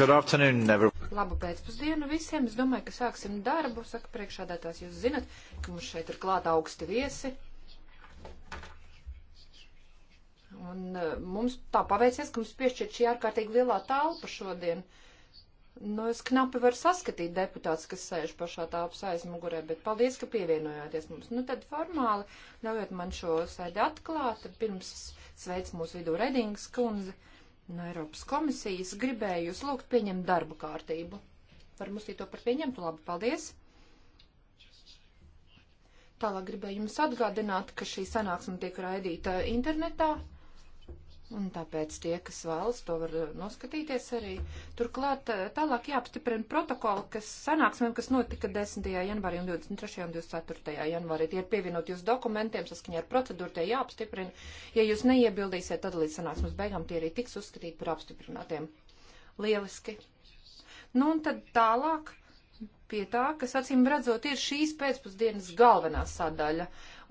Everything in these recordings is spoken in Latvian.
Good afternoon, everyone. Labu pēcpusdienu visiem. Es domāju, ka sāksim darbu. Saka priekšādātājs, jūs zinat, ka mums šeit ir klāt augsti viesi. Un e, mums tā paveicies, ka mums piešķirt šī ārkārtīgi lielā telpa šodien. Nu, es knapi varu saskatīt deputāts, kas sēž pašā tāpas aizmugurē, bet paldies, ka pievienojāties mums. Nu, tad formāli ļaujiet man šo sēdi atklāt. Pirms sveic mūsu vidū Redings kundze no Eiropas komisijas gribēju jūs lūgt pieņemt darbu kārtību. Var mums to par pieņemtu? Labi, paldies! Tālāk gribēju jums atgādināt, ka šī sanāksme tiek raidīta internetā. Un tāpēc tie, kas vēlas, to var eh, noskatīties arī. Turklāt eh, tālāk jāapstiprina protokoli, kas sanāksmēm, kas notika 10. janvārī un 23. un 24. janvārī. Tie ir pievienot jūsu dokumentiem, saskaņā ar procedūru tie jāapstiprina. Ja jūs neiebildīsiet, tad līdz sanāksmes beigām tie arī tiks uzskatīti par apstiprinātiem. Lieliski. Nu un tad tālāk pie tā, kas acīm redzot ir šīs pēcpusdienas galvenā sadaļa.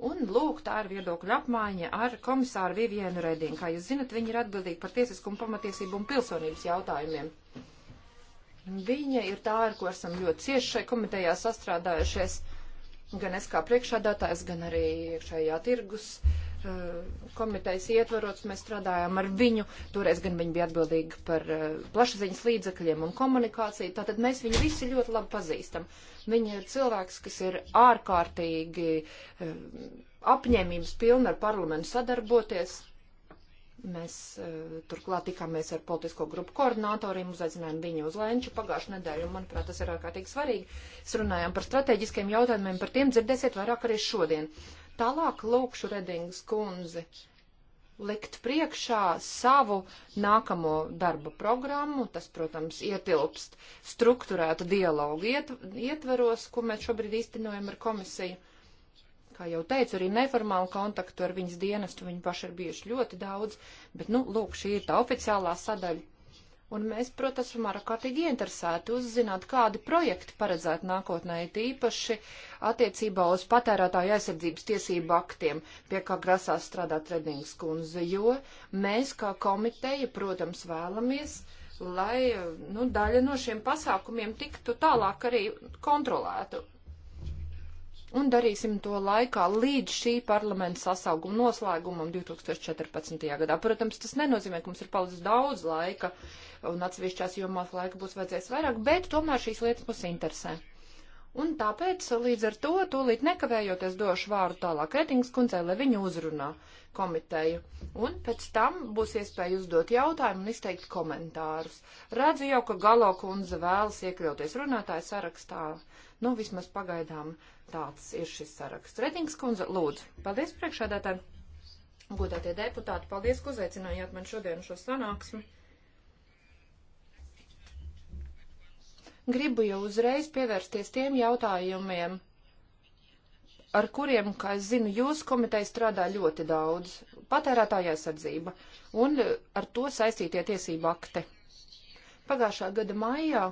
Un, lūk, tā ir viedokļa apmaiņa ar komisāru Vivienu Redinu. Kā jūs zinat, viņi ir atbildīgi par tiesiskumu, pamatiesību un pilsonības jautājumiem. Viņa ir tā, ar ko esam ļoti cieši šai komitejā sastrādājušies, gan es kā priekšādātājs, gan arī iekšējā tirgus uh, Eh, komitejas ietvaros, mēs strādājām ar viņu, toreiz gan viņi bija atbildīgi par eh, plašsaziņas līdzakļiem un komunikāciju, tātad mēs viņu visi ļoti labi pazīstam. Viņa ir cilvēks, kas ir ārkārtīgi eh, apņēmības pilna ar parlamentu sadarboties, Mēs uh, turklāt tikāmies ar politisko grupu koordinatoriem, uzaicinājām viņu uz Lenču pagājušajā nedēļā, un, manuprāt, tas ir ārkārtīgi svarīgi. Es runājām par strateģiskiem jautājumiem, par tiem dzirdēsiet vairāk arī šodien. Tālāk lūkšu Redingas kundzi likt priekšā savu nākamo darba programmu. Tas, protams, ietilpst struktūrēta dialogu ietveros, ko mēs šobrīd īstenojam ar komisiju. Kā jau teicu, arī neformālu kontaktu ar viņas dienestu viņi paši ir bijuši ļoti daudz, bet, nu, lūk, šī ir tā oficiālā sadaļa. Un mēs, protams, esam ārkārtīgi interesēti uzzināt, kādi projekti paredzēt nākotnē, tīpaši attiecībā uz patērētāju aizsardzības tiesību aktiem, pie kā grasās strādāt Redings kundze, jo mēs kā komiteja, protams, vēlamies, lai nu, daļa no šiem pasākumiem tiktu tālāk arī kontrolētu un darīsim to laikā līdz šī parlamenta sasauguma noslēgumam 2014. gadā. Protams, tas nenozīmē, ka mums ir palicis daudz laika, un atsevišķās jomās laika būs vajadzēs vairāk, bet tomēr šīs lietas mūs interesē. Un tāpēc līdz ar to tūlīt nekavējoties došu vārdu tālāk Redings kundzei, lai viņu uzrunā komiteju. Un pēc tam būs iespēja uzdot jautājumu un izteikt komentārus. Redzu jau, ka Galo kundze vēlas iekļauties runātāju sarakstā. Nu, vismaz pagaidām tāds ir šis saraksts. Redings kundze, lūdzu. Paldies priekšādātājiem. Godātie deputāti, paldies, ka uzaicinājāt man šodien šo sanāksmi. gribu jau uzreiz pievērsties tiem jautājumiem, ar kuriem, kā es zinu, jūsu komiteja strādā ļoti daudz - patērētāja aizsardzība un eh, ar to saistītie tiesību akti. Pagājušā gada maijā,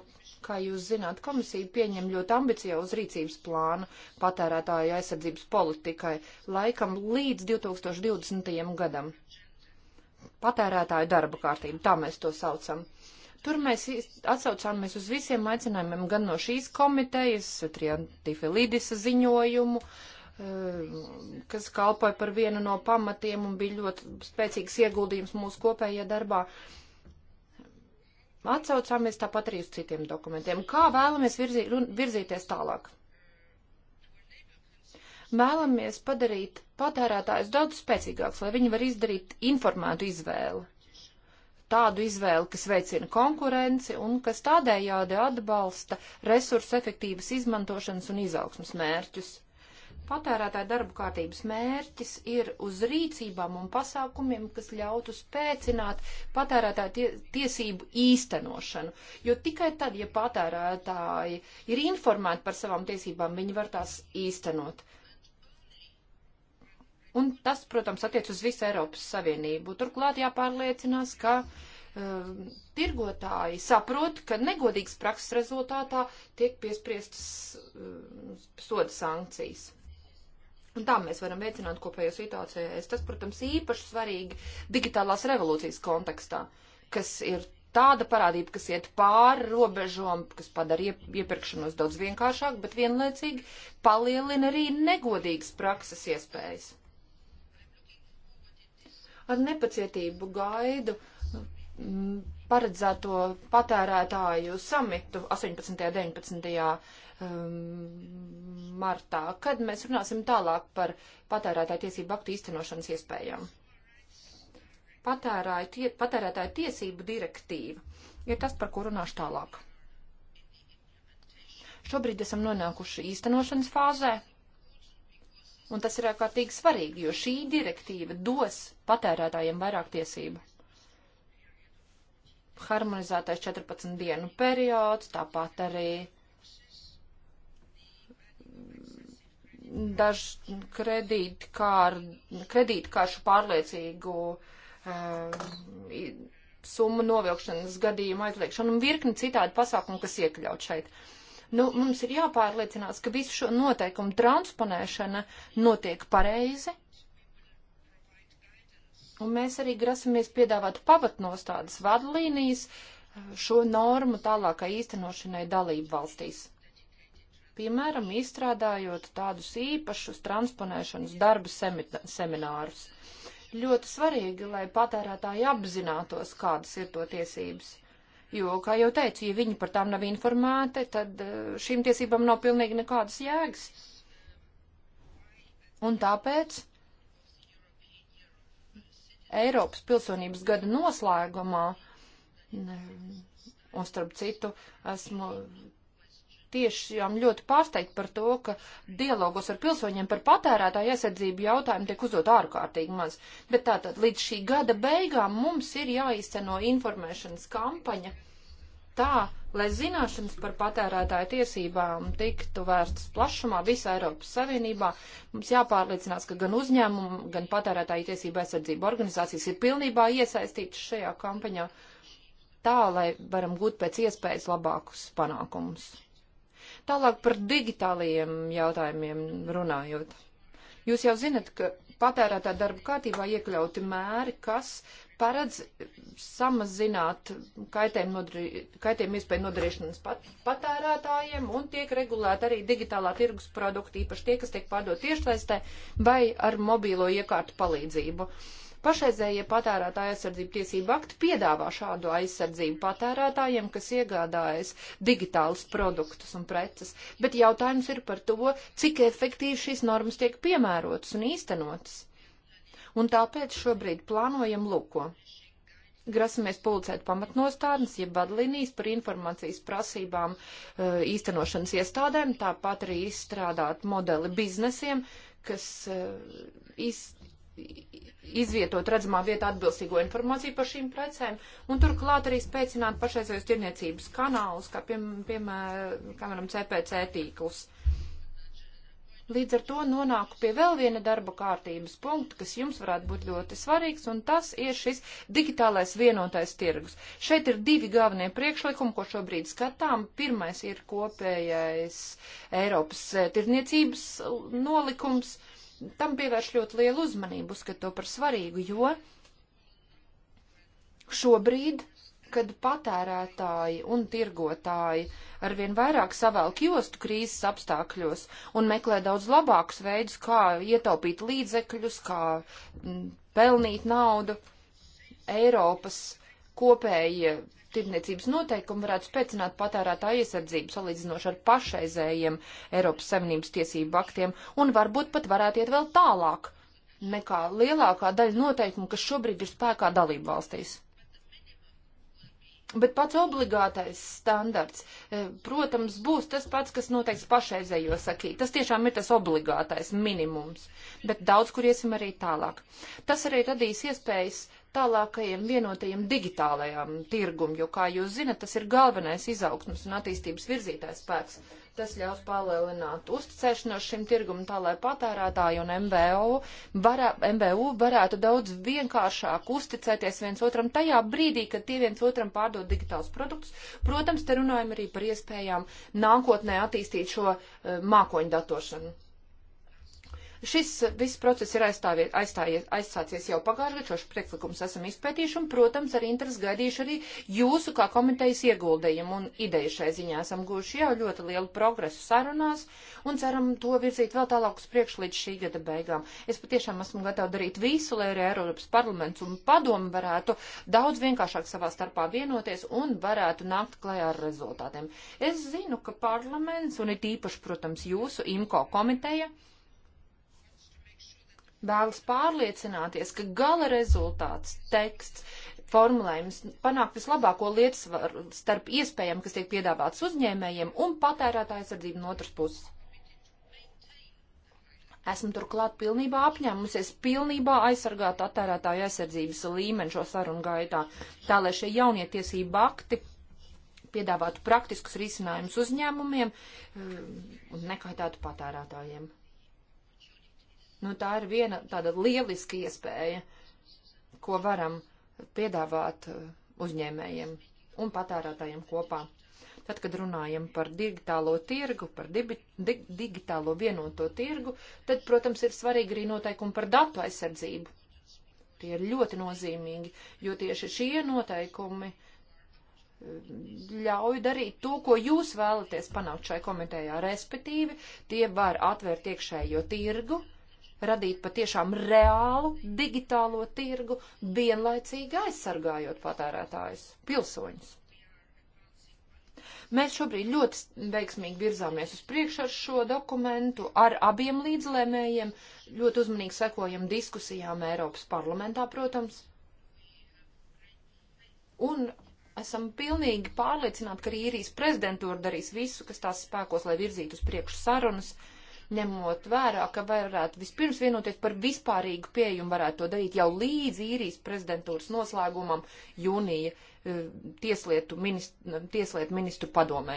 kā jūs zināt, komisija pieņem ļoti ambiciozu rīcības plānu patērētāja aizsardzības politikai laikam līdz 2020. gadam. Patērētāju darba kārtību, tā mēs to saucam. Tur mēs atsaucāmies uz visiem aicinājumiem, gan no šīs komitejas, Triantifilidisa ziņojumu, eh, kas kalpoja par vienu no pamatiem un bija ļoti spēcīgs ieguldījums mūsu kopējā darbā. Atcaucāmies tāpat arī uz citiem dokumentiem. Kā vēlamies virzī, virzīties tālāk? Vēlamies padarīt patērētājus daudz spēcīgāks, lai viņi var izdarīt informētu izvēli tādu izvēli, kas veicina konkurenci un kas tādējādi atbalsta resursu efektīvas izmantošanas un izaugsmas mērķus. Patērētāja darba kārtības mērķis ir uz rīcībām un pasākumiem, kas ļautu spēcināt patērētāja tie, tiesību īstenošanu. Jo tikai tad, ja patērētāji ir informēti par savām tiesībām, viņi var tās īstenot. Un tas, protams, attiec uz visu Eiropas Savienību. Turklāt jāpārliecinās, ka uh, tirgotāji saprot, ka negodīgas prakses rezultātā tiek piespriestas uh, soda sankcijas. Un tā mēs varam veicināt kopējo situāciju. Tas, protams, īpaši svarīgi digitālās revolūcijas kontekstā, kas ir tāda parādība, kas iet pāri robežām, kas padara iepirkšanos daudz vienkāršāk, bet vienlaicīgi palielina arī negodīgas prakses iespējas. Ar nepacietību gaidu mm, paredzēto patērētāju samitu 18. un 19. martā, kad mēs runāsim tālāk par patērētāju tiesību aktu īstenošanas iespējām. Patērāju, tie, patērētāju tiesību direktīva ir tas, par ko runāšu tālāk. Šobrīd esam nonākuši īstenošanas fāzē, Un tas ir ārkārtīgi svarīgi, jo šī direktīva dos patērētājiem vairāk tiesību. Harmonizētais 14 dienu periods, tāpat arī dažs kredītkāršu kredīt pārliecīgu uh, summu novilkšanas gadījumu aizliekšanu un virkni citādi pasākumu, kas iekļaut šeit. Uh, Nu, mums ir jāpārliecinās, ka visu šo noteikumu transponēšana notiek pareizi. Un mēs arī grasamies piedāvāt pavatnostādes vadlīnijas eh, šo normu tālākai īstenošanai dalību valstīs piemēram, izstrādājot tādus īpašus transponēšanas darba seminārus. Ļoti svarīgi, lai patērētāji apzinātos, kādas ir to tiesības. Jo, kā jau teicu, ja viņi par tām nav informēti, tad eh, šīm tiesībām nav pilnīgi nekādas jēgas. Un tāpēc Eiropas pilsonības gada noslēgumā, un starp citu, esmu tieši jām ļoti pārsteigt par to, ka dialogos ar pilsoņiem par patērētāju aizsardzību jautājumu tiek uzdot ārkārtīgi maz. Bet tātad līdz šī gada beigām mums ir jāizceno informēšanas kampaņa tā, lai zināšanas par patērētāju tiesībām tiktu vērstas plašumā visā Eiropas Savienībā. Mums jāpārliecinās, ka gan uzņēmumu, gan patērētāju tiesību aizsardzību organizācijas ir pilnībā iesaistītas šajā kampaņā tā, lai varam gūt pēc iespējas labākus panākumus. Tālāk par digitālajiem jautājumiem runājot. Jūs jau zinat, ka patērētā darba kārtībā iekļauti mēri, kas paredz samazināt kaitējumu kaitējum iespēju nodarīšanas pat, patērētājiem un tiek regulēta arī digitālā tirgus produkti, īpaši tie, kas tiek pārdot tiešsaistē vai ar mobīlo iekārtu palīdzību. Uh, Pašreizējie patērētāja aizsardzība tiesība akti piedāvā šādu aizsardzību patērētājiem, kas iegādājas digitālus produktus un preces, bet jautājums ir par to, cik efektīvi šīs normas tiek piemērotas un īstenotas. Un tāpēc šobrīd plānojam lūko grasamies publicēt pamatnostādnes, jeb vadlīnijas par informācijas prasībām eh, īstenošanas iestādēm, tāpat arī izstrādāt modeli biznesiem, kas eh, iz, izvietot redzamā vietā atbilstīgo informāciju par šīm precēm, un turklāt arī spēcināt pašreizējos tirniecības kanālus, kā piem, piemēram CPC tīklus. Līdz ar to nonāku pie vēl viena darba kārtības punkta, kas jums varētu būt ļoti svarīgs, un tas ir šis digitālais vienotais tirgus. Šeit ir divi galvenie priekšlikumi, ko šobrīd skatām. Pirmais ir kopējais Eiropas eh, tirniecības nolikums tam pievērš ļoti lielu uzmanību, uzskat to par svarīgu, jo šobrīd, kad patērētāji un tirgotāji arvien vairāk savelk jostu krīzes apstākļos un meklē daudz labākus veidus, kā ietaupīt līdzekļus, kā mm, pelnīt naudu, Eiropas kopēji tirdzniecības noteikumi varētu spēcināt patērētāju aizsardzību salīdzinoši ar pašreizējiem Eiropas Savienības tiesību aktiem un varbūt pat varētu iet vēl tālāk nekā lielākā daļa noteikumu, kas šobrīd ir spēkā dalību valstīs. Bet pats obligātais standarts, eh, protams, būs tas pats, kas noteikts pašreizējo sakī. Tas tiešām ir tas obligātais minimums, bet daudz kur iesim arī tālāk. Tas arī radīs iespējas tālākajiem vienotajiem digitālajām tirgum, jo, kā jūs zinat, tas ir galvenais izaugsmas un attīstības virzītājs spēks. Tas ļaus palielināt uzticēšanos šim tirgum tā, lai patērētāji un MBO varā, MBU varētu daudz vienkāršāk uzticēties viens otram tajā brīdī, kad tie viens otram pārdod digitālus produktus. Protams, te runājam arī par iespējām nākotnē attīstīt šo uh, mākoņu datošanu. Šis viss process ir aizsācies jau pagājušajā gadā, šos priekšlikumus esam izpētījuši un, protams, ar interesi gaidījuši arī jūsu kā komitejas ieguldījumu un ideju šai ziņā. Esam guvuši jau ļoti lielu progresu sarunās un ceram to virzīt vēl tālāk uz priekšu līdz šī gada beigām. Es patiešām esmu gatava darīt visu, lai arī Eiropas parlaments un padomu varētu daudz vienkāršāk savā starpā vienoties un varētu nākt klajā ar rezultātiem. Es zinu, ka parlaments un it īpaši, protams, jūsu IMCO komiteja, vēlas pārliecināties, ka gala rezultāts, teksts, formulējums panāk vislabāko lietu starp iespējām, kas tiek piedāvāts uzņēmējiem un patērētāju aizsardzību no otras puses. Esmu turklāt pilnībā apņēmusies pilnībā aizsargāt attērētāju aizsardzības līmeni šo sarunu gaitā, tā lai šie jaunie tiesība akti piedāvātu praktiskus risinājumus uzņēmumiem um, un nekaitātu patērētājiem. Nu, tā ir viena tāda lieliska iespēja, ko varam piedāvāt uh, uzņēmējiem un patērētājiem kopā. Tad, kad runājam par digitālo tirgu, par dibi, di, digitālo vienoto tirgu, tad, protams, ir svarīgi arī noteikumi par datu aizsardzību. Tie ir ļoti nozīmīgi, jo tieši šie noteikumi uh, ļauj darīt to, ko jūs vēlaties panākt šai komitejā, respektīvi tie var atvērt iekšējo tirgu, radīt patiešām reālu digitālo tirgu, vienlaicīgi aizsargājot patērētājus, pilsoņus. Mēs šobrīd ļoti veiksmīgi virzāmies uz priekšu ar šo dokumentu, ar abiem līdzlēmējiem, ļoti uzmanīgi sekojam diskusijām Eiropas parlamentā, protams. Un esam pilnīgi pārliecināti, ka arī īrijas prezidentūra darīs visu, kas tās spēkos, lai virzītu uz priekšu sarunas. Uh, ņemot vērā, ka varētu vispirms vienoties par vispārīgu pieeju un varētu to darīt jau līdz īrijas prezidentūras noslēgumam jūnija e, tieslietu ministru, tieslietu ministru padomē.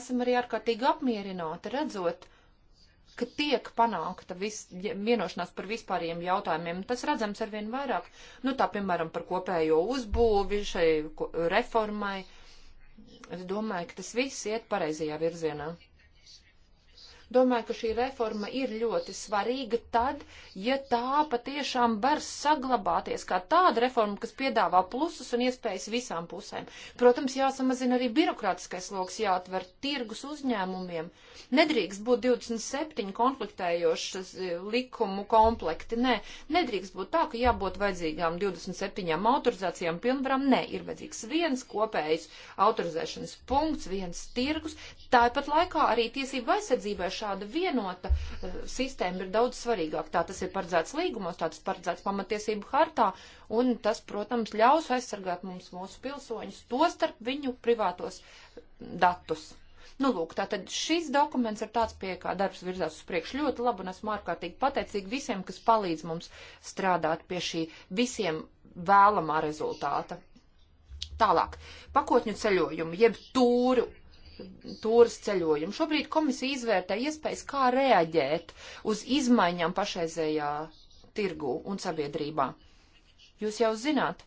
Esam arī ārkārtīgi apmierināti redzot, ka tiek panākta vis, vienošanās par vispāriem jautājumiem. Tas redzams arvien vairāk, nu tā piemēram par kopējo uzbūvi šai reformai. Es domāju, ka tas viss iet pareizajā virzienā. Domāju, ka šī reforma ir ļoti svarīga tad, ja tā patiešām var saglabāties kā tāda reforma, kas piedāvā plusus un iespējas visām pusēm. Protams, jāsamazina arī birokrātiskais loks, jāatver tirgus uzņēmumiem. Nedrīkst būt 27 konfliktējošas e, likumu komplekti. Nē, nedrīkst būt tā, ka jābūt vajadzīgām 27 autorizācijām pilnvaram. Nē, ir vajadzīgs viens kopējs autorizēšanas punkts, viens tirgus. Tāpat laikā arī tiesība aizsardzībai šāda vienota eh, sistēma ir daudz svarīgāka. Tā tas ir paredzēts līgumos, tā tas paredzēts pamatiesību hartā, un tas, protams, ļaus aizsargāt mums mūsu pilsoņus, to starp viņu privātos datus. Nu, lūk, tātad šis dokuments ir tāds, pie kā darbs virzās uz priekšu ļoti labi, un esmu ārkārtīgi pateicīgi visiem, kas palīdz mums strādāt pie šī visiem vēlamā rezultāta. Tālāk, pakotņu ceļojumu, jeb tūru tūras ceļojumu. Šobrīd komisija izvērtē iespējas, kā reaģēt uz izmaiņām pašreizējā tirgu un sabiedrībā. Jūs jau zināt,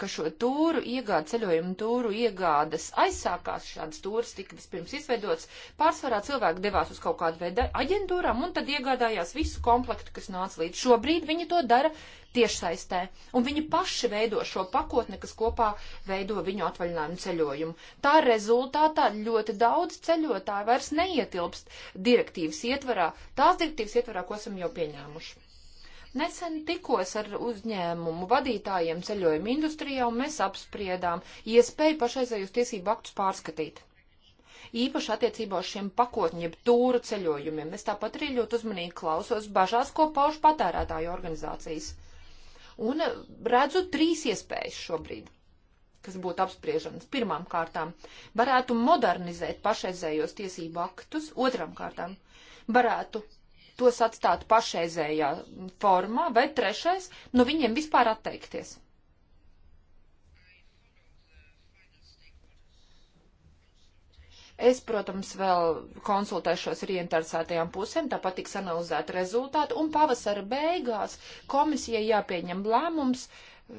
ka šo tūru iegāda, ceļojumu tūru iegādas aizsākās, šādas tūras tika vispirms izveidotas, pārsvarā cilvēki devās uz kaut kādu veidu aģentūrām un tad iegādājās visu komplektu, kas nāca līdz. Šobrīd viņi to dara tiešsaistē, un viņi paši veido šo pakotni, kas kopā veido viņu atvaļinājumu ceļojumu. Tā rezultātā ļoti daudz ceļotāju vairs neietilpst direktīvas ietvarā, tās direktīvas ietvarā, ko esam jau pieņēmuši. Nesen tikos ar uzņēmumu vadītājiem ceļojuma industrijā un mēs apspriedām iespēju pašreizējos tiesību aktus pārskatīt. Īpaši attiecībā uz šiem pakotņu, jeb tūru ceļojumiem. Es tāpat arī ļoti uzmanīgi klausos bažās, ko pauž patērētāju organizācijas. Un redzu trīs iespējas šobrīd kas būtu apspriežams. Pirmām kārtām varētu modernizēt pašreizējos tiesību aktus, otram kārtām varētu tos atstāt pašreizējā formā, vai trešais, no viņiem vispār atteikties. Es, protams, vēl konsultēšos ar ieinteresētajām pusēm, tāpat tiks analizēta rezultāti, un pavasara beigās komisijai jāpieņem lēmums eh,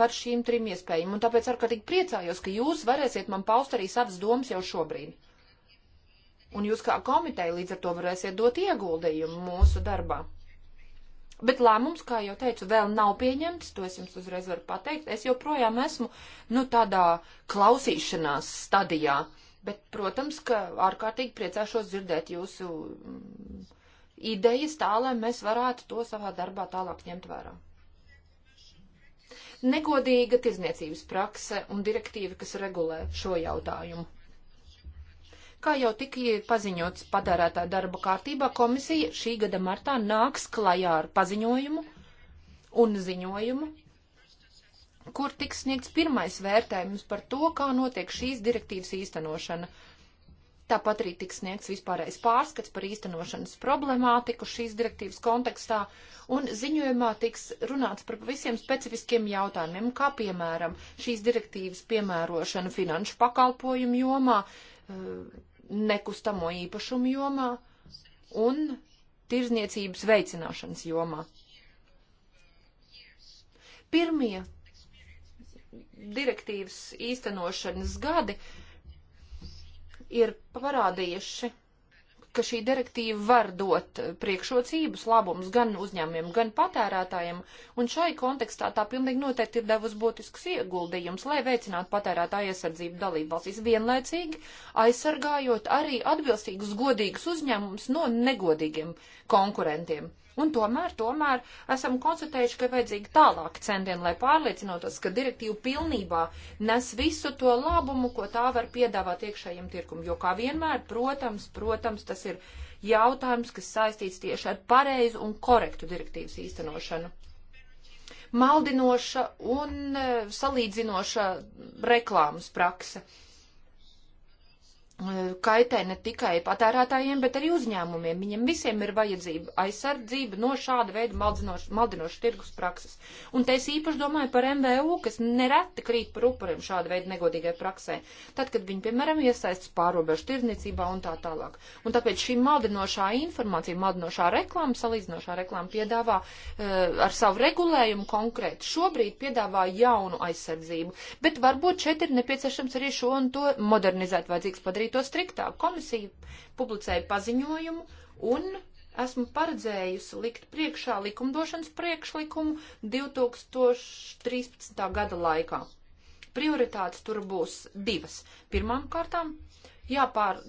par šīm trim iespējām. Un tāpēc ārkārtīgi priecājos, ka jūs varēsiet man paust arī savas domas jau šobrīd. Un jūs kā komiteja līdz ar to varēsiet dot ieguldījumu mūsu darbā. Bet lēmums, kā jau teicu, vēl nav pieņemts, to es jums uzreiz varu pateikt. Es joprojām esmu, nu, tādā klausīšanās stadijā. Bet, protams, ka ārkārtīgi priecāšos dzirdēt jūsu mm, idejas tā, lai mēs varētu to savā darbā tālāk ņemt vērā. Negodīga tirzniecības prakse un direktīva, kas regulē šo jautājumu. Kā jau tika paziņots padarētā darba kārtībā, komisija šī gada martā nāks klajā ar paziņojumu un ziņojumu, kur tiks sniegts pirmais vērtējums par to, kā notiek šīs direktīvas īstenošana. Tāpat arī tiks sniegts vispārējais pārskats par īstenošanas problemātiku šīs direktīvas kontekstā, un ziņojumā tiks runāts par visiem specifiskiem jautājumiem, kā piemēram šīs direktīvas piemērošana finanšu pakalpojumu jomā, nekustamo īpašumu jomā un tirzniecības veicināšanas jomā. Pirmie direktīvas īstenošanas gadi ir parādījuši ka šī direktīva var dot priekšrocības, labumus gan uzņēmumiem, gan patērētājiem, un šai kontekstā tā pilnīgi noteikti ir devusi būtisks ieguldījums, lai veicinātu patērētāju aizsardzību dalību valstīs, vienlaicīgi aizsargājot arī atbilstīgus godīgus uzņēmumus no negodīgiem konkurentiem. Un tomēr, tomēr esam konstatējuši, ka vajadzīgi tālāk centieni, lai pārliecinotos, ka direktīva pilnībā nes visu to labumu, ko tā var piedāvāt iekšējiem tirkumu. Jo kā vienmēr, protams, protams, tas ir jautājums, kas saistīts tieši ar pareizu un korektu direktīvas īstenošanu maldinoša un e, salīdzinoša reklāmas prakse kaitē ne tikai patērētājiem, bet arī uzņēmumiem. Viņiem visiem ir vajadzība aizsardzība no šāda veida maldinošas tirgus prakses. Un te es īpaši domāju par MVU, kas nereti krīt par upuriem šāda veida negodīgai praksē. Tad, kad viņi, piemēram, iesaistas pārobežu tirdzniecībā un tā tālāk. Un tāpēc šī maldinošā informācija, maldinošā reklāma, salīdzinošā reklāma piedāvā uh, ar savu regulējumu konkrēti. Šobrīd piedāvā jaunu aizsardzību. Bet varbūt šeit ir nepieciešams arī šo un to modernizēt vajadzīgs padarīt padarīt to striktāk. Komisija publicēja paziņojumu un esmu paredzējusi likt priekšā likumdošanas priekšlikumu 2013. gada laikā. Prioritātes tur būs divas. Pirmām kārtām jāpār,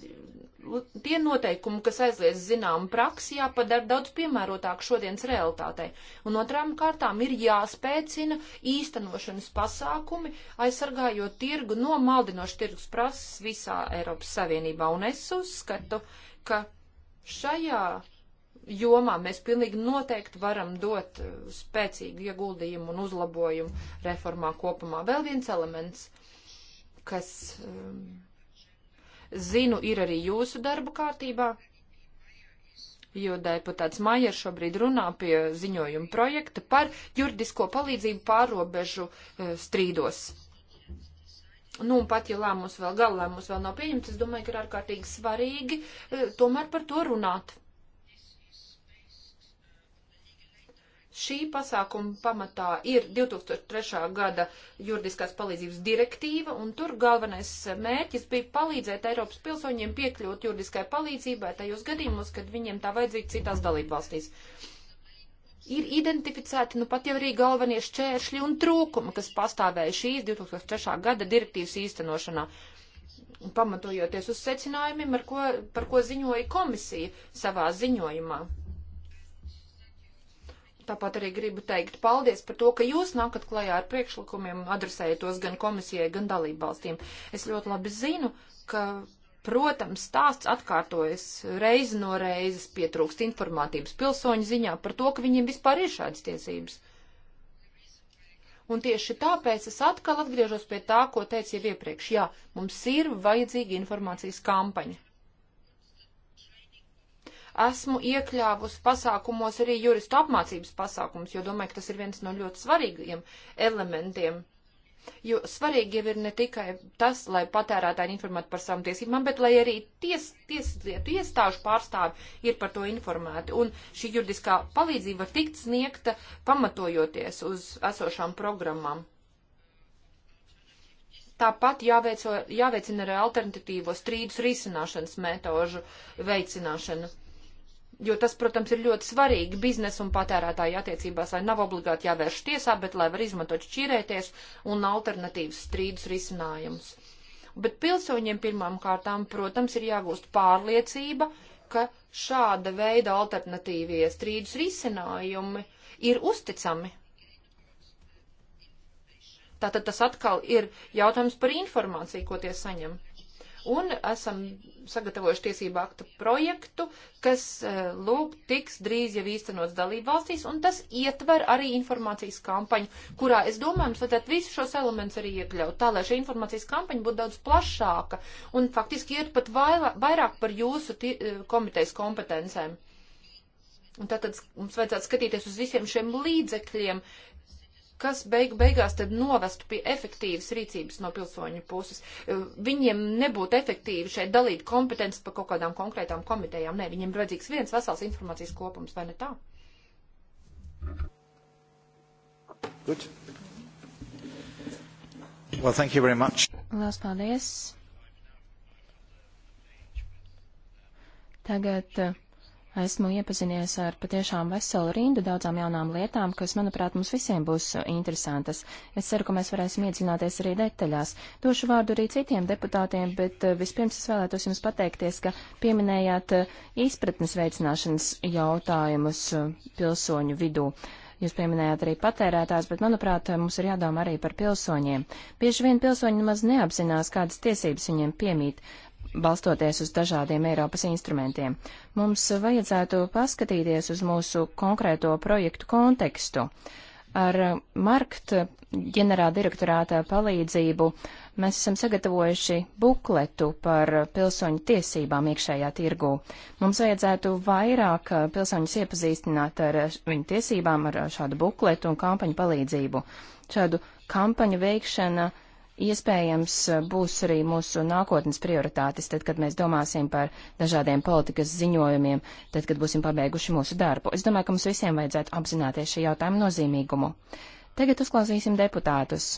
tie noteikumi, kas aizliedz zinām praksi, jāpadara daudz piemērotāk šodienas realitātei. Un otrām kārtām ir jāspēcina īstenošanas pasākumi, aizsargājot tirgu no maldinošu tirgus prasas visā Eiropas Savienībā. Un es uzskatu, ka šajā jomā mēs pilnīgi noteikti varam dot uh, spēcīgu ieguldījumu un uzlabojumu reformā kopumā. Vēl viens elements, kas. Um, zinu, ir arī jūsu darba kārtībā, jo deputāts Maier šobrīd runā pie ziņojuma projekta par juridisko palīdzību pārobežu e, strīdos. Nu, un pat, ja lēmums vēl galā, lēmums vēl nav pieņemts, es domāju, ka ir ārkārtīgi svarīgi e, tomēr par to runāt. Šī pasākuma pamatā ir 2003. gada juridiskās palīdzības direktīva, un tur galvenais mērķis bija palīdzēt Eiropas pilsoņiem piekļūt juridiskai palīdzībai tajos gadījumos, kad viņiem tā vajadzīga citās dalībvalstīs. Ir identificēti nu pat jau arī galvenie šķēršļi un trūkumi, kas pastāvēja šīs 2003. gada direktīvas īstenošanā pamatojoties uz secinājumiem, ko, par ko ziņoja komisija savā ziņojumā. Tāpat arī gribu teikt paldies par to, ka jūs nākat klajā ar priekšlikumiem, adresējot tos gan komisijai, gan dalību valstīm. Es ļoti labi zinu, ka, protams, stāsts atkārtojas reizi no reizes pietrūkst informātības pilsoņu ziņā par to, ka viņiem vispār ir šādas tiesības. Un tieši tāpēc es atkal atgriežos pie tā, ko teicu jau iepriekš. Jā, mums ir vajadzīga informācijas kampaņa esmu iekļāvusi pasākumos arī juristu apmācības pasākums, jo domāju, ka tas ir viens no ļoti svarīgiem elementiem. Jo svarīgi jau ir ne tikai tas, lai patērētāji informētu par savām tiesībām, bet lai arī ties, ties, tiestāžu pārstāvi ir par to informēti. Un šī juridiskā palīdzība var tikt sniegta pamatojoties uz esošām programmām. Tāpat jāveico, jāveicina arī alternatīvo strīdus risināšanas metožu veicināšana jo tas, protams, ir ļoti svarīgi biznesa un patērētāju attiecībās, lai nav obligāti jāvērš tiesā, bet lai var izmantot šķīrēties un alternatīvas strīdus risinājumus. Bet pilsoņiem pirmām kārtām, protams, ir jāgūst pārliecība, ka šāda veida alternatīvie strīdus risinājumi ir uzticami. Tātad tas atkal ir jautājums par informāciju, ko tie saņem un esam sagatavojuši tiesību aktu projektu, kas, eh, lūk, tiks drīz jau īstenots dalību valstīs, un tas ietver arī informācijas kampaņu, kurā, es domāju, mums vajadzētu visus šos elementus arī iekļaut, tā lai šī informācijas kampaņa būtu daudz plašāka un faktiski iet pat vairāk par jūsu eh, komitejas kompetencēm. Un tātad mums vajadzētu skatīties uz visiem šiem līdzekļiem, kas beigu beigās tad novestu pie efektīvas rīcības no pilsoņu puses. E, viņiem nebūtu efektīvi šeit dalīt kompetences par kaut kādām konkrētām komitejām. Nē, viņiem ir vajadzīgs viens vesels informācijas kopums, vai ne tā? Good. Well, thank you very much. Lielas paldies. Tagad uh, Esmu iepazinies ar patiešām veselu rindu daudzām jaunām lietām, kas, manuprāt, mums visiem būs eh, interesantas. Es ceru, ka mēs varēsim iedziļināties arī detaļās. Došu vārdu arī citiem deputātiem, bet eh, vispirms es vēlētos jums pateikties, ka pieminējāt eh, izpratnes veicināšanas jautājumus pilsoņu vidū. Jūs pieminējāt arī patērētājs, bet, manuprāt, mums ir jādomā arī par pilsoņiem. Bieži vien pilsoņi nemaz neapzinās, kādas tiesības viņiem piemīt balstoties uz dažādiem Eiropas instrumentiem. Mums vajadzētu paskatīties uz mūsu konkrēto projektu kontekstu. Ar Markt ģenerāla direktorāta palīdzību mēs esam sagatavojuši bukletu par pilsoņu tiesībām iekšējā tirgū. Mums vajadzētu vairāk pilsoņus iepazīstināt ar viņu tiesībām, ar šādu bukletu un kampaņu palīdzību. Šādu kampaņu veikšana uh, iespējams eh, būs arī mūsu nākotnes prioritātes, tad, kad mēs domāsim par dažādiem politikas ziņojumiem, tad, kad būsim pabeiguši mūsu darbu. Es domāju, ka mums visiem vajadzētu apzināties šī jautājuma nozīmīgumu. Tagad uzklausīsim deputātus.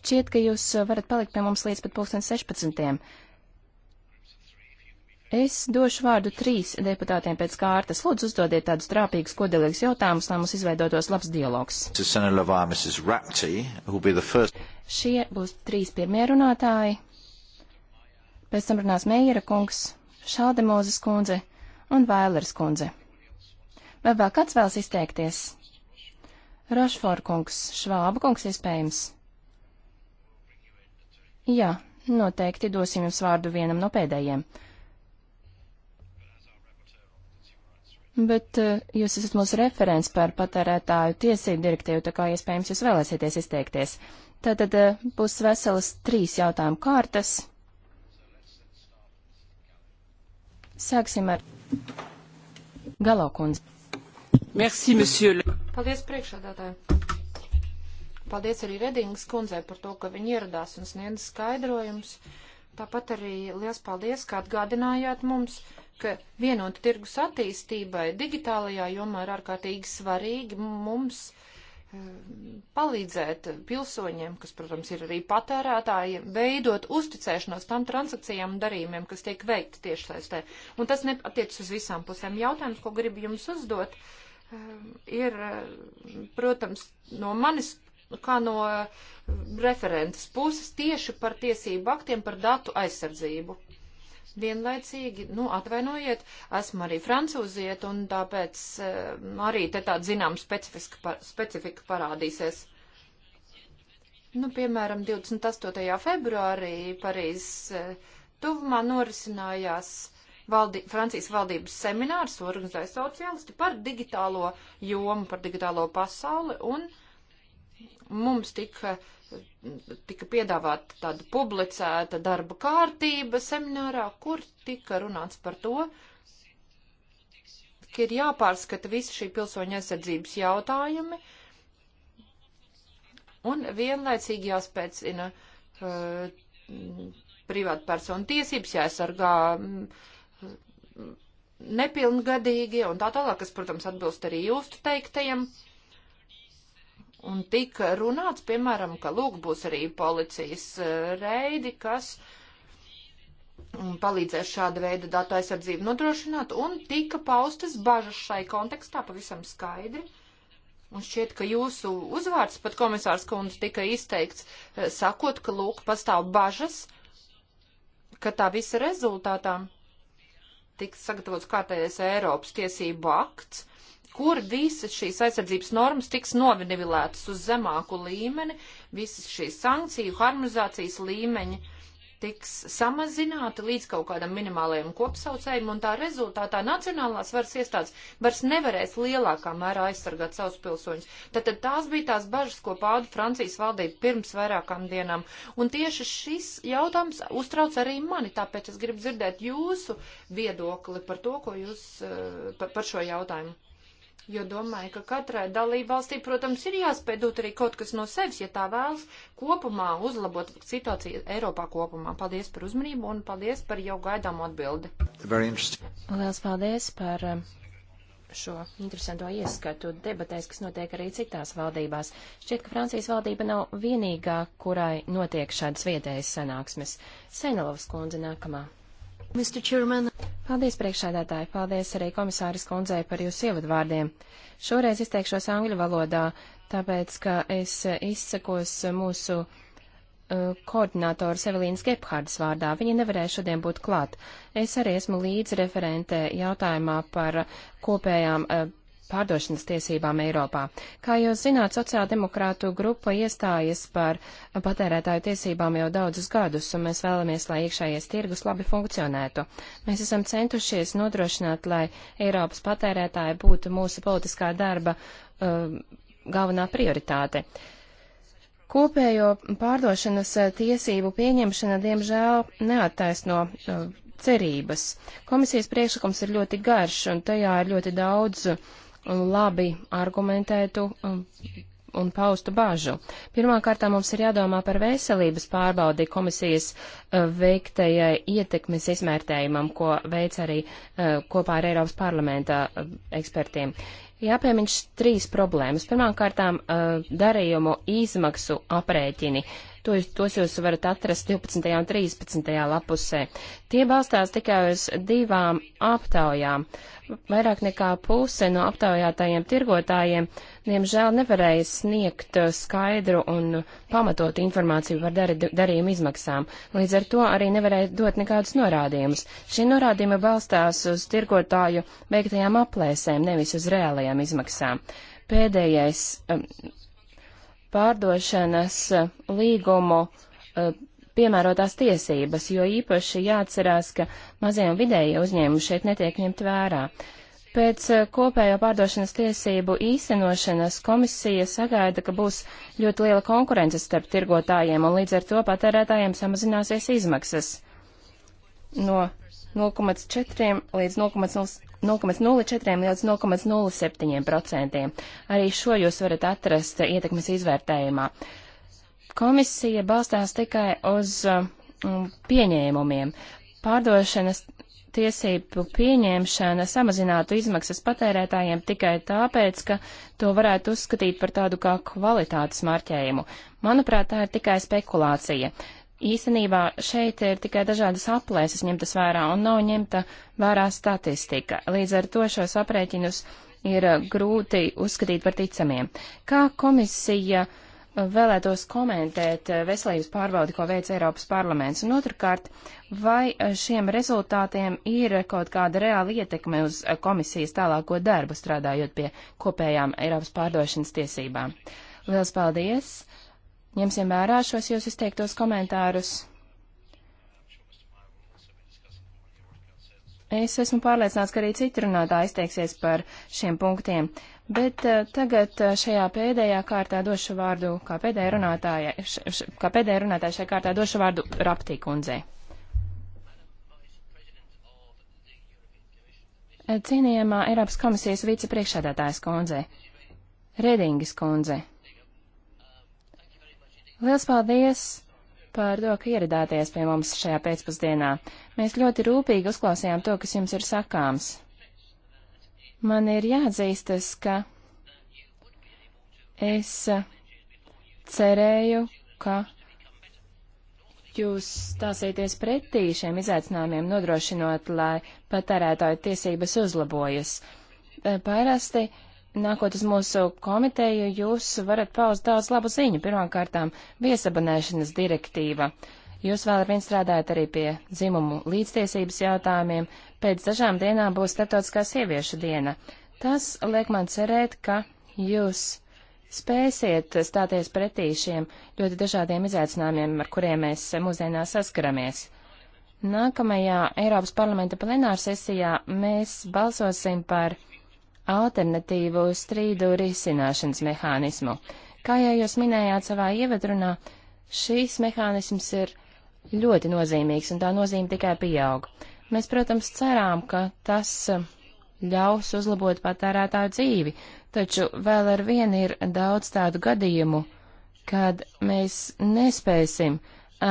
Šķiet, ka jūs eh, varat palikt pie mums līdz pat 2016. Es došu vārdu trīs deputātiem pēc kārtas. Lūdzu, uzdodiet tādus trāpīgus, kodēlīgus jautājumus, lai mums izveidotos labs dialogs. Šie būs trīs pirmie runātāji. Pēc tam runās Meijera kungs, Šaldemozes kundze un Vailers kundze. Vai vēl kāds vēlas izteikties? Rošfor kungs, Švāba kungs iespējams. Jā, noteikti dosim jums vārdu vienam no pēdējiem. Bet eh, jūs esat mūsu referents par patērētāju tiesību direktīvu, tā kā iespējams jūs vēlēsieties izteikties. Tātad eh, būs veselas trīs jautājumu kārtas. Sāksim ar Galokundzi. Merci, monsieur. Paldies, priekšādātāji. Paldies arī Redingas kundzei par to, ka viņi ieradās un sniedz skaidrojumus. Tāpat arī liels paldies, ka atgādinājāt mums, uh, ka vienota tirgus attīstībai digitālajā jomā ir ārkārtīgi svarīgi mums um, palīdzēt pilsoņiem, kas, protams, ir arī patērētāji, veidot uzticēšanos tam transakcijām un darījumiem, kas tiek veikti tiešsaistē. Un tas neatiecas uz visām pusēm. Jautājums, ko gribu jums uzdot, um, ir, uh, protams, no manis kā no uh, referentes puses tieši par tiesību aktiem par datu aizsardzību vienlaicīgi, nu, atvainojiet, esmu arī francūziet, un tāpēc eh, arī te tāda zinām specifiska, specifika parādīsies. Nu, piemēram, 28. februārī Parīzes eh, tuvumā norisinājās valdi, Francijas valdības seminārs, organizēja sociālisti par digitālo jomu, par digitālo pasauli, un uh, Mums tika, tika piedāvāta tāda publicēta darba kārtība seminārā, kur tika runāts par to, ka ir jāpārskata visi šī pilsoņa aizsardzības jautājumi un vienlaicīgi jāspēcina uh, privāta persona tiesības, jāaizsargā mm, nepilngadīgie un tā tālāk, kas, protams, atbilst arī jūsu teiktajam. Uh, Un tika runāts, piemēram, ka lūk būs arī policijas e, reidi, kas mm, palīdzēs šāda veida datu aizsardzību nodrošināt, un tika paustas bažas šai kontekstā pavisam skaidri. Un šķiet, ka jūsu uzvārds pat komisārs kundze tika izteikts, e, sakot, ka lūk pastāv bažas, ka tā visa rezultātā tiks sagatavots kārtējais Eiropas tiesību akts, kur visas šīs aizsardzības normas tiks novinivilētas uz zemāku līmeni, visas šīs sankciju harmonizācijas līmeņi tiks samazināti līdz kaut kādam minimālajam kopsaucējumam, un tā rezultātā nacionālās varas iestādes vairs nevarēs lielākā mērā aizsargāt savus pilsoņus. Tātad tās bija tās bažas, ko pauda Francijas valdība pirms vairākām dienām, un tieši šis jautājums uztrauc arī mani, tāpēc es gribu dzirdēt jūsu viedokli par to, ko jūs eh, par šo jautājumu. Jo domāju, ka katrai dalībvalstī, protams, ir jāspēj dot arī kaut kas no sevis, ja tā vēlas kopumā uzlabot situāciju Eiropā kopumā. Paldies par uzmanību un paldies par jau gaidāmu atbildi. Lielas paldies par um, šo interesanto ieskatu debatēs, kas notiek arī citās valdībās. Šķiet, ka Francijas valdība nav vienīgā, kurai notiek šādas vietējas sanāksmes. Senelovs kundze nākamā. Paldies, priekšsēdētāji! Paldies arī komisāras kundzei par jūsu ievadvārdiem. Šoreiz izteikšos angļu valodā, tāpēc, ka es izsakos mūsu uh, koordinātoru Sevelīnas Gephardas vārdā. Viņa nevarēja šodien būt klāt. Es arī esmu līdz referente jautājumā par kopējām uh, pārdošanas tiesībām Eiropā. Kā jūs zināt, sociāldemokrātu grupa iestājas par patērētāju tiesībām jau daudzus gadus, un mēs vēlamies, lai iekšējais tirgus labi funkcionētu. Mēs esam centušies nodrošināt, lai Eiropas patērētāji būtu mūsu politiskā darba uh, galvenā prioritāte. Kopējo pārdošanas uh, tiesību pieņemšana, diemžēl, neattaisno uh, cerības. Komisijas priekšlikums ir ļoti garš, un tajā ir ļoti daudz uh, labi argumentētu um, un paustu bažu. Pirmkārt, mums ir jādomā par veselības pārbaudi komisijas uh, veiktajai ietekmes izmērtējumam, ko veic arī uh, kopā ar Eiropas parlamenta uh, ekspertiem. Jāpiemiņš trīs problēmas. Pirmkārt, darījumu izmaksu aprēķini To jūs, tos jūs varat atrast 12. un 13. lapusē. Tie balstās tikai uz divām aptaujām. Vairāk nekā puse no aptaujātajiem tirgotājiem, diemžēl, nevarēja sniegt uh, skaidru un pamatotu informāciju par dar darījumu izmaksām. Līdz ar to arī nevarēja dot nekādus norādījumus. Šie norādījumi balstās uz tirgotāju veiktajām aplēsēm, nevis uz reālajām izmaksām pēdējais um, pārdošanas eh, līgumu eh, piemērotās tiesības, jo īpaši jāatcerās, ka mazie un vidēji uzņēmumi šeit netiek ņemt vērā. Pēc eh, kopējo pārdošanas tiesību īstenošanas komisija sagaida, ka būs ļoti liela konkurence starp tirgotājiem un līdz ar to patērētājiem samazināsies izmaksas no 0,4 līdz 0,0 0,04 līdz 0,07%. Arī šo jūs varat atrast ietekmes izvērtējumā. Komisija balstās tikai uz mm, pieņēmumiem. Pārdošanas tiesību pieņemšana samazinātu izmaksas patērētājiem tikai tāpēc, ka to varētu uzskatīt par tādu kā kvalitātes marķējumu. Manuprāt, tā ir tikai spekulācija īstenībā šeit ir tikai dažādas aplēses ņemtas vērā un nav ņemta vērā statistika. Līdz ar to šos aprēķinus ir uh, grūti uzskatīt par ticamiem. Kā komisija uh, vēlētos komentēt uh, veselības pārbaudi, ko veic Eiropas parlaments? Un otrkārt, vai šiem rezultātiem ir kaut kāda reāla ietekme uz komisijas tālāko darbu strādājot pie kopējām Eiropas pārdošanas tiesībām? Liels paldies! ņemsim vērā šos jūs izteiktos komentārus. Es esmu pārliecināts, ka arī citi runātāji izteiksies par šiem punktiem, bet uh, tagad eh, šajā pēdējā kārtā došu vārdu, kā pēdējā runātāja, š, š, kā pēdējā runātāja šajā kārtā došu vārdu Raptī kundzei. Cienījamā Eiropas komisijas vicepriekšādātājas kundze, Redingas kundze. Liels paldies par to, ka ieradāties pie mums šajā pēcpusdienā. Mēs ļoti rūpīgi uzklausījām to, kas jums ir sakāms. Man ir jāatzīstas, ka es eh, cerēju, ka jūs stāsieties pretī šiem izaicinājumiem, nodrošinot, lai patērētāju tiesības uzlabojas. Eh, parasti uh, nākot uz mūsu komiteju, jūs varat paust daudz labu ziņu. Pirmkārtām, viesabanēšanas direktīva. Jūs vēl ar vien strādājat arī pie dzimumu līdztiesības jautājumiem. Pēc dažām dienām būs starptautiskā sieviešu diena. Tas liek man cerēt, ka jūs spēsiet stāties pretī šiem ļoti dažādiem izaicinājumiem, ar kuriem mēs mūsdienās saskaramies. Nākamajā Eiropas parlamenta plenārsesijā mēs balsosim par alternatīvu strīdu risināšanas mehānismu. Kā jau jūs minējāt savā ievadrunā, šīs mehānisms ir ļoti nozīmīgs, un tā nozīme tikai pieaug. Mēs, protams, cerām, ka tas uh, ļaus uzlabot patērētāju dzīvi, taču vēl ar vienu ir daudz tādu gadījumu, kad mēs nespēsim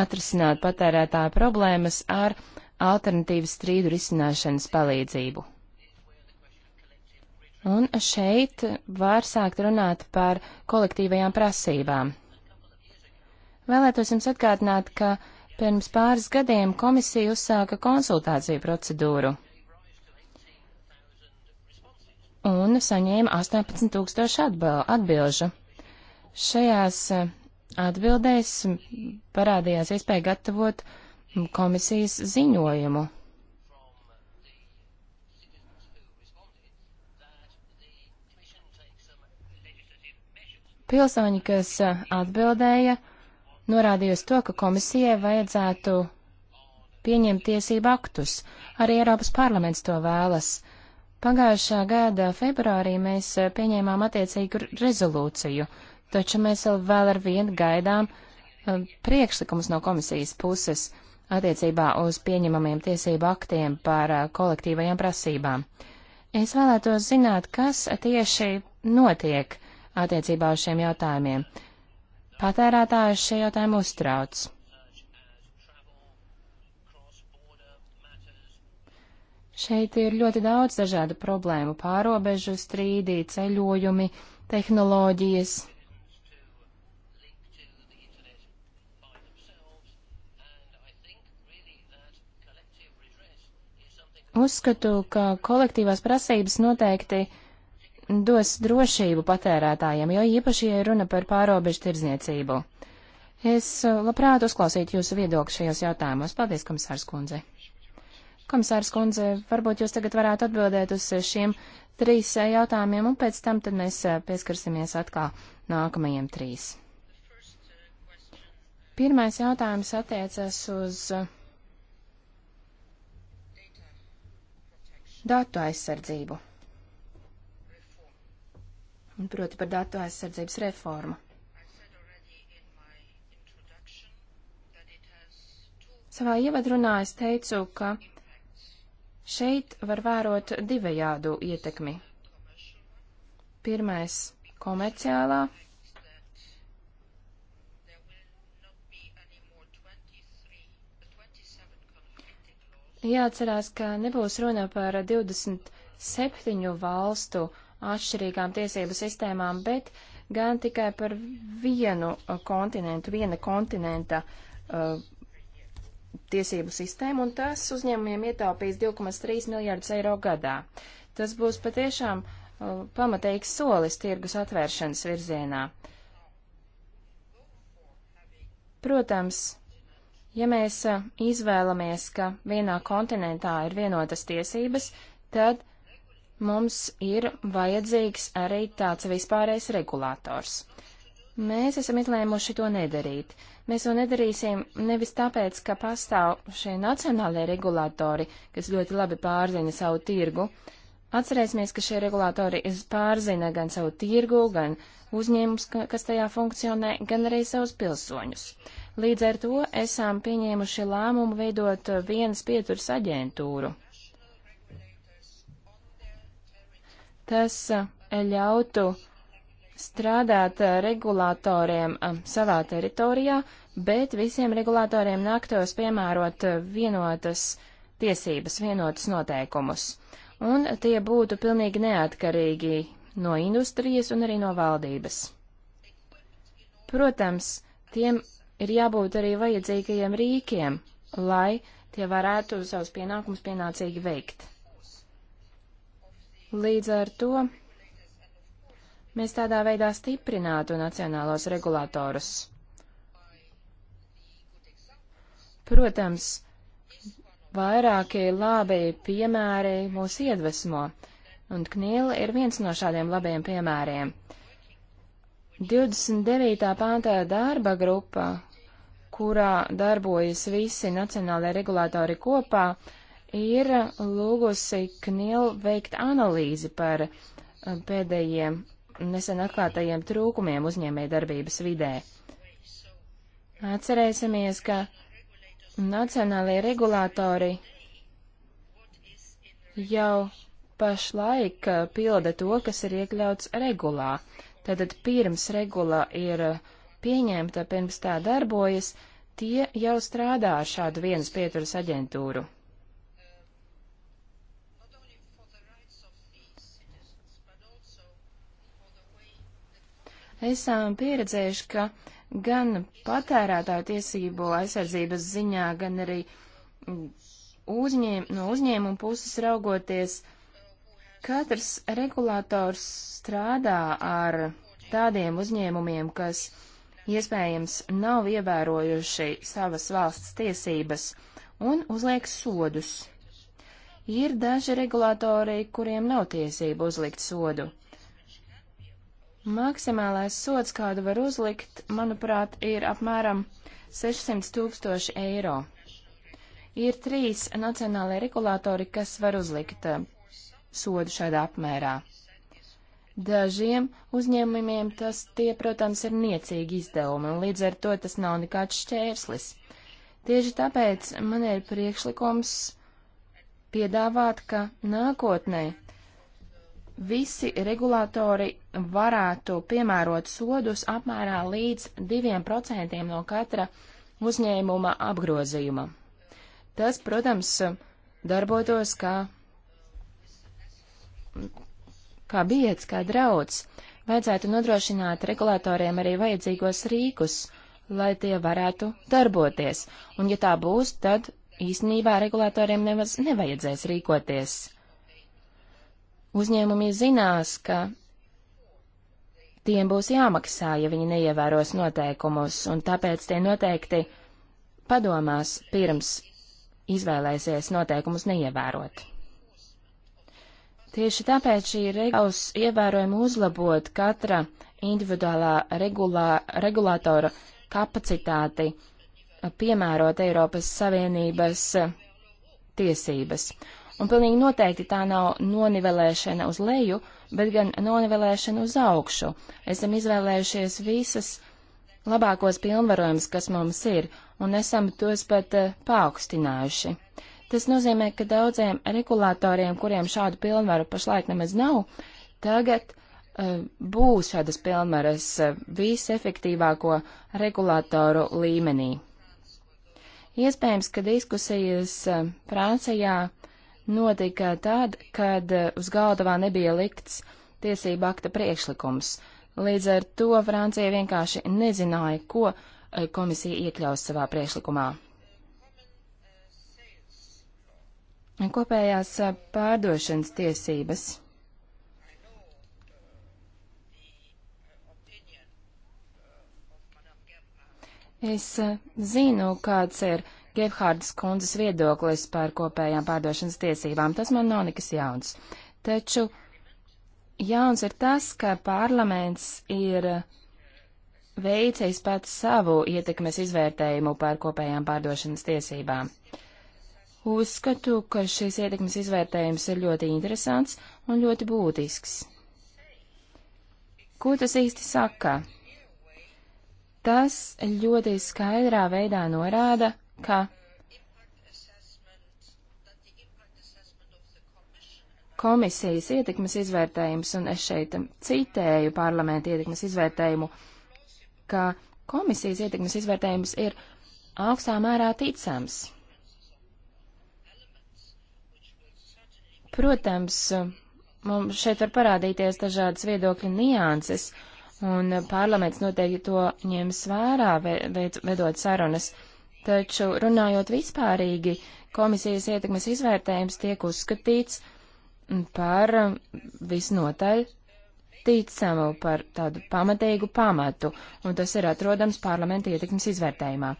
atrisināt patērētāju problēmas ar alternatīvas strīdu risināšanas palīdzību. Un šeit var sākt runāt par kolektīvajām prasībām. Vēlētos jums atgādināt, ka pirms pāris gadiem komisija uzsāka konsultāciju procedūru un saņēma 18 tūkstoši atbilžu. Šajās eh, atbildēs parādījās iespēja gatavot komisijas ziņojumu Pilsoņi, kas atbildēja, norādīja uz to, ka komisijai vajadzētu pieņemt tiesību aktus. Arī Eiropas parlaments to vēlas. Pagājušā gada februārī mēs pieņēmām attiecīgu rezolūciju, taču mēs vēl ar vienu gaidām priekšlikumus no komisijas puses attiecībā uz pieņemamiem tiesību aktiem par kolektīvajām prasībām. Es vēlētos zināt, kas tieši notiek attiecībā uz šiem jautājumiem. Patērētājus šie jautājumi uztrauc. Šeit ir ļoti daudz dažādu problēmu - pārobežu strīdī, ceļojumi, tehnoloģijas. Uzskatu, ka kolektīvās prasības noteikti uh, dos drošību patērētājiem, jo īpaši, ja runa par pārobežu tirdzniecību. Es uh, labprāt uzklausītu jūsu viedokli šajos jautājumos. Paldies, komisārs kundze. Komisārs kundze, varbūt jūs tagad varētu atbildēt uz uh, šiem trīs uh, jautājumiem, un pēc tam tad mēs pieskarsimies atkal nākamajiem trīs. Pirmais jautājums attiecas uz datu aizsardzību proti par datu aizsardzības reformu. Savā ievadrunā es teicu, ka šeit var vērot divējādu ietekmi. Pirmais - komerciālā. Jāatcerās, ka nebūs runa par 27 valstu uh, atšķirīgām tiesību sistēmām, bet gan tikai par vienu uh, kontinentu, viena kontinenta uh, tiesību sistēmu, un tas uzņēmumiem ietaupīs 2,3 miljārdus eiro gadā. Tas būs patiešām uh, pamatīgs solis tirgus atvēršanas virzienā. Protams, ja mēs uh, izvēlamies, ka vienā kontinentā ir vienotas tiesības, tad mums ir vajadzīgs arī tāds vispārējais regulators. Mēs esam izlēmuši to nedarīt. Mēs to nedarīsim nevis tāpēc, ka pastāv šie nacionālie regulātori, kas ļoti labi pārzina savu tirgu. Atcerēsimies, ka šie regulātori pārzina gan savu tirgu, gan uzņēmums, kas tajā funkcionē, gan arī savus pilsoņus. Līdz ar to esam pieņēmuši lēmumu veidot vienas pieturas aģentūru. Tas ļautu strādāt regulātoriem savā teritorijā, bet visiem regulātoriem nāktos piemērot vienotas tiesības, vienotas noteikumus. Un tie būtu pilnīgi neatkarīgi no industrijas un arī no valdības. Protams, tiem ir jābūt arī vajadzīgajiem rīkiem, lai tie varētu savus pienākumus pienācīgi veikt. Līdz ar to mēs tādā veidā stiprinātu nacionālos regulātorus. Protams, vairāki labi piemēri mūs iedvesmo, un Knīla ir viens no šādiem labiem piemēriem. 29. pāntā darba grupa, kurā darbojas visi nacionālajie regulātori kopā, uh, ir lūgusi Knil veikt analīzi par uh, pēdējiem nesen atklātajiem trūkumiem uzņēmēja darbības vidē. Atcerēsimies, ka nacionālie regulātori jau pašlaik uh, pilda to, kas ir iekļauts regulā. Tātad pirms regulā ir uh, pieņemta, pirms tā darbojas, tie jau strādā ar šādu vienas pieturas aģentūru. esam pieredzējuši, ka gan patērētāju tiesību aizsardzības ziņā, gan arī uzņēm, no uzņēmuma puses raugoties, katrs regulators strādā ar tādiem uzņēmumiem, kas iespējams nav ievērojuši savas valsts tiesības un uzliek sodus. Ir daži regulātori, kuriem nav tiesība uzlikt sodu. Maksimālais sods, kādu var uzlikt, manuprāt, ir apmēram 600 tūkstoši eiro. Ir trīs nacionālai regulātori, kas var uzlikt eh, sodu šādā apmērā. Dažiem uzņēmumiem tas tie, protams, ir niecīgi izdevumi, un līdz ar to tas nav nekāds šķērslis. Tieši tāpēc man ir priekšlikums piedāvāt, ka nākotnē visi regulātori varētu piemērot sodus apmērā līdz 2% no katra uzņēmuma apgrozījuma. Tas, protams, darbotos kā, kā biets, kā drauds. Vajadzētu nodrošināt regulātoriem arī vajadzīgos rīkus, lai tie varētu darboties, un ja tā būs, tad īstenībā regulātoriem nemaz nevajadzēs rīkoties. Uzņēmumi zinās, ka tiem būs jāmaksā, ja viņi neievēros noteikumus, un tāpēc tie noteikti padomās pirms izvēlēsies noteikumus neievērot. Tieši tāpēc šī regulaus ievērojami uzlabot katra individuālā regulā, regulātora kapacitāti piemērot Eiropas Savienības tiesības. Un pilnīgi noteikti tā nav nonivelēšana uz leju, bet gan nonivelēšana uz augšu. Esam izvēlējušies visas labākos pilnvarojumus, kas mums ir, un esam tos pat uh, paaugstinājuši. Tas nozīmē, ka daudziem regulātoriem, kuriem šādu pilnvaru pašlaik nemaz nav, tagad uh, būs šādas pilnvaras uh, visefektīvāko regulātoru līmenī. Iespējams, ka diskusijas Francijā notika tad, kad eh, uz galdavā nebija likts tiesība akta priekšlikums. Līdz ar to Francija vienkārši nezināja, ko eh, komisija iekļaus savā priekšlikumā. Kopējās eh, pārdošanas tiesības. Es zinu, kāds ir Gebhārdas kundzes viedoklis par kopējām pārdošanas tiesībām. Tas man nav nekas jauns. Taču jauns ir tas, ka parlaments ir veicis pats savu ietekmes izvērtējumu par kopējām pārdošanas tiesībām. Uzskatu, ka šis ietekmes izvērtējums ir ļoti interesants un ļoti būtisks. Ko tas īsti saka? Tas ļoti skaidrā veidā norāda, ka komisijas ietekmes izvērtējums, un es šeit citēju parlamenta ietekmes izvērtējumu, ka komisijas ietekmes izvērtējums ir augstā mērā ticams. Protams, mums šeit var parādīties dažādas viedokļa nianses, un parlaments noteikti to ņems vērā, veidot sarunas. Ve Taču runājot vispārīgi, komisijas ietekmes izvērtējums tiek uzskatīts par visnotaļ ticamu, par tādu pamatīgu pamatu, un tas ir atrodams parlamenta ietekmes izvērtējumā.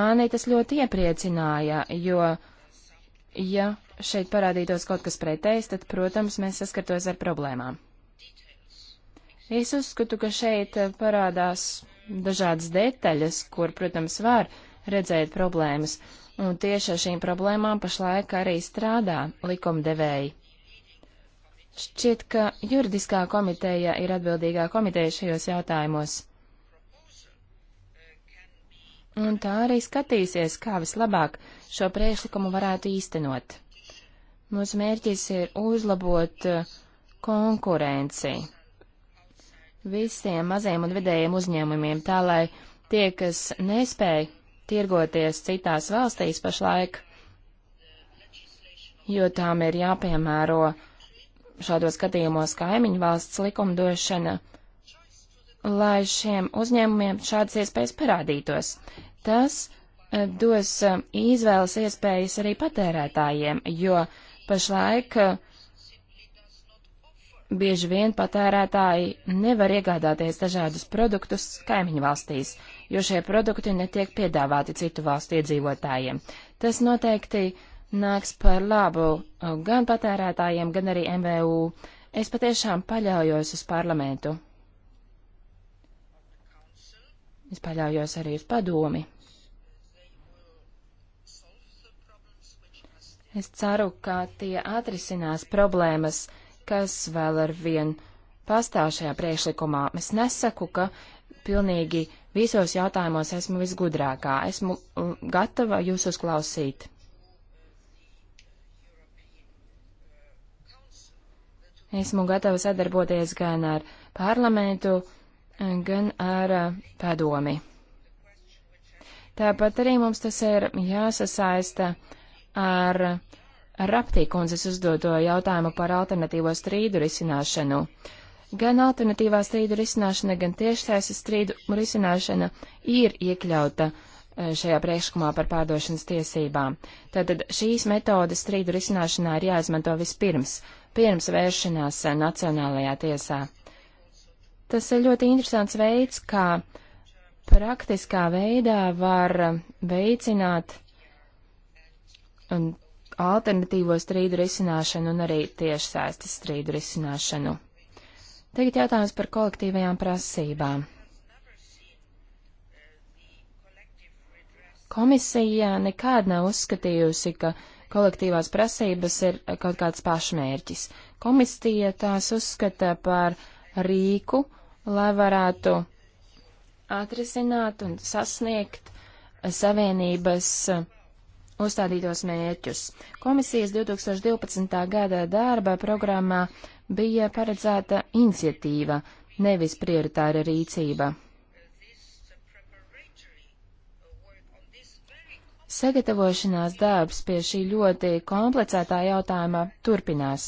Mani tas ļoti iepriecināja, jo, ja šeit parādītos kaut kas pretējs, tad, protams, mēs saskartos ar problēmām. Es uzskatu, ka šeit parādās dažādas detaļas, kur, protams, var uh, redzēt problēmas, un tieši ar šīm problēmām pašlaik arī strādā likumdevēji. Šķiet, ka juridiskā komiteja ir atbildīgā komiteja šajos jautājumos. Un tā arī skatīsies, kā vislabāk šo priekšlikumu varētu īstenot. Mūsu mērķis ir uzlabot uh, konkurenci visiem maziem un vidējiem uzņēmumiem, tā lai tie, kas nespēja tirgoties citās valstīs pašlaik, jo tām ir jāpiemēro šādos gadījumos kaimiņu valsts likumdošana, lai šiem uzņēmumiem šādas iespējas parādītos. Tas e, dos e, izvēles iespējas arī patērētājiem, jo pašlaik e, bieži vien patērētāji nevar iegādāties dažādus produktus kaimiņu valstīs jo šie produkti netiek piedāvāti citu valstu iedzīvotājiem. Tas noteikti nāks par labu uh, gan patērētājiem, gan arī MVU. Es patiešām paļaujos uz parlamentu. Es paļaujos arī uz padomi. Es ceru, ka tie atrisinās problēmas, kas vēl ar vien pastāv šajā priekšlikumā. Es nesaku, ka pilnīgi Visos jautājumos esmu visgudrākā. Esmu uh, gatava jūs uzklausīt. Esmu gatava sadarboties gan ar parlamentu, gan ar uh, padomi. Tāpat arī mums tas ir jāsasaista ar Raptīkundzes uzdoto jautājumu par alternatīvo strīdu risināšanu. Uh, Gan alternatīvā strīdu risināšana, gan tiešsaistes strīdu risināšana ir iekļauta e, šajā priekšlikumā par pārdošanas tiesībām. Tātad šīs metodes strīdu risināšanā ir jāizmanto vispirms, pirms vēršanās Nacionālajā tiesā. Tas ir ļoti interesants veids, kā praktiskā veidā var veicināt um, alternatīvo strīdu risināšanu un arī tiešsaistes strīdu risināšanu. Tagad jautājums par kolektīvajām prasībām. Komisija nekad nav uzskatījusi, ka kolektīvās prasības ir kaut kāds pašmērķis. Komisija tās uzskata par rīku, lai varētu atrisināt un sasniegt savienības uzstādītos mērķus. Komisijas 2012. gada darba programmā bija paredzēta iniciatīva, nevis prioritāra rīcība. Sagatavošanās darbs pie šī ļoti komplicētā jautājuma turpinās.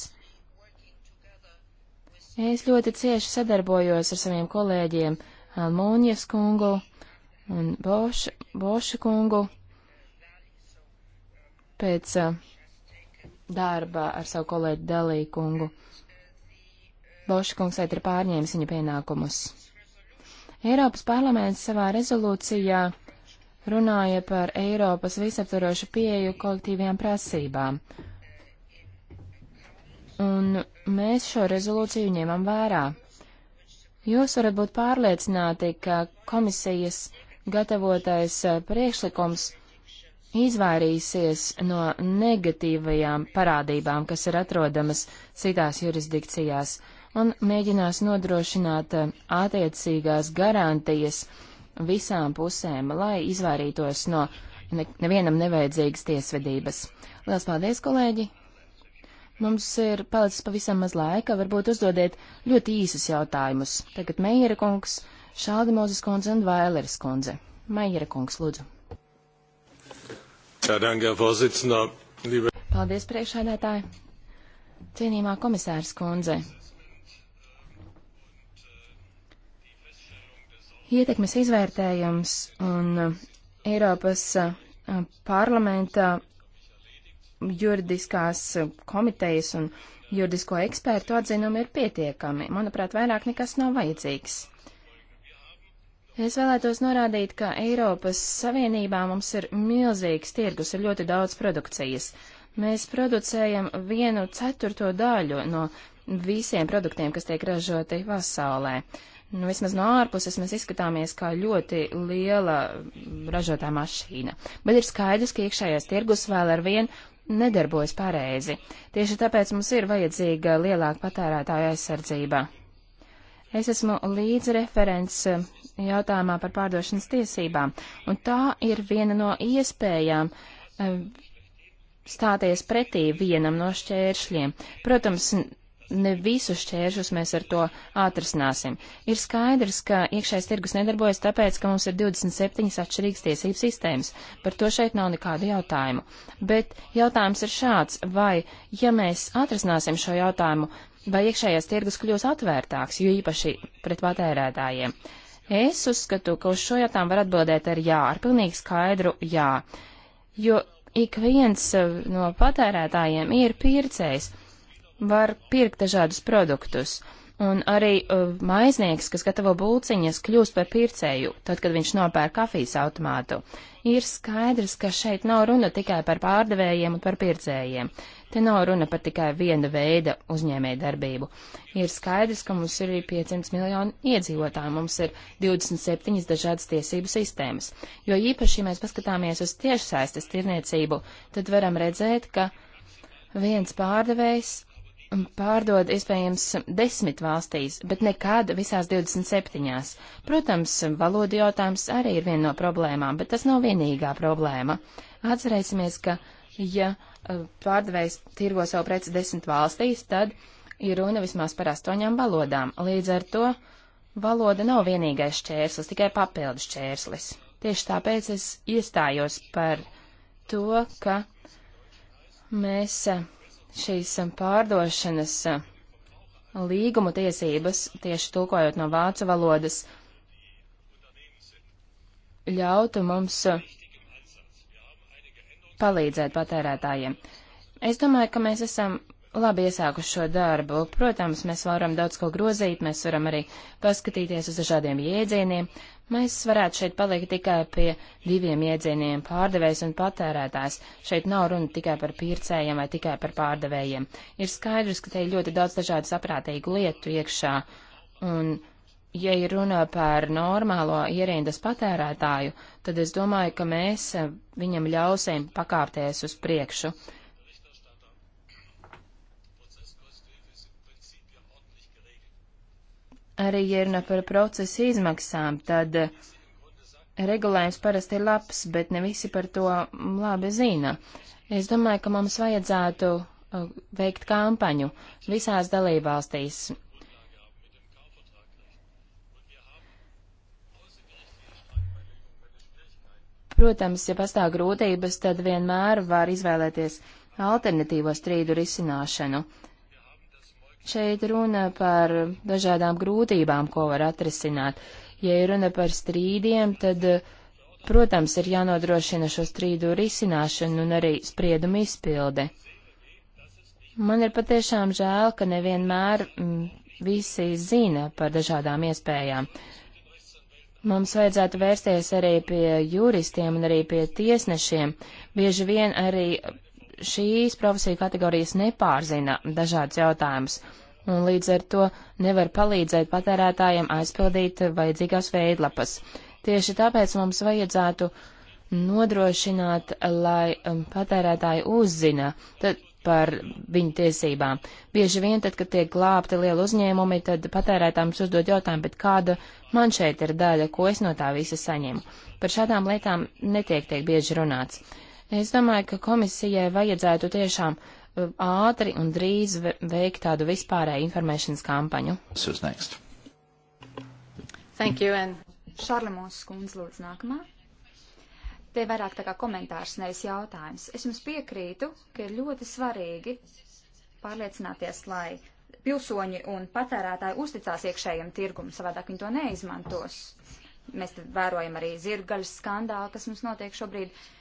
Es ļoti cieši sadarbojos ar saviem kolēģiem Almūnijas kungu un Boša, Boša kungu pēc uh, darba ar savu kolēģi Dalī kungu. Boša kungs šeit ir pārņēmis viņa pienākumus. Eiropas parlaments savā rezolūcijā runāja par Eiropas visaptvarošu pieeju kolektīvajām prasībām. Un mēs šo rezolūciju ņemam vērā. Jūs varat būt pārliecināti, ka komisijas gatavotais eh, priekšlikums izvairīsies no negatīvajām parādībām, kas ir atrodamas citās jurisdikcijās un mēģinās nodrošināt eh, attiecīgās garantijas visām pusēm, lai izvairītos no ne, nevienam nevajadzīgas tiesvedības. Lielas paldies, kolēģi! Mums ir palicis pavisam maz laika, varbūt uzdodiet ļoti īsus jautājumus. Tagad Meijera kungs, Šādi Mozes kundze un Vaileris kundze. Meijera kungs, lūdzu. Jā, danke, Paldies, priekšādātāji! Cienījumā komisārs kundze, Ietekmes izvērtējums un uh, Eiropas uh, parlamenta juridiskās uh, komitejas un juridisko ekspertu atzinumi ir pietiekami. Manuprāt, vairāk nekas nav vajadzīgs. Es vēlētos norādīt, ka Eiropas Savienībā mums ir milzīgs tirgus, ir ļoti daudz produkcijas. Mēs producējam vienu ceturto daļu no visiem produktiem, kas tiek ražoti pasaulē. Uh, nu, vismaz no ārpuses mēs izskatāmies kā ļoti liela ražotā mašīna. Bet ir skaidrs, ka iekšējais tirgus vēl ar vienu nedarbojas pareizi. Tieši tāpēc mums ir vajadzīga lielāka patērētāja aizsardzība. Es esmu līdzreferents eh, jautājumā par pārdošanas tiesībām, un tā ir viena no iespējām eh, stāties pretī vienam no šķēršļiem. Protams, ne visus šķēršus mēs ar to atrisināsim. Ir skaidrs, ka iekšējais tirgus nedarbojas tāpēc, ka mums ir 27 atšķirīgas tiesības sistēmas. Par to šeit nav nekādu jautājumu. Bet jautājums ir šāds, vai, ja mēs atrisināsim šo jautājumu, vai iekšējais tirgus kļūs atvērtāks, jo īpaši pret patērētājiem? Es uzskatu, ka uz šo jautājumu var atbildēt ar jā, ar pilnīgi skaidru jā. Jo ik viens eh, no patērētājiem ir pircējs var pirkt dažādus produktus. Un arī uh, maiznieks, kas gatavo būciņas, kļūst par pircēju, tad, kad viņš nopērk kafijas automātu. Ir skaidrs, ka šeit nav runa tikai par pārdevējiem un par pircējiem. Te nav runa par tikai viena veida uzņēmēju darbību. Ir skaidrs, ka mums ir 500 miljoni iedzīvotāji, mums ir 27 dažādas tiesību sistēmas. Jo īpaši, ja mēs paskatāmies uz tiešsaistes tirniecību, tad varam redzēt, ka viens pārdevējs pārdod iespējams desmit valstīs, bet nekad visās 27. Protams, valoda jautājums arī ir viena no problēmām, bet tas nav vienīgā problēma. Atcerēsimies, ka ja e, pārdevējs tirgo savu preci desmit valstīs, tad ir runa vismaz par astoņām valodām. Līdz ar to valoda nav vienīgais čērslis, tikai papildus čērslis. Tieši tāpēc es iestājos par to, ka mēs e, šīs um, pārdošanas uh, līgumu tiesības, tieši tulkojot no vācu valodas, ļautu mums uh, palīdzēt patērētājiem. Es domāju, ka mēs esam labi iesākuši šo darbu. Protams, mēs varam daudz ko grozīt, mēs varam arī paskatīties uz dažādiem jēdzieniem. Mēs varētu šeit palikt tikai pie diviem jēdzieniem - pārdevējs un patērētājs. Šeit nav runa tikai par pircējiem vai tikai par pārdevējiem. Ir skaidrs, ka te ir ļoti daudz dažādu saprātīgu lietu iekšā. Un, ja ir runa par normālo ierindas patērētāju, tad es domāju, ka mēs viņam ļausim pakāpties uz priekšu. Arī, ja runa par procesa izmaksām, tad eh, regulējums parasti ir labs, bet ne visi par to mm, labi zina. Es domāju, ka mums vajadzētu eh, veikt kampaņu visās dalībvalstīs. Protams, ja pastāv grūtības, tad vienmēr var izvēlēties alternatīvo strīdu risināšanu. Uh, Šeit runa par dažādām grūtībām, ko var atrisināt. Ja ir runa par strīdiem, tad, protams, ir jānodrošina šo strīdu risināšanu un arī spriedumu izpilde. Man ir patiešām žēl, ka nevienmēr m, mm, visi zina par dažādām iespējām. Mums vajadzētu vērsties arī pie juristiem un arī pie tiesnešiem. Bieži vien arī šīs profesiju kategorijas nepārzina dažādus jautājumus, un līdz ar to nevar palīdzēt patērētājiem aizpildīt vajadzīgās veidlapas. Tieši tāpēc mums vajadzētu nodrošināt, lai um, patērētāji uzzina par viņu tiesībām. Bieži vien tad, kad tiek glābti lieli uzņēmumi, tad patērētājums uzdod jautājumu, bet kāda man šeit ir daļa, ko es no tā visa saņemu. Par šādām lietām netiek tiek bieži runāts. Es domāju, ka komisijai vajadzētu tiešām uh, ātri un drīz veikt tādu vispārēju informēšanas kampaņu. Thank you, and Šarlimons skundz lūdzu nākamā. Te vairāk tā kā komentārs, nevis jautājums. Es jums piekrītu, ka ir ļoti svarīgi pārliecināties, lai pilsoņi un patērētāji uzticās iekšējiem tirgum, savādāk viņi to neizmantos. Mēs vērojam arī zirgaļas skandālu, kas mums notiek šobrīd. Uh,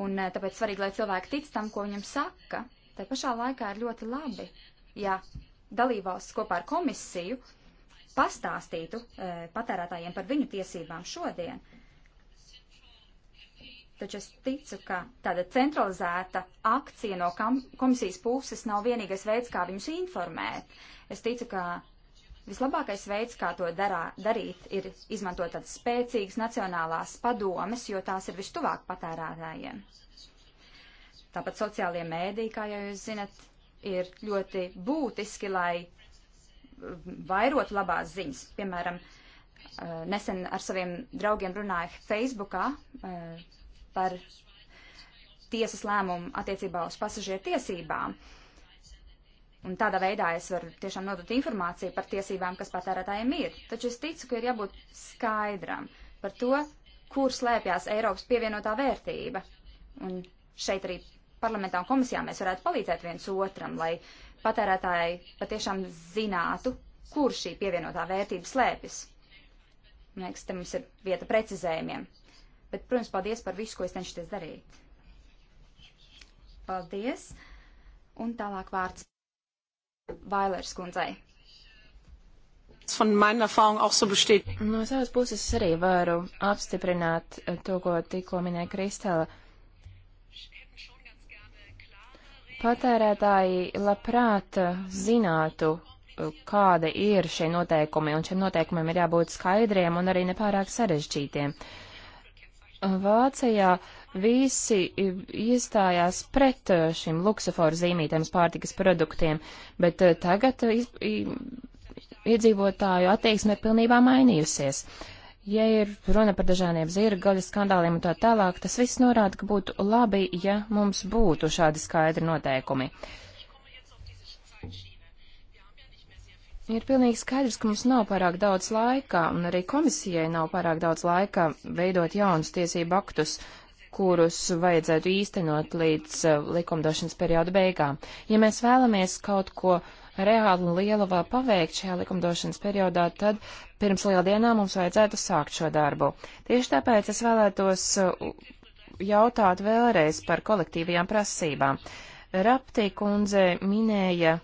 Un eh, tāpēc svarīgi, lai cilvēki tic tam, ko viņam saka. Tā pašā laikā ir ļoti labi, ja dalībvalsts kopā ar komisiju pastāstītu e, patērētājiem par viņu tiesībām šodien. Taču es ticu, ka tāda centralizēta akcija no komisijas puses nav vienīgais veids, kā viņus informēt. Es ticu, ka Vislabākais veids, kā to darā, darīt, ir izmantot tādas spēcīgas nacionālās padomes, jo tās ir vistuvāk patērētājiem. Tāpat sociālie mēdīji, kā jau jūs zinat, ir ļoti būtiski, lai um, vairotu labās ziņas. Piemēram, uh, nesen ar saviem draugiem runāju Facebookā uh, par tiesas lēmumu attiecībā uz pasažieru tiesībām. Uh, Un tādā veidā es varu tiešām nodot informāciju par tiesībām, kas patērētājiem ir. Taču es ticu, ka ir jābūt skaidram par to, kur slēpjas Eiropas pievienotā vērtība. Un šeit arī parlamentā un komisijā mēs varētu palīdzēt viens otram, lai patērētāji patiešām zinātu, kur šī pievienotā vērtība slēpjas. Man liekas, te mums ir vieta precizējumiem. Bet, protams, paldies par visu, ko es cenšoties darīt. Paldies! Un tālāk vārds. Vailers kundzei. No savas puses arī varu apstiprināt eh, to, ko tikko minēja Kristela. Patērētāji labprāt eh, zinātu, eh, kāda ir šie noteikumi, un šiem noteikumiem ir jābūt skaidriem un arī nepārāk sarežģītiem. Vācijā uh, visi e, iestājās pret e, šim luksuforu zīmītēm pārtikas produktiem, bet e, tagad iz, iedzīvotāju attieksme ir pilnībā mainījusies. Ja ir runa par dažādiem zirga gaļas skandāliem un tā tālāk, tas viss norāda, ka būtu labi, ja mums būtu šādi skaidri noteikumi. Ir pilnīgi skaidrs, ka mums nav pārāk daudz laika, un arī komisijai nav pārāk daudz laika veidot jaunus tiesību aktus, kurus vajadzētu īstenot līdz eh, likumdošanas perioda beigām. Ja mēs vēlamies kaut ko reāli un lielu vēl paveikt šajā likumdošanas periodā, tad pirms lieldienām mums vajadzētu sākt šo darbu. Tieši tāpēc es vēlētos eh, jautāt vēlreiz par kolektīvajām prasībām. Raptī kundze minēja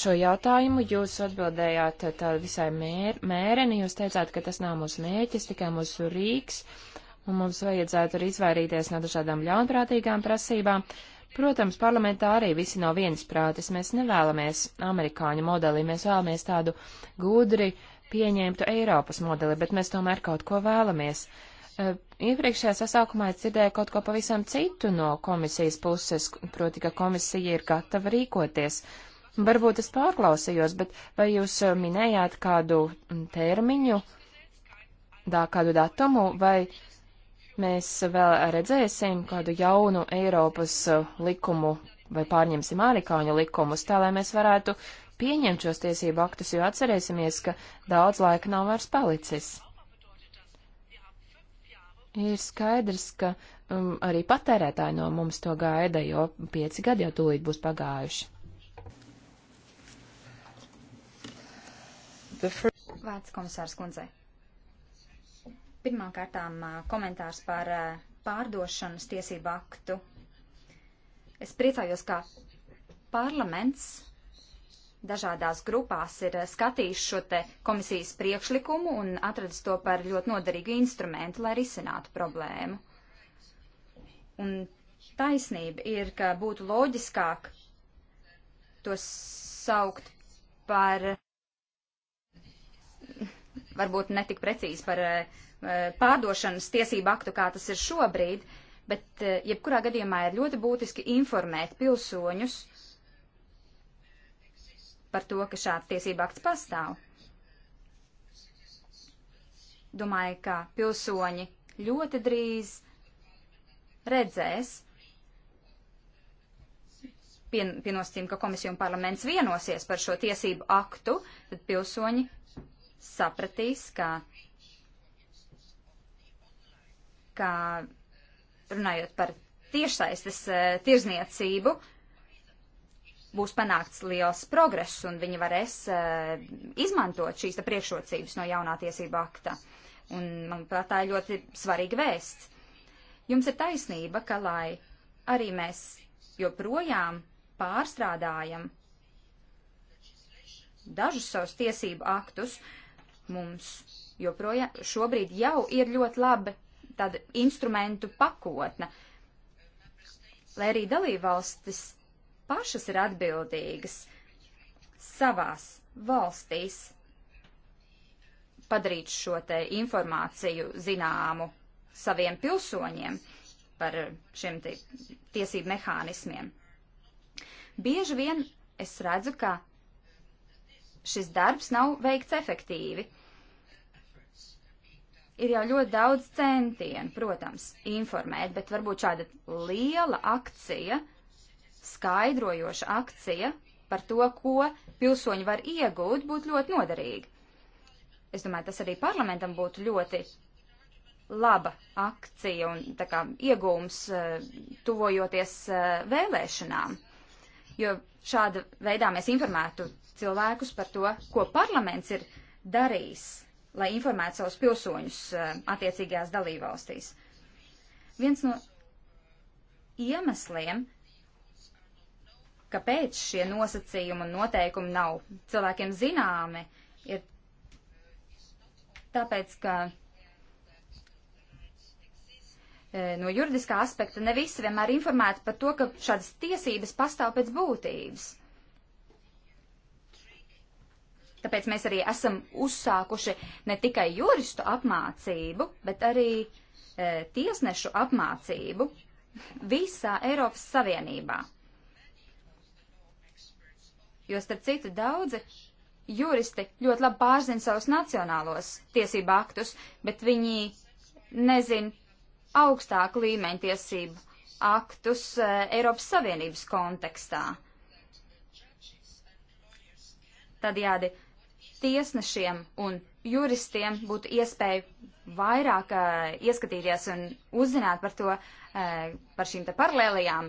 šo jautājumu, jūs atbildējāt tā visai mēr, mēreni, jūs teicāt, ka tas nav mūsu mērķis, tikai mūsu rīks, un mums vajadzētu arī izvairīties no dažādām ļaunprātīgām prasībām. Protams, parlamentā arī visi nav viensprātis, mēs nevēlamies amerikāņu modeli, mēs vēlamies tādu gudri pieņemtu Eiropas modeli, bet mēs tomēr kaut ko vēlamies. Eh, iepriekšējā sasaukumā es dzirdēju kaut ko pavisam citu no komisijas puses, proti, ka komisija ir gatava rīkoties. Uh, Varbūt es pārklausījos, bet vai jūs eh, minējāt kādu mm, termiņu, dā, kādu datumu, vai mēs vēl redzēsim kādu jaunu Eiropas eh, likumu vai pārņemsim ārikāņu likumus, tā lai mēs varētu pieņemt šos tiesību aktus, jo atcerēsimies, ka daudz laika nav vairs palicis. Ir skaidrs, ka um, arī patērētāji no mums to gaida, jo pieci gadi jau tūlīt būs pagājuši. first... Vārds komisārs kundzei. Pirmkārtām komentārs par pārdošanas tiesību aktu. Es priecājos, ka parlaments dažādās grupās ir skatījis šo te komisijas priekšlikumu un atradis to par ļoti noderīgu instrumentu, lai risinātu problēmu. Un taisnība ir, ka būtu loģiskāk to saukt par varbūt netik precīzi par eh, eh, pārdošanas tiesību aktu, kā tas ir šobrīd, bet eh, jebkurā gadījumā ir ļoti būtiski informēt pilsoņus par to, ka šāds tiesību akts pastāv. Domāju, ka pilsoņi ļoti drīz redzēs, pienosīm, ka komisija un parlaments vienosies par šo tiesību aktu, tad pilsoņi sapratīs, ka, ka runājot par tiešsaistes e, tirzniecību, būs panākts liels progress un viņi varēs e, izmantot šīs priekšrocības no jaunā tiesība akta. Un, manuprāt, tā ir ļoti svarīga vēsts. Jums ir taisnība, ka lai arī mēs joprojām pārstrādājam dažus savus tiesību aktus, uh, Mums joprojām šobrīd jau ir ļoti labi tāda instrumentu pakotne, lai arī dalībvalstis pašas ir atbildīgas savās valstīs padarīt šo te informāciju zināmu saviem pilsoņiem par šiem tiesību mehānismiem. Bieži vien es redzu, ka šis darbs nav veikts efektīvi. Ir jau ļoti daudz centienu, protams, informēt, bet varbūt šāda liela akcija, skaidrojoša akcija par to, ko pilsoņi var iegūt, būtu ļoti noderīga. Es domāju, tas arī parlamentam būtu ļoti laba akcija un tā kā iegūms eh, tuvojoties eh, vēlēšanām, jo šāda veidā mēs informētu cilvēkus par to, ko parlaments ir darījis, lai informētu savus pilsoņus eh, attiecīgajās dalībvalstīs. Viens no iemesliem, kāpēc šie nosacījumi un noteikumi nav cilvēkiem zināmi, ir tāpēc, ka eh, no juridiskā aspekta ne visi vienmēr informēti par to, ka šādas tiesības pastāv pēc būtības. Tāpēc mēs arī esam uzsākuši ne tikai juristu apmācību, bet arī e, tiesnešu apmācību visā Eiropas Savienībā. Jo starp citu daudzi juristi ļoti labi pārzina savus nacionālos tiesību aktus, bet viņi nezin augstāku līmeņu tiesību aktus e, Eiropas Savienības kontekstā. Tādējādi tiesnešiem un juristiem būtu iespēja vairāk uh, ieskatīties un uzzināt par to, uh, par šīm te paralēlajām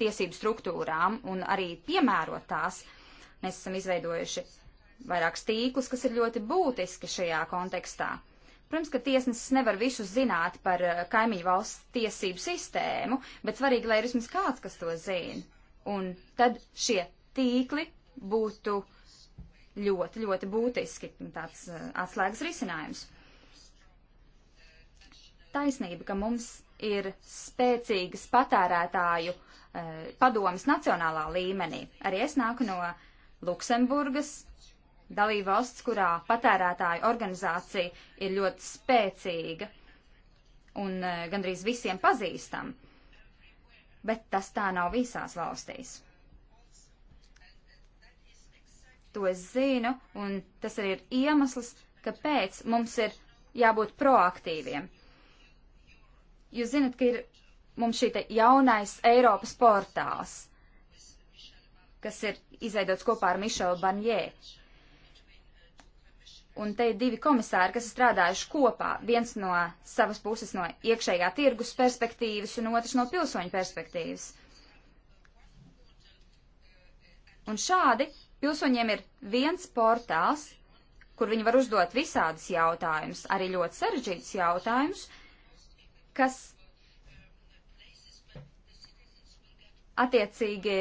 tiesību struktūrām un arī piemērot tās. Mēs esam izveidojuši vairākus tīklus, kas ir ļoti būtiski šajā kontekstā. Protams, ka tiesnesis nevar visu zināt par eh, kaimiņu valsts tiesību sistēmu, bet svarīgi, lai ir vismaz kāds, kas to zina. Un tad šie tīkli būtu uh, ļoti, ļoti būtiski tāds eh, atslēgas risinājums. Taisnība, ka mums ir spēcīgas patērētāju eh, padomas nacionālā līmenī. Arī es nāku no Luksemburgas, dalība valsts, kurā patērētāju organizācija ir ļoti spēcīga un eh, gandrīz visiem pazīstam. Bet tas tā nav visās valstīs. to es zinu, un tas arī ir iemesls, kāpēc mums ir jābūt proaktīviem. Jūs zinat, ka ir mums šī jaunais Eiropas portāls, kas ir izveidots kopā ar Mišelu Banjē. Un te ir divi komisāri, kas strādājuši kopā. Viens no savas puses no iekšējā tirgus perspektīvas un otrs no pilsoņu perspektīvas. Un šādi Pilsoņiem ir viens portāls, kur viņi var uzdot visādus jautājumus, arī ļoti sarežģītus jautājumus, kas attiecīgi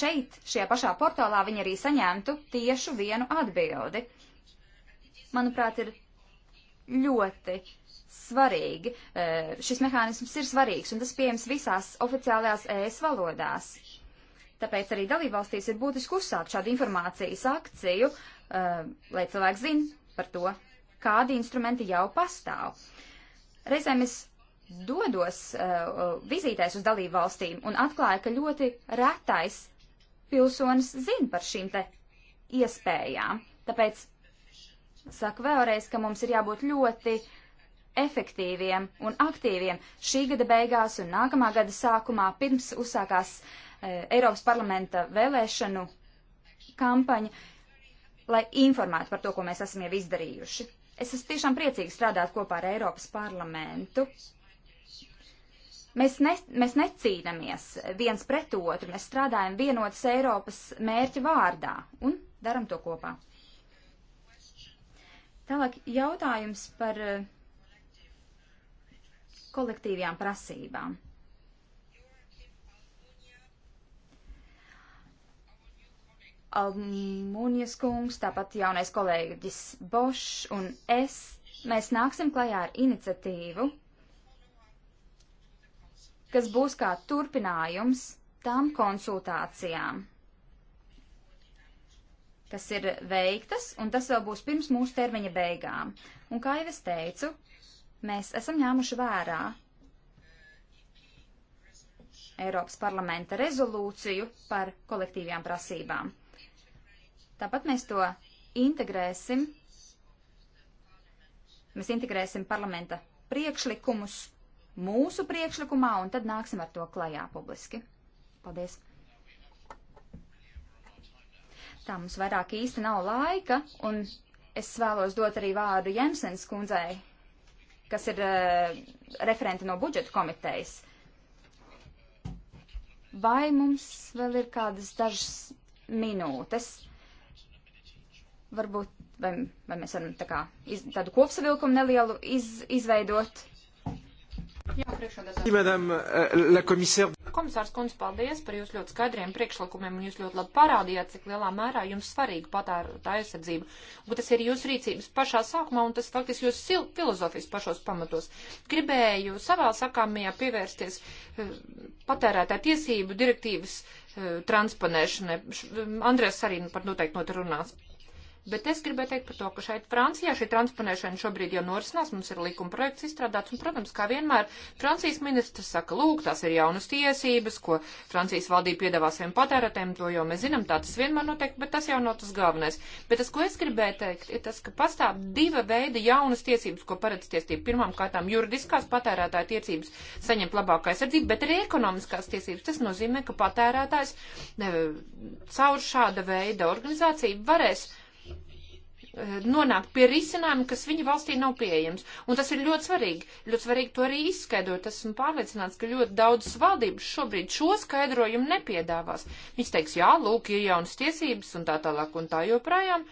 šeit, šajā pašā portālā, viņi arī saņemtu tiešu vienu atbildi. Manuprāt, ir ļoti svarīgi. Eh, šis mehānisms ir svarīgs, un tas pieejams visās oficiālajās ES valodās. Tāpēc arī dalībvalstīs ir būtiski uzsākt šādu informācijas akciju, uh, lai cilvēki zin par to, kādi instrumenti jau pastāv. Reizēm es dodos uh, vizītēs uz dalībvalstīm un atklāju, ka ļoti retais pilsonis zin par šīm te iespējām. Tāpēc saku vēlreiz, ka mums ir jābūt ļoti efektīviem un aktīviem šī gada beigās un nākamā gada sākumā, pirms uzsākās uh, E, Eiropas parlamenta vēlēšanu kampaņa, lai informētu par to, ko mēs esam jau izdarījuši. Es esmu tiešām priecīgi strādāt kopā ar Eiropas parlamentu. Mēs, ne, mēs necīnamies viens pret otru, mēs strādājam vienotas Eiropas mērķa vārdā un daram to kopā. Tālāk jautājums par e, kolektīvajām prasībām. Almūnijas kungs, tāpat jaunais kolēģis Bošs un es, mēs nāksim klajā ar iniciatīvu, kas būs kā turpinājums tām konsultācijām, kas ir veiktas, un tas vēl būs pirms mūsu termiņa beigām. Un kā jau es teicu, mēs esam ņēmuši vērā Eiropas parlamenta rezolūciju par kolektīvajām prasībām. Tāpat mēs to integrēsim, mēs integrēsim parlamenta priekšlikumus mūsu priekšlikumā un tad nāksim ar to klajā publiski. Paldies! Tā mums vairāk īsti nav laika, un es vēlos dot arī vārdu Jensens kundzei, kas ir uh, referente no budžeta komitejas. Vai mums vēl ir kādas dažas minūtes? Varbūt, vai, vai mēs varam tā kā iz, tādu kopsavilkumu nelielu iz, izveidot. Jā, priekšādātājs. Euh, Komisārs Kunds, paldies par jūsu ļoti skaidriem priekšlikumiem un jūs ļoti labi parādījāt, cik lielā mērā jums svarīga patērta aizsardzība. Bet tas ir jūsu rīcības pašā sākumā un tas faktiski jūsu filozofijas pašos pamatos. Gribēju savā sakāmajā pievērsties eh, patērētāja tiesību direktīvas eh, transponēšanai. Eh, Andrēs arī par noteikti noturunās. Bet es gribēju teikt par to, ka šeit Francijā šī transponēšana šobrīd jau norisinās, mums ir likuma projekts izstrādāts, un, protams, kā vienmēr, Francijas ministrs saka, lūk, tās ir jaunas tiesības, ko Francijas valdība piedāvā saviem patērētēm, to jau mēs zinām, tā tas vienmēr notiek, bet tas jau nav tas galvenais. Bet tas, ko es gribēju teikt, ir tas, ka pastāv diva veida jaunas tiesības, ko paredz tiesība. Pirmām kārtām juridiskās patērētāja tiesības saņemt labāku aizsardzību, bet arī ekonomiskās tiesības. Tas nozīmē, ka patērētājs ne, caur šāda veida organizāciju varēs Eh, nonākt pie risinājuma, kas viņa valstī nav pieejams. Un tas ir ļoti svarīgi. Ļoti svarīgi to arī izskaidrot. Esmu pārliecināts, ka ļoti daudzas valdības šobrīd šo skaidrojumu nepiedāvās. Viņas teiks, jā, lūk, ir jaunas tiesības un tā tālāk un tā joprojām,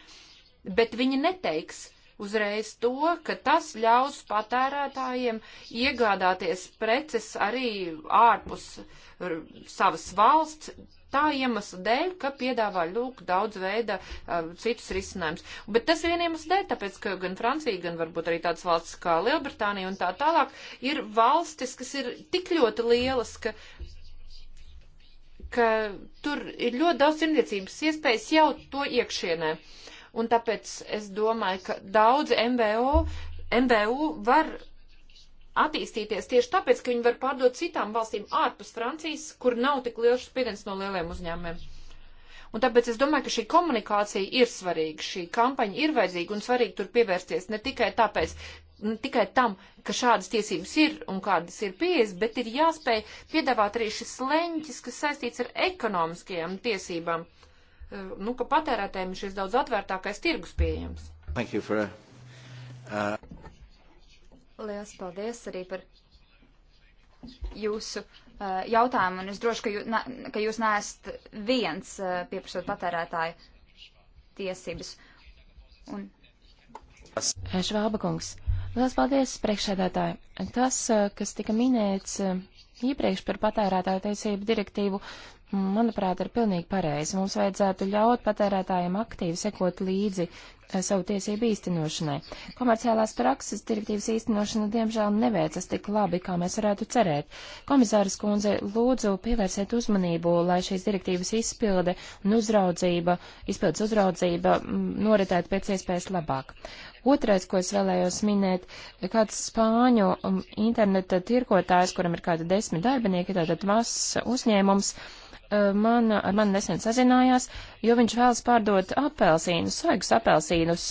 bet viņi neteiks uzreiz to, ka tas ļaus patērētājiem iegādāties preces arī ārpus savas valsts tā iemesla dēļ, ka piedāvā lūk daudz veida uh, citus risinājumus. Bet tas vien iemesls dēļ, tāpēc, ka gan Francija, gan varbūt arī tādas valstis kā Lielbritānija un tā tālāk ir valstis, kas ir tik ļoti lielas, ka ka tur ir ļoti daudz cilvēcības iespējas jau to iekšienē. Un tāpēc es domāju, ka daudzi MBO MBU var attīstīties tieši tāpēc, ka viņi var pārdot citām valstīm ārpus Francijas, kur nav tik liels spiediens no lieliem uzņēmumiem. Un tāpēc es domāju, ka šī komunikācija ir svarīga, šī kampaņa ir vajadzīga un svarīgi tur pievērsties ne tikai tāpēc, ne tikai tam, ka šādas tiesības ir un kādas ir pieejas, bet ir jāspēj piedāvāt arī šis leņķis, kas saistīts ar ekonomiskajām tiesībām. Eh, nu, ka patērētājiem šis daudz atvērtākais tirgus pieejams. Thank you for, uh... Lielas paldies arī par jūsu uh, jautājumu, un es droši, ka, jū, na, ka jūs neesat viens uh, pieprasot patērētāju tiesības. Un... Švāba kungs, liels paldies priekšsēdētāji. Tas, eh, kas tika minēts iepriekš par patērētāju tiesību direktīvu, manuprāt, ir pilnīgi pareizi. Mums vajadzētu ļaut patērētājiem aktīvi sekot līdzi eh, savu tiesību īstenošanai. Komerciālās prakses direktīvas īstenošana, diemžēl, neveicas tik labi, kā mēs varētu cerēt. Komisāras kundze, lūdzu pievērsiet uzmanību, lai šīs direktīvas izpilde un uzraudzība, izpildes uzraudzība mm, noritētu pēc iespējas labāk. Otrais, ko es vēlējos minēt, kāds spāņu mm, interneta tirkotājs, kuram ir kāda desmit darbinieki, tātad mazs uzņēmums, uh, Eh, man, ar mani nesen sazinājās, jo viņš vēlas pārdot apelsīnus, svaigus apelsīnus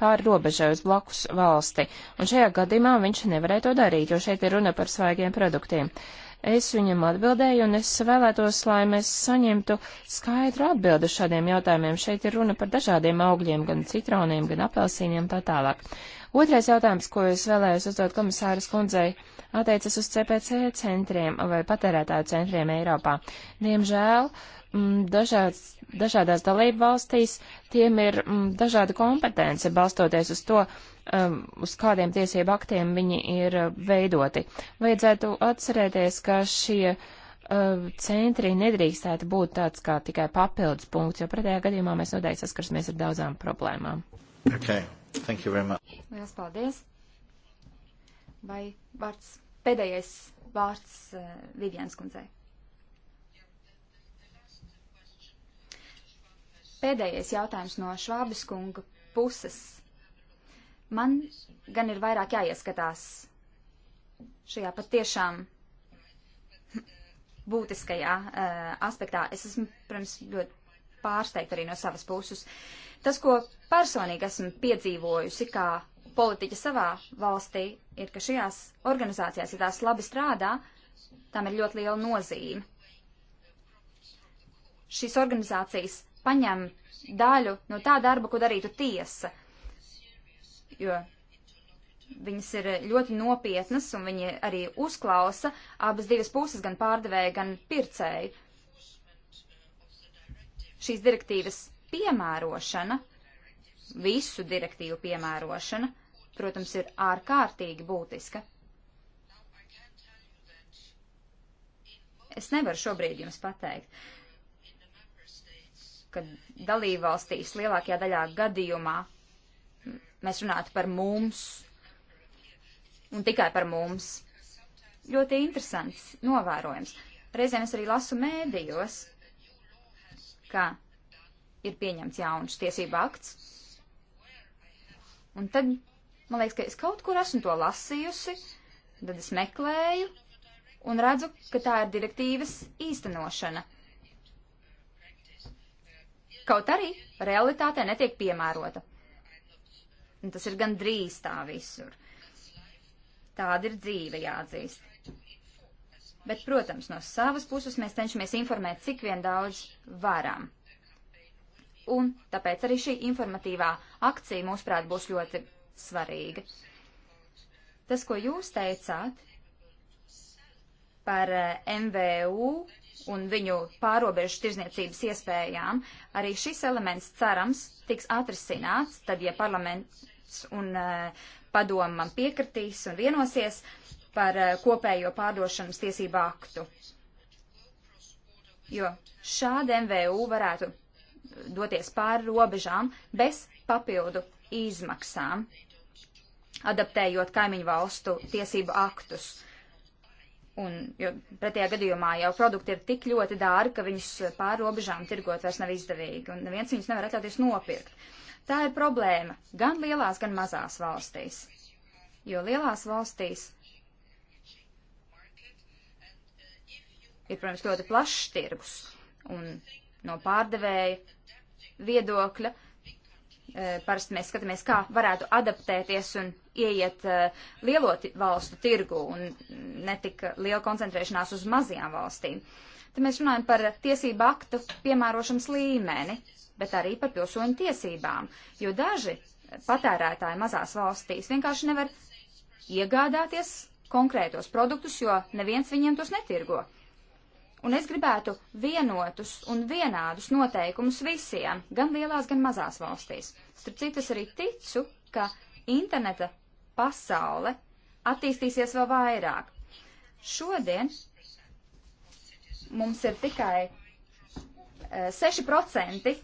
pāri robežai uz blakus valsti, un šajā gadījumā viņš nevarēja to darīt, jo šeit ir runa par svaigiem produktiem. Es viņam atbildēju, un es vēlētos, lai mēs saņemtu skaidru atbildu šādiem jautājumiem. Šeit ir runa par dažādiem augļiem, gan citroniem, gan apelsīniem tā tālāk. Otrais jautājums, ko es vēlējos uzdot komisāras kundzei. Uh, attiecas uz CPC centriem vai patērētāju centriem Eiropā. Diemžēl mm, dažāds, dažādās dalību valstīs tiem ir mm, dažāda kompetence balstoties uz to, mm, uz kādiem tiesību aktiem viņi ir veidoti. Vajadzētu atcerēties, ka šie centri nedrīkstētu būt tāds kā tikai papildus punkts, jo pretējā gadījumā mēs noteikti saskarsimies ar daudzām problēmām. Okay. Thank you very much. Lielas paldies. Vai vārds Pēdējais vārds eh, Vivians kundzei. Pēdējais jautājums no Švābis kunga puses. Man gan ir vairāk jāieskatās šajā patiešām būtiskajā uh, aspektā. Es esmu, protams, ļoti pārsteigta arī no savas puses. Tas, ko personīgi esmu piedzīvojusi kā politiķi savā valstī ir, ka šajās organizācijās, ja tās labi strādā, tam ir ļoti liela nozīme. Šīs organizācijas paņem daļu no tā darba, ko darītu tiesa, jo viņas ir ļoti nopietnas un viņi arī uzklausa abas divas puses, gan pārdevēju, gan pircēju. Šīs direktīvas piemērošana, visu direktīvu piemērošana, protams, ir ārkārtīgi būtiska. Es nevaru šobrīd jums pateikt, ka dalībvalstīs lielākajā daļā gadījumā mēs runātu par mums un tikai par mums. Ļoti interesants novērojums. Reizēm es arī lasu mēdījos, ka ir pieņemts jauns tiesība akts, un tad Man liekas, ka es kaut kur esmu to lasījusi, tad es meklēju un redzu, ka tā ir direktīvas īstenošana. Kaut arī realitātē netiek piemērota. Un tas ir gan drīz tā visur. Tāda ir dzīve jāatzīst. Bet, protams, no savas puses mēs cenšamies informēt, cik vien daudz varam. Un tāpēc arī šī informatīvā akcija, mūsuprāt, būs ļoti svarīga. Tas, ko jūs teicāt par eh, MVU un viņu pārobežu tirzniecības iespējām, arī šis elements cerams tiks atrisināts, tad, ja parlaments un uh, eh, padomu man piekritīs un vienosies par uh, kopējo pārdošanas tiesību aktu. Jo šādi MVU varētu doties pāri robežām bez papildu izmaksām, adaptējot kaimiņu valstu tiesību aktus. Un, jo pretējā gadījumā jau produkti ir tik ļoti dārgi, ka viņus pāri robežām tirgot vairs nav izdevīgi, un neviens viņus nevar atļauties nopirkt. Tā ir problēma gan lielās, gan mazās valstīs. Jo lielās valstīs ir, protams, ļoti plašs tirgus, un no pārdevēja viedokļa Parasti mēs skatāmies, kā varētu adaptēties un ieiet lielo valstu tirgu un netika liela koncentrēšanās uz mazajām valstīm. Te mēs runājam par tiesību aktu piemērošanas līmeni, bet arī par pilsoņu tiesībām, jo daži patērētāji mazās valstīs vienkārši nevar iegādāties konkrētos produktus, jo neviens viņiem tos netirgo. Un es gribētu vienotus un vienādus noteikumus visiem, gan lielās, gan mazās valstīs. Starp citu, es arī ticu, ka interneta pasaule attīstīsies vēl vairāk. Šodien mums ir tikai 6% e, e,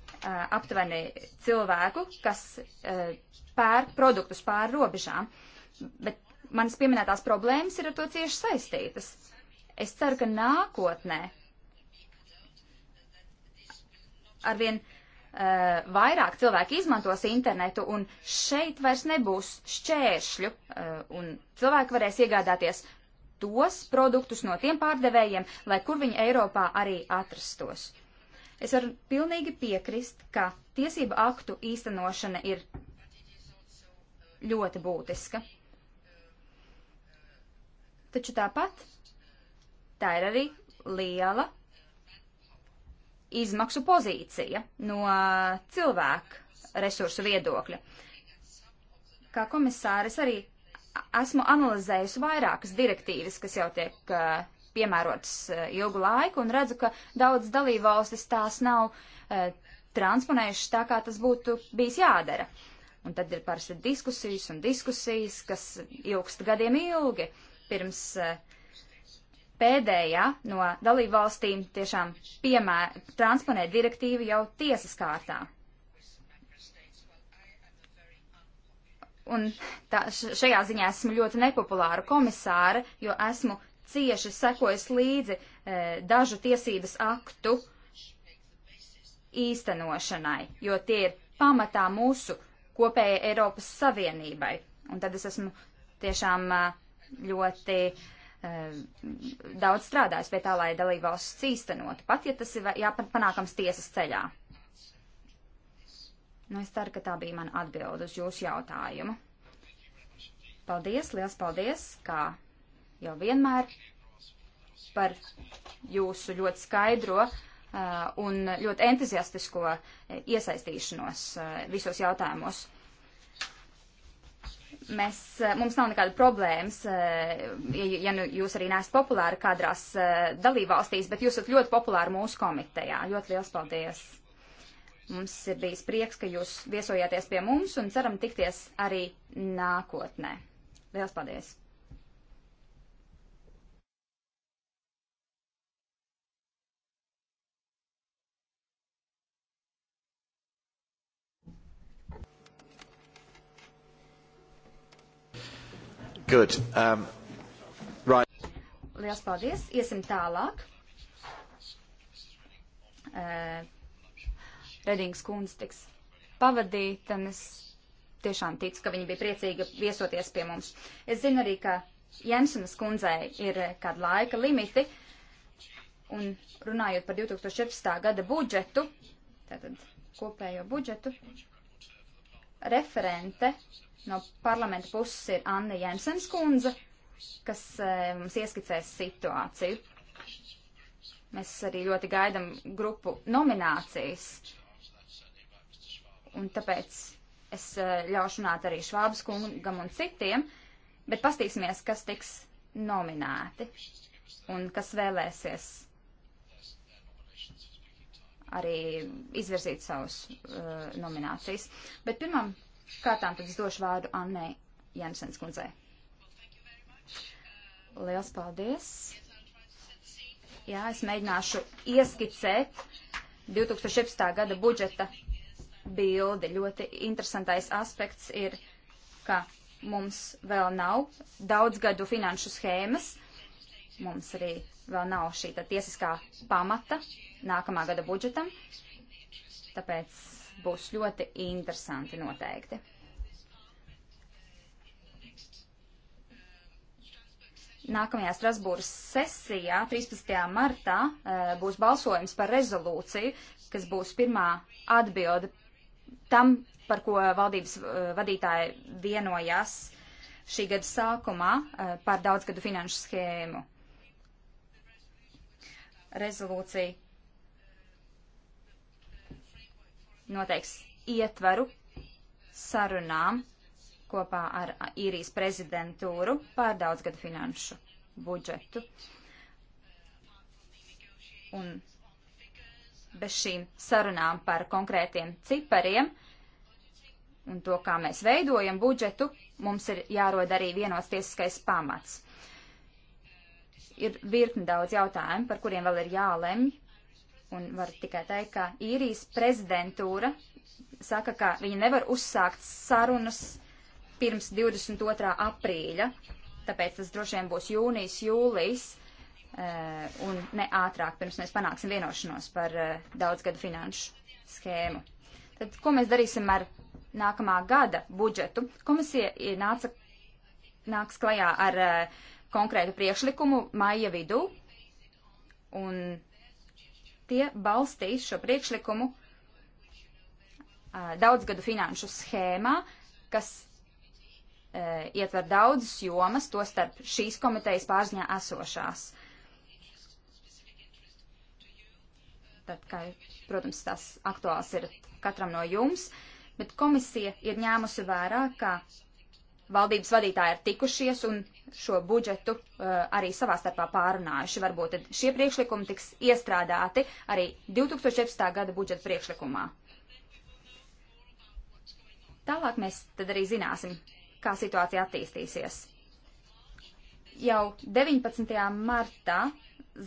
aptuveni cilvēku, kas e, pēr produktus pār robežām, bet manas pieminētās problēmas ir ar to cieši saistītas. Es ceru, ka nākotnē arvien uh, vairāk cilvēki izmantos internetu, un šeit vairs nebūs šķēršļu, uh, un cilvēki varēs iegādāties tos produktus no tiem pārdevējiem, lai kur viņi Eiropā arī atrastos. Es varu pilnīgi piekrist, ka tiesību aktu īstenošana ir ļoti būtiska. Taču tāpat Tā ir arī liela izmaksu pozīcija no cilvēku resursu viedokļa. Kā komisāris arī esmu analizējusi vairākas direktīvas, kas jau tiek uh, piemērotas uh, ilgu laiku, un redzu, ka daudz dalībvalstis tās nav uh, transponējušas tā, kā tas būtu bijis jādara. Un tad ir parasti diskusijas un diskusijas, kas ilgst gadiem ilgi pirms uh, pēdējā no dalību valstīm tiešām piemēr, transponē direktīvu jau tiesas kārtā. Un tā, šajā ziņā esmu ļoti nepopulāra komisāra, jo esmu cieši sekojis līdzi e, dažu tiesības aktu īstenošanai, jo tie ir pamatā mūsu kopējai Eiropas Savienībai. Un tad es esmu tiešām e, ļoti uh, Eh, daudz strādājis pie tā, lai dalībvalsts īstenotu, pat ja tas ir jāpanākams tiesas ceļā. Nu, es ceru, ka tā bija mana atbilde uz jūsu jautājumu. Paldies, liels paldies, kā jau vienmēr, par jūsu ļoti skaidro uh, un ļoti entuziastisko eh, iesaistīšanos uh, visos jautājumos mēs, eh, mums nav nekāda problēmas, eh, ja, ja nu jūs arī neesat populāri kādās eh, dalībvalstīs, bet jūs esat ļoti populāri mūsu komitejā. Ļoti liels paldies! Mums ir bijis prieks, ka jūs viesojāties pie mums un ceram tikties arī nākotnē. Liels paldies! Good. Um, right. Liels paldies. Iesim tālāk. Uh, Redings kundze tiks pavadīta, un es tiešām ticu, ka viņa bija priecīga viesoties pie mums. Es zinu arī, ka Jensenas kundzei ir kāda laika limiti, un runājot par 2014. gada budžetu, tātad kopējo budžetu, Referente no parlamenta puses ir Anna Jensens kundze, kas eh, mums ieskicēs situāciju. Mēs arī ļoti gaidam grupu nominācijas. Un tāpēc es eh, ļaušu runāt arī Švābas kungam un citiem, bet pastīsimies, kas tiks nominēti un kas vēlēsies arī izvirzīt savus uh, nominācijas. Bet pirmam kārtām tad es došu vārdu Annai Jansens kundzei. Liels paldies! Jā, es mēģināšu ieskicēt 2017. gada budžeta bildi. Ļoti interesantais aspekts ir, ka mums vēl nav daudzgadu finanšu schēmas. Mums arī vēl nav šī tiesiskā pamata nākamā gada budžetam, tāpēc būs ļoti interesanti noteikti. Nākamajā Strasbūras sesijā, 13. martā, eh, būs balsojums par rezolūciju, kas būs pirmā atbilde tam, par ko valdības eh, vadītāji vienojās šī gada sākumā eh, par daudzgadu finanšu schēmu rezolūcija noteiks ietveru sarunām kopā ar īrijas prezidentūru par daudzgadu finanšu budžetu. Un bez šīm sarunām par konkrētiem cipariem un to, kā mēs veidojam budžetu, mums ir jārod arī vienots tiesiskais pamats. Ir virkni daudz jautājumu, par kuriem vēl ir jālemj. Un var tikai teikt, ka īrijas prezidentūra saka, ka viņi nevar uzsākt sarunas pirms 22. aprīļa, tāpēc tas droši vien būs jūnijas, jūlijas eh, un ne ātrāk, pirms mēs panāksim vienošanos par eh, daudzgadu finanšu schēmu. Tad, ko mēs darīsim ar nākamā gada budžetu? Komisija eh, nāca, nāks klajā ar uh, konkrētu priekšlikumu maija vidū, un tie balstīs šo priekšlikumu daudzgadu finanšu schēmā, kas e, ietver daudzas jomas, to starp šīs komitejas pārziņā esošās. Tad, kā, protams, tas aktuāls ir katram no jums, bet komisija ir ņēmusi vērā, ka valdības vadītāji ir tikušies un šo budžetu uh, arī savā starpā pārunājuši. Varbūt tad šie priekšlikumi tiks iestrādāti arī 2014. gada budžeta priekšlikumā. Tālāk mēs tad arī zināsim, kā situācija attīstīsies. Jau 19. martā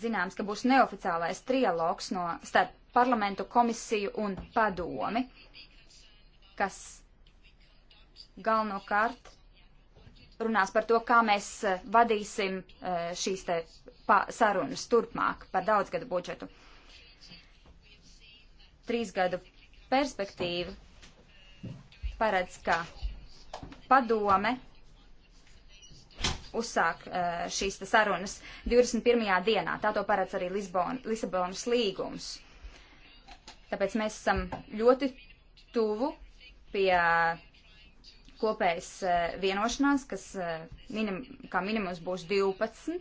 zināms, ka būs neoficiālais trialogs no starp parlamentu komisiju un padomi, kas galvenokārt runās par to, kā mēs eh, vadīsim eh, šīs te sarunas turpmāk par daudzgadu budžetu. Trīs gadu perspektīva paredz, ka padome uzsāk eh, šīs te sarunas 21. dienā. Tā to paredz arī Lisbon, Lisabonas līgums. Tāpēc mēs esam ļoti tuvu pie kopējas eh, vienošanās, kas eh, minim, kā minimums būs 12.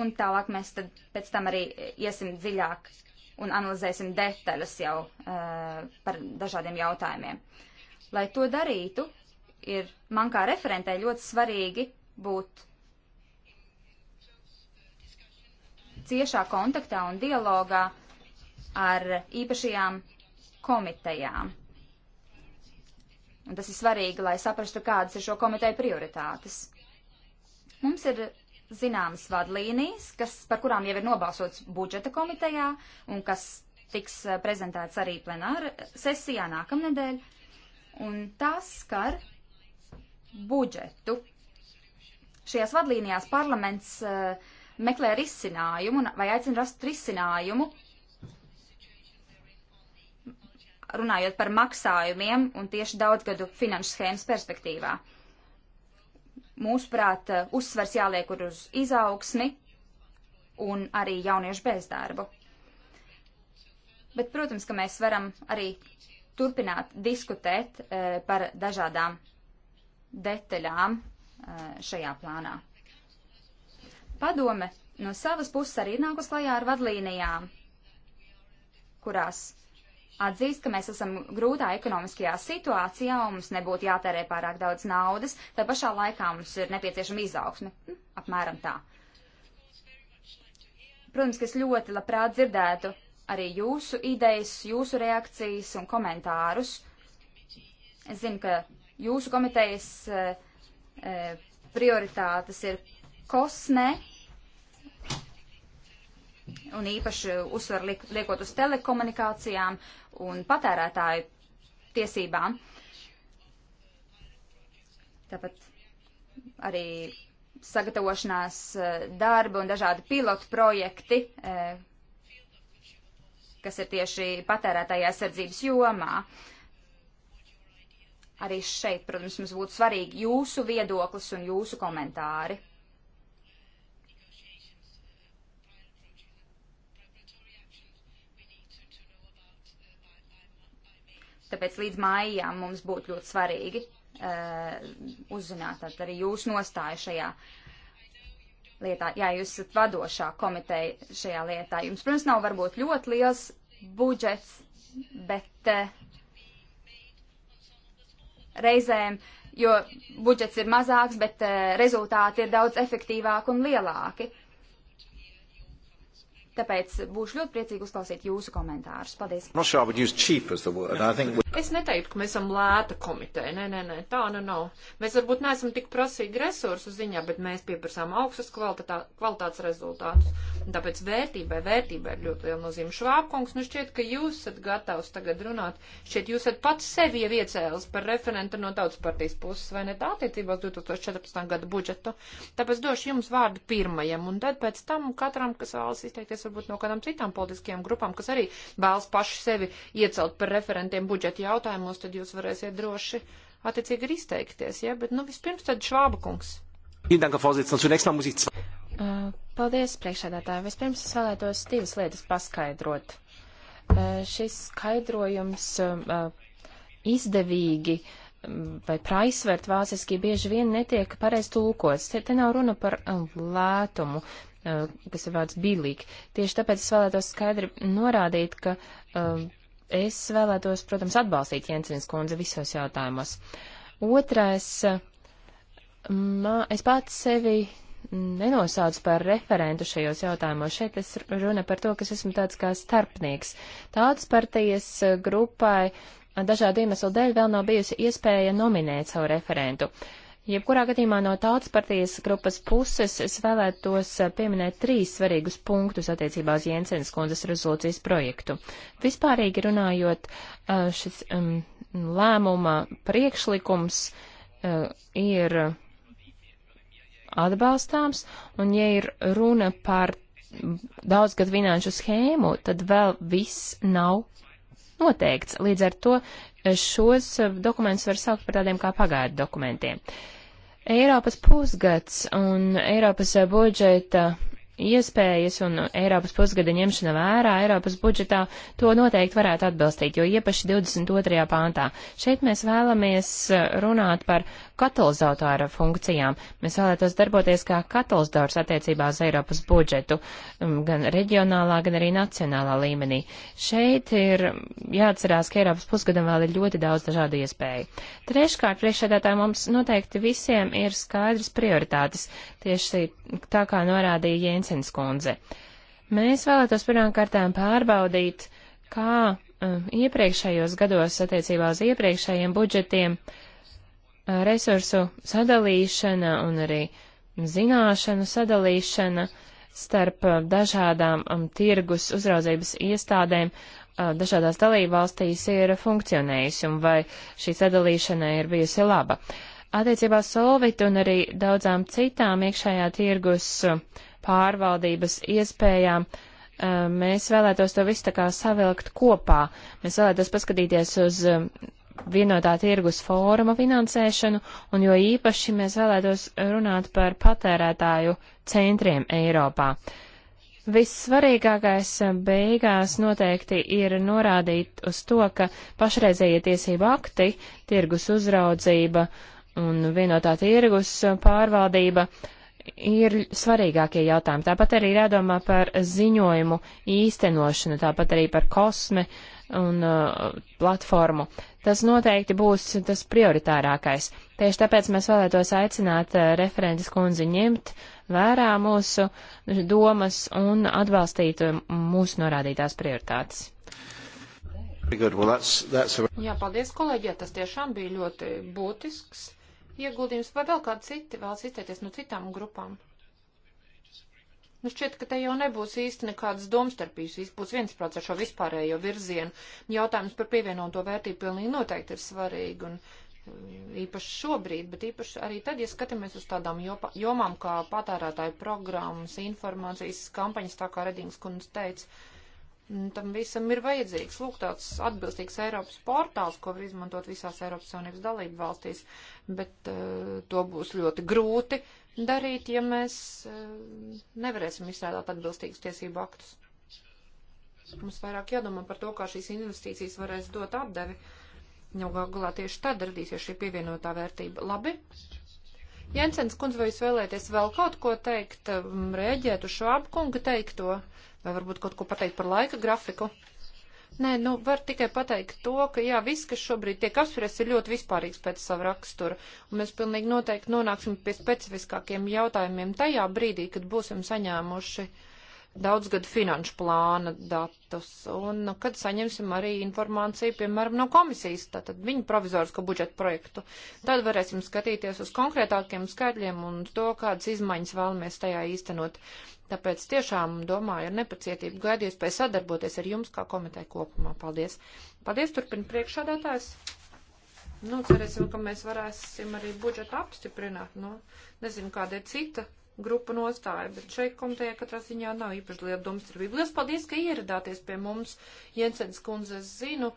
Un tālāk mēs tad pēc tam arī iesim dziļāk un analizēsim detaļas jau uh, par dažādiem jautājumiem. Lai to darītu, ir man kā referentē ļoti svarīgi būt ciešā kontaktā un dialogā ar īpašajām komitejām Un tas ir svarīgi, lai saprastu, kādas ir šo komiteju prioritātes. Mums ir zināmas vadlīnijas, kas, par kurām jau ir nobalsots budžeta komitejā un kas tiks eh, prezentēts arī plenāra sesijā nākamnedēļ. Un tās skar budžetu. Šajās vadlīnijās parlaments uh, meklē risinājumu vai aicina rast risinājumu runājot par maksājumiem un tieši daudzgadu finanšu schēmas perspektīvā. Mūsuprāt, uzsvers jāliek uz izaugsmi un arī jauniešu bezdarbu. Bet, protams, ka mēs varam arī turpināt diskutēt e, par dažādām detaļām e, šajā plānā. Padome no savas puses arī nākus klajā ar vadlīnijām, kurās atzīst, ka mēs esam grūtā ekonomiskajā situācijā un mums nebūtu jātērē pārāk daudz naudas, tā pašā laikā mums ir nepieciešama izaugsme. Hm, apmēram tā. Protams, ka es ļoti labprāt dzirdētu arī jūsu idejas, jūsu reakcijas un komentārus. Es zinu, ka jūsu komitejas eh, eh, prioritātes ir kosme un īpaši uzsvaru liekot uz telekomunikācijām un patērētāju tiesībām. Tāpat arī sagatavošanās eh, darbi un dažādi pilotu projekti, eh, kas ir tieši patērētāja aizsardzības jomā. Arī šeit, protams, mums būtu svarīgi jūsu viedoklis un jūsu komentāri. Tāpēc līdz mājām mums būtu ļoti svarīgi uh, uzzināt arī jūsu nostāju šajā lietā. Jā, jūs esat vadošā komiteja šajā lietā. Jums, protams, nav varbūt ļoti liels budžets, bet uh, reizēm, jo budžets ir mazāks, bet uh, rezultāti ir daudz efektīvāki un lielāki. Tāpēc būšu ļoti priecīgi uzklausīt jūsu komentārus. Paldies. No sure we... Es neteiktu, ka mēs esam lēta komiteja. Nē, nē, nē, tā nu nav. Mēs varbūt neesam tik prasīgi resursu ziņā, bet mēs pieprasām augstas kvalitā, kvalitātes rezultātus. Un tāpēc vērtībai, vērtībai ir ļoti liela nozīme. Švābkungs, nu šķiet, ka jūs esat gatavs tagad runāt. Šķiet, jūs esat pats sevi jau iecēlis par referentu no tautas partijas puses, vai ne tā attiecībā uz 2014. gada budžetu. Tāpēc došu jums vārdu pirmajam, un tad pēc tam katram, kas vēlas izteikties atšķirsies varbūt no kādām citām politiskajām grupām, kas arī vēlas paši sevi iecelt par referentiem budžeta jautājumos, tad jūs varēsiet droši attiecīgi arī izteikties. Ja? Bet nu, vispirms tad Švāba kungs. Paldies, priekšādātāji. Vispirms es vēlētos divas lietas paskaidrot. Šis skaidrojums izdevīgi vai praisvērt vāciski bieži vien netiek pareiz tulkots. Te, te nav runa par lētumu. Eh, kas ir vārds bīlīgi. Tieši tāpēc es vēlētos skaidri norādīt, ka eh, es vēlētos, protams, atbalstīt Jensenis kundze visos jautājumos. Otrais, eh, mā, es pats sevi nenosauc par referentu šajos jautājumos. Šeit es runa par to, ka esmu tāds kā starpnieks. Tautas partijas grupai dažādu iemeslu dēļ vēl nav bijusi iespēja nominēt savu referentu. Uh, Jebkurā gadījumā no tautas partijas grupas puses es vēlētos eh, pieminēt trīs svarīgus punktus attiecībā uz Jensens kundzes rezolūcijas projektu. Vispārīgi runājot, eh, šis um, lēmuma priekšlikums uh, ir atbalstāms, un ja ir runa par daudzgad finanšu schēmu, tad vēl viss nav noteikts. Līdz ar to šos dokumentus var saukt par tādiem kā pagaidu dokumentiem. Uh, Eiropas pusgads un Eiropas eh, budžeta iespējas un Eiropas pusgada ņemšana vērā Eiropas budžetā to noteikti varētu atbalstīt, jo iepaši 22. pāntā. Šeit mēs vēlamies eh, runāt par katalizatora funkcijām. Mēs vēlētos darboties kā katalizators attiecībā uz Eiropas budžetu, um, gan reģionālā, gan arī nacionālā līmenī. Šeit ir jāatcerās, ka Eiropas pusgadam vēl ir ļoti daudz dažādu iespēju. Treškārt, priekšsēdētāji mums noteikti visiem ir skaidrs prioritātes, tieši tā kā norādīja Jensens kundze. Mēs vēlētos pirmām kārtām pārbaudīt, kā um, iepriekšējos gados attiecībā uz iepriekšējiem budžetiem uh, Eh, resursu sadalīšana un arī zināšanu sadalīšana starp eh, dažādām um, tirgus uzraudzības iestādēm uh, dažādās dalībvalstīs ir funkcionējusi un vai šī sadalīšana ir bijusi laba. Attiecībā Solvit un arī daudzām citām iekšējā tirgus pārvaldības iespējām uh, mēs vēlētos to visu tā kā savilkt kopā. Mēs vēlētos paskatīties uz uh, vienotā tirgus fóruma finansēšanu, un jo īpaši mēs vēlētos runāt par patērētāju centriem Eiropā. Vissvarīgākais eh, beigās noteikti ir norādīt uz to, ka pašreizējie tiesību akti, tirgus uzraudzība un vienotā tirgus eh, pārvaldība ir svarīgākie jautājumi. Tāpat arī jādomā par ziņojumu īstenošanu, tāpat arī par kosme, uh, un uh, platformu. Tas noteikti būs tas prioritārākais. Tieši tāpēc mēs vēlētos aicināt uh, referentes kundzi ņemt vērā mūsu domas un atbalstīt um, mūsu norādītās prioritātes. Well, that's, that's a... Jā, paldies, kolēģi, tas tiešām bija ļoti būtisks ieguldījums. Vai vēl kādi citi vēlas izteikties no citām grupām? Nu, šķiet, ka te jau nebūs īsti nekādas domstarpības, būs viensprāts ar šo vispārējo virzienu. Jautājums par pievienoto vērtību pilnīgi noteikti ir svarīgi, un uh, īpaši šobrīd, bet īpaši arī tad, ja skatāmies uz tādām jomām kā patērētāju programmas, informācijas kampaņas, tā kā Redings kundze teica, mm, tam visam ir vajadzīgs. Lūk, tāds atbilstīgs Eiropas portāls, ko var izmantot visās Eiropas Savienības dalību valstīs, bet uh, to būs ļoti grūti darīt, ja mēs eh, nevarēsim izstrādāt atbilstīgus tiesību aktus. Mums vairāk jādomā par to, kā šīs investīcijas varēs dot atdevi. Jau galā tieši tad radīsies šī pievienotā vērtība. Labi? Jensens kundze, vai jūs vēlēties vēl kaut ko teikt, eh, rēģēt uz šābu kunga teikto, vai varbūt kaut ko pateikt par laika grafiku? Nē, nu var tikai pateikt to, ka jā, viss, kas šobrīd tiek apspriests, ir ļoti vispārīgs pēc savu raksturu, un mēs pilnīgi noteikti nonāksim pie specifiskākiem jautājumiem tajā brīdī, kad būsim saņēmuši uh, daudzgadu finanšu plāna datus, un nu, kad saņemsim arī informāciju, piemēram, no komisijas, tātad viņu provizorisko budžetu projektu, tad varēsim skatīties uz konkrētākiem skaitļiem un to, kādas izmaiņas vēlamies tajā īstenot. Tāpēc tiešām domāju ar nepacietību gaidu iespēju sadarboties ar jums kā komiteju kopumā. Paldies! Paldies, turpina priekšādātājs! Nu, cerēsim, ka mēs varēsim arī budžetu apstiprināt. Nu, nezinu, kāda ir cita grupu nostāja, bet šeit komitejā katrā ziņā nav īpaši liela domstarpība. Lielas paldies, ka ieradāties pie mums, Jensens kundze, es zinu,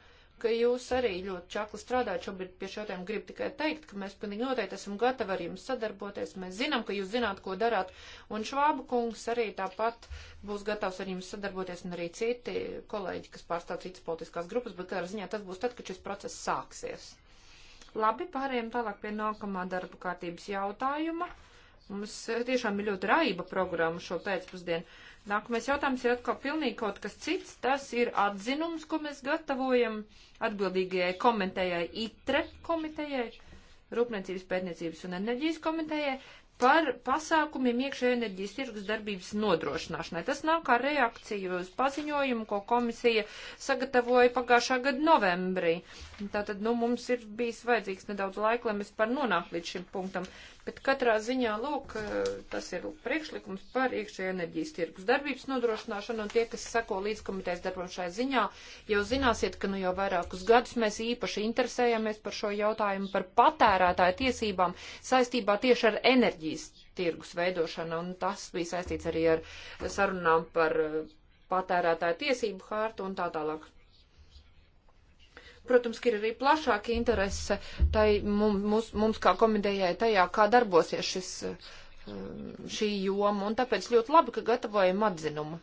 ka jūs arī ļoti čakli strādājat šobrīd pie šādiem, gribu tikai teikt, ka mēs pilnīgi noteikti esam gatavi ar jums sadarboties, mēs zinām, ka jūs zināt, ko darāt, un Švāba kungs arī tāpat būs gatavs ar jums sadarboties, un arī citi kolēģi, kas pārstāv citas politiskās grupas, bet katrā ziņā tas būs tad, kad šis process sāksies. Labi, pārējiem tālāk pie nākamā darba kārtības jautājuma. Mums eh, tiešām ir ļoti raiba programma šo pēcpusdienu. Nākamais jautājums ir atkal pilnīgi kaut kas cits. Tas ir atzinums, ko mēs gatavojam atbildīgajai komentējai ITRE komitejai, Rūpniecības pētniecības un enerģijas komitejai, par pasākumiem iekšējā enerģijas tirgus darbības nodrošināšanai. Tas nāk kā reakcija uz paziņojumu, ko komisija sagatavoja pagājušā gada novembrī. Tātad, nu, mums ir bijis vajadzīgs nedaudz laika, lai mēs par nonāktu līdz šim punktam. Bet katrā ziņā, lūk, tas ir priekšlikums par iekšējā enerģijas tirgus darbības nodrošināšanu, un tie, kas sako līdzkomitejas darbam šai ziņā, jau zināsiet, ka nu jau vairākus gadus mēs īpaši interesējamies par šo jautājumu, par patērētāju tiesībām saistībā tieši ar enerģijas tirgus veidošanu, un tas bija saistīts arī ar sarunām par eh, patērētāju tiesību hārtu un tā tālāk. Protams, ka ir arī plašāka interese tai mums, mums kā komitejai tajā, kā darbosies šis, eh, šī joma, un tāpēc ļoti labi, ka gatavojam atzinumu.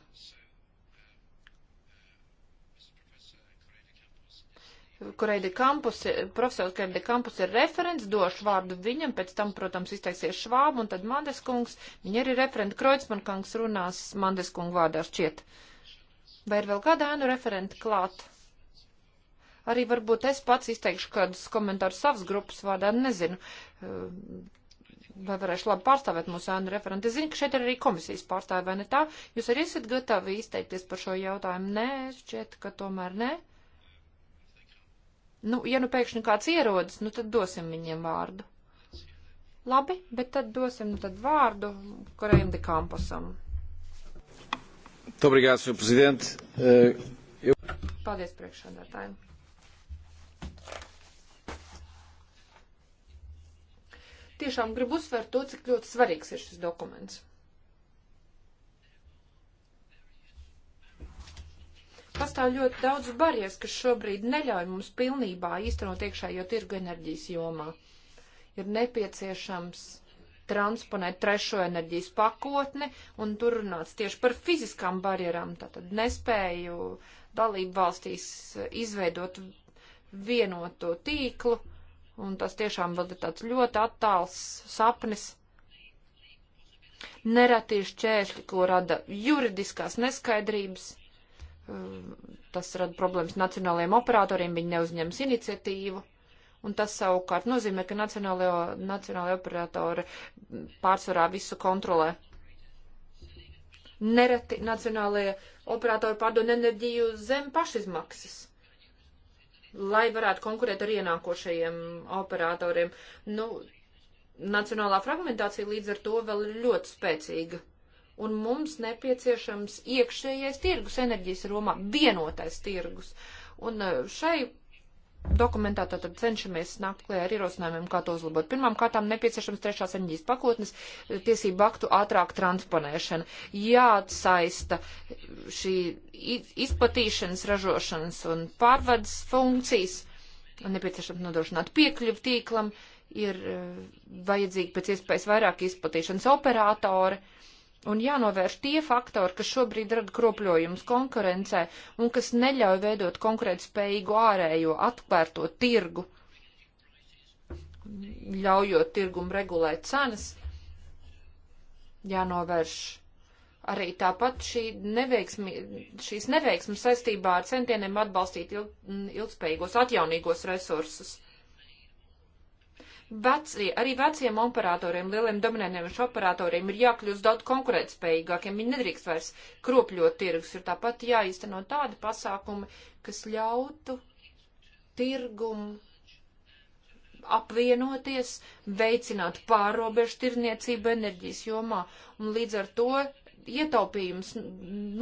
Kureidi Kampus, profesors Kureidi Kampus ir referents, došu vārdu viņam, pēc tam, protams, izteiksies Švāba, un tad Mandeskungs, viņa arī referenta Kreutzmann kungs runās Mandeskungu vārdā šķiet. Vai ir vēl kāda ēnu referenta klāta? Arī varbūt es pats izteikšu kādus komentārus savas grupas vārdā, nezinu, ehm, vai varēšu labi pārstāvēt mūsu ēnu referenti. Es zinu, ka šeit ir arī komisijas pārstāvi, vai ne tā? Jūs arī esat gatavi izteikties par šo jautājumu? Nē, šķiet, ka tomēr nē. Nu, ja nu pēkšņi kāds ierodas, nu tad dosim viņiem vārdu. Labi, bet tad dosim nu tad vārdu Korejam de Kamposam. Obrigado, Sr. Presidente. Eh, eu... Paldies, priekšsēdētāji. tiešām gribu uzsvērt to, cik ļoti svarīgs ir šis dokuments. Pastāv ļoti daudz barjeras, kas šobrīd neļauj mums pilnībā īstenot iekšējo tirgu enerģijas jomā. Ir nepieciešams transponēt trešo enerģijas pakotni, un tur runāts tieši par fiziskām barjerām, tātad nespēju dalību valstīs izveidot vienoto tīklu, Un tas tiešām vēl ir tāds ļoti attāls sapnis. Nereti ir šķēršļi, ko rada juridiskās neskaidrības. Tas rada problēmas nacionālajiem operatoriem, viņi neuzņems iniciatīvu. Un tas savukārt nozīmē, ka nacionālajā operatora pārsvarā visu kontrolē. Nereti nacionālajie operatori pārdod enerģiju zem pašizmaksas lai varētu konkurēt ar ienākošajiem operatoriem. Nu, nacionālā fragmentācija līdz ar to vēl ir ļoti spēcīga. Un mums nepieciešams iekšējais tirgus enerģijas romā, vienotais tirgus. Un eh, šai dokumentā tātad cenšamies nākt klajā ar ierosinājumiem, kā to uzlabot. Pirmām kārtām nepieciešams trešās enerģijas pakotnes eh, tiesību aktu ātrāk transponēšana. Jāatsaista eh, šī izplatīšanas, ražošanas un pārvades funkcijas. Nepieciešams nodrošināt piekļuvu tīklam. Ir eh, vajadzīgi pēc iespējas vairāk izplatīšanas operātori un jānovērš tie faktori, kas šobrīd rada kropļojumus konkurencē un kas neļauj veidot konkurētspējīgu ārējo atvērto tirgu, ļaujot tirgumu regulēt cenas. Jānovērš arī tāpat šī neveiksmi, šīs neveiksmes saistībā ar centieniem atbalstīt ilg, mm, ilgspējīgos atjaunīgos resursus. Vecie, arī veciem operatoriem, lieliem dominējošiem operatoriem ir jākļūst daudz konkurētspējīgākiem. Viņi nedrīkst vairs kropļot tirgus. Ir tāpat jāizteno tādi pasākumi, kas ļautu tirgumu apvienoties, veicināt pārobežu tirniecību enerģijas jomā un līdz ar to ietaupījums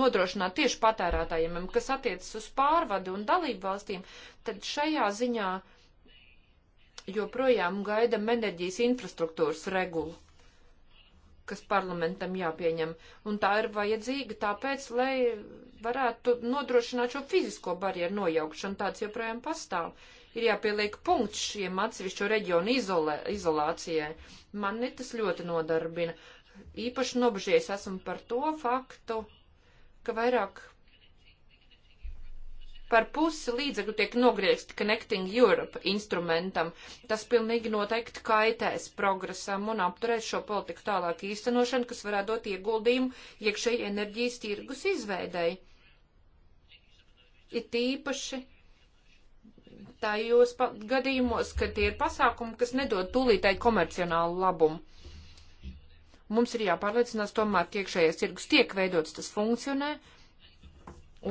nodrošināt tieši patērētājiem, kas attiecas uz pārvadu un dalību valstīm, tad šajā ziņā uh, joprojām gaidam enerģijas infrastruktūras regulu, kas parlamentam jāpieņem. Un tā ir vajadzīga tāpēc, lai varētu nodrošināt šo fizisko barjeru nojaukšanu. Tāds joprojām pastāv. Ir jāpieliek punkts šiem atsevišķo reģionu izolē, izolācijai. Mani tas ļoti nodarbina. Īpaši nobežies esmu par to faktu, ka vairāk par pusi līdzekļu tiek nogriezti Connecting Europe instrumentam. Tas pilnīgi noteikti kaitēs progresam un apturēs šo politiku tālāk īstenošanu, kas varētu dot ieguldījumu iekšēji enerģijas tirgus izveidēji. Ir tīpaši tajos gadījumos, kad tie ir pasākumi, kas nedod tūlītēji komercionālu labumu. Mums ir jāpārliecinās tomēr, ka iekšējais tirgus tiek veidots, tas funkcionē, uh,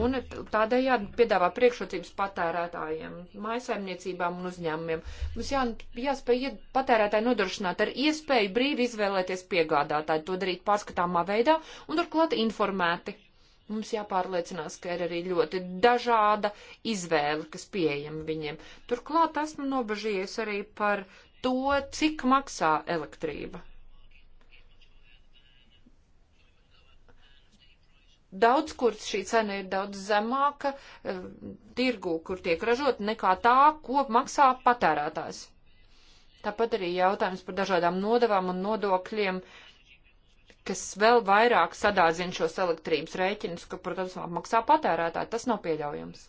Un tādējādi piedāvā priekšrocības patērētājiem, mājsaimniecībām un uzņēmumiem. Mums jā, jāspēj patērētāji nodrošināt ar iespēju brīvi izvēlēties piegādātāju, to darīt pārskatāmā veidā un turklāt informēti. Mums jāpārliecinās, ka ir arī ļoti dažāda izvēle, kas pieejama viņiem. Turklāt esmu nobežījies arī par to, cik maksā elektrība. Daudz, kur šī cena ir daudz zemāka eh, tirgu, kur tiek ražot, nekā tā, ko maksā patērētājs. Tāpat arī jautājums par dažādām nodavām un nodokļiem, kas vēl vairāk sadāzina šos elektrības rēķinus, ka, protams, maksā patērētāji. Tas nav pieļaujams.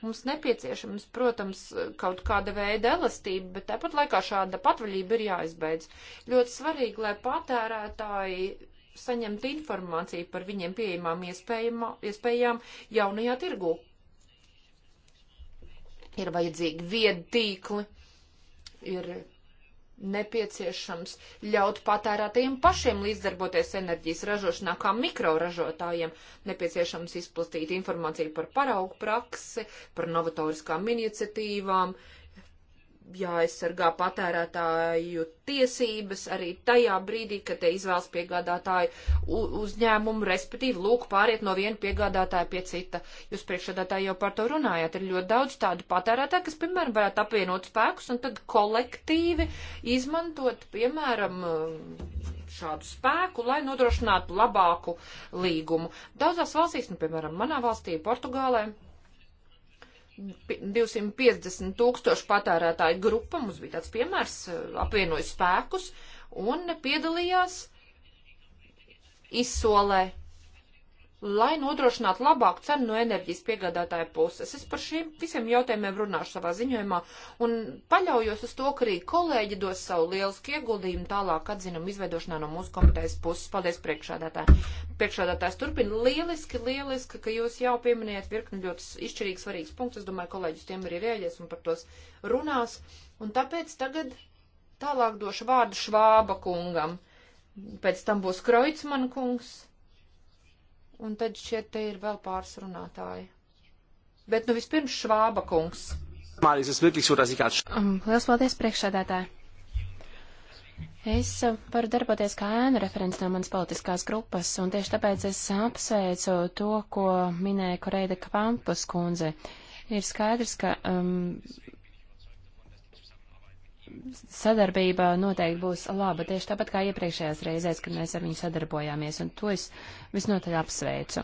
Mums nepieciešams, protams, kaut kāda veida elastība, bet tāpat laikā šāda patvaļība ir jāizbeidz. Ļoti svarīgi, lai patērētāji saņemt informāciju par viņiem pieejamām iespējām jaunajā tirgū. Ir vajadzīgi viedtīkli, ir nepieciešams ļaut patērētājiem pašiem līdzdarboties enerģijas ražošanā kā mikroražotājiem, nepieciešams izplatīt informāciju par paraugu praksi, par novatoriskām iniciatīvām, jāaizsargā patērētāju tiesības arī tajā brīdī, kad te izvēlas piegādātāju uzņēmumu, respektīvi lūk pāriet no viena piegādātāja pie cita. Jūs priekšādātāji jau par to runājāt. Ir ļoti daudz tādu patērētāju, kas, piemēram, varētu apvienot spēkus un tad kolektīvi izmantot, piemēram, šādu spēku, lai nodrošinātu labāku līgumu. Daudzās valstīs, nu, piemēram, manā valstī, Portugālē, 250 tūkstošu patērētāju grupa, mums bija tāds piemērs, eh, apvienoja spēkus un piedalījās izsolē lai nodrošinātu labāku cenu no enerģijas piegādātāja puses. Es par šiem visiem jautājumiem runāšu savā ziņojumā un paļaujos uz to, ka arī kolēģi dos savu lielisku ieguldījumu tālāk atzinumu izveidošanā no mūsu komitejas puses. Paldies priekšādātāji. Priekšādātājs turpina lieliski, lieliski, ka jūs jau pieminējat virkni ļoti izšķirīgs, svarīgs punkts. Es domāju, kolēģis tiem arī rēģies un par tos runās. Un tāpēc tagad tālāk došu vārdu Švāba kungam. Pēc tam būs Kreutzmann kungs Un tad šeit te ir vēl pāris runātāji. Bet nu vispirms Švāba kungs. Mārīs, es virkīgi sūtās ikāds. Um, liels paldies priekšsēdētāji. Es uh, varu darboties kā ēnu referents no manas politiskās grupas, un tieši tāpēc es apsveicu to, ko minēja Koreida Kvampus kundze. Ir skaidrs, ka um, sadarbība noteikti būs laba, tieši tāpat kā iepriekšējās reizēs, kad mēs ar viņu sadarbojāmies, un to es visnotaļ apsveicu.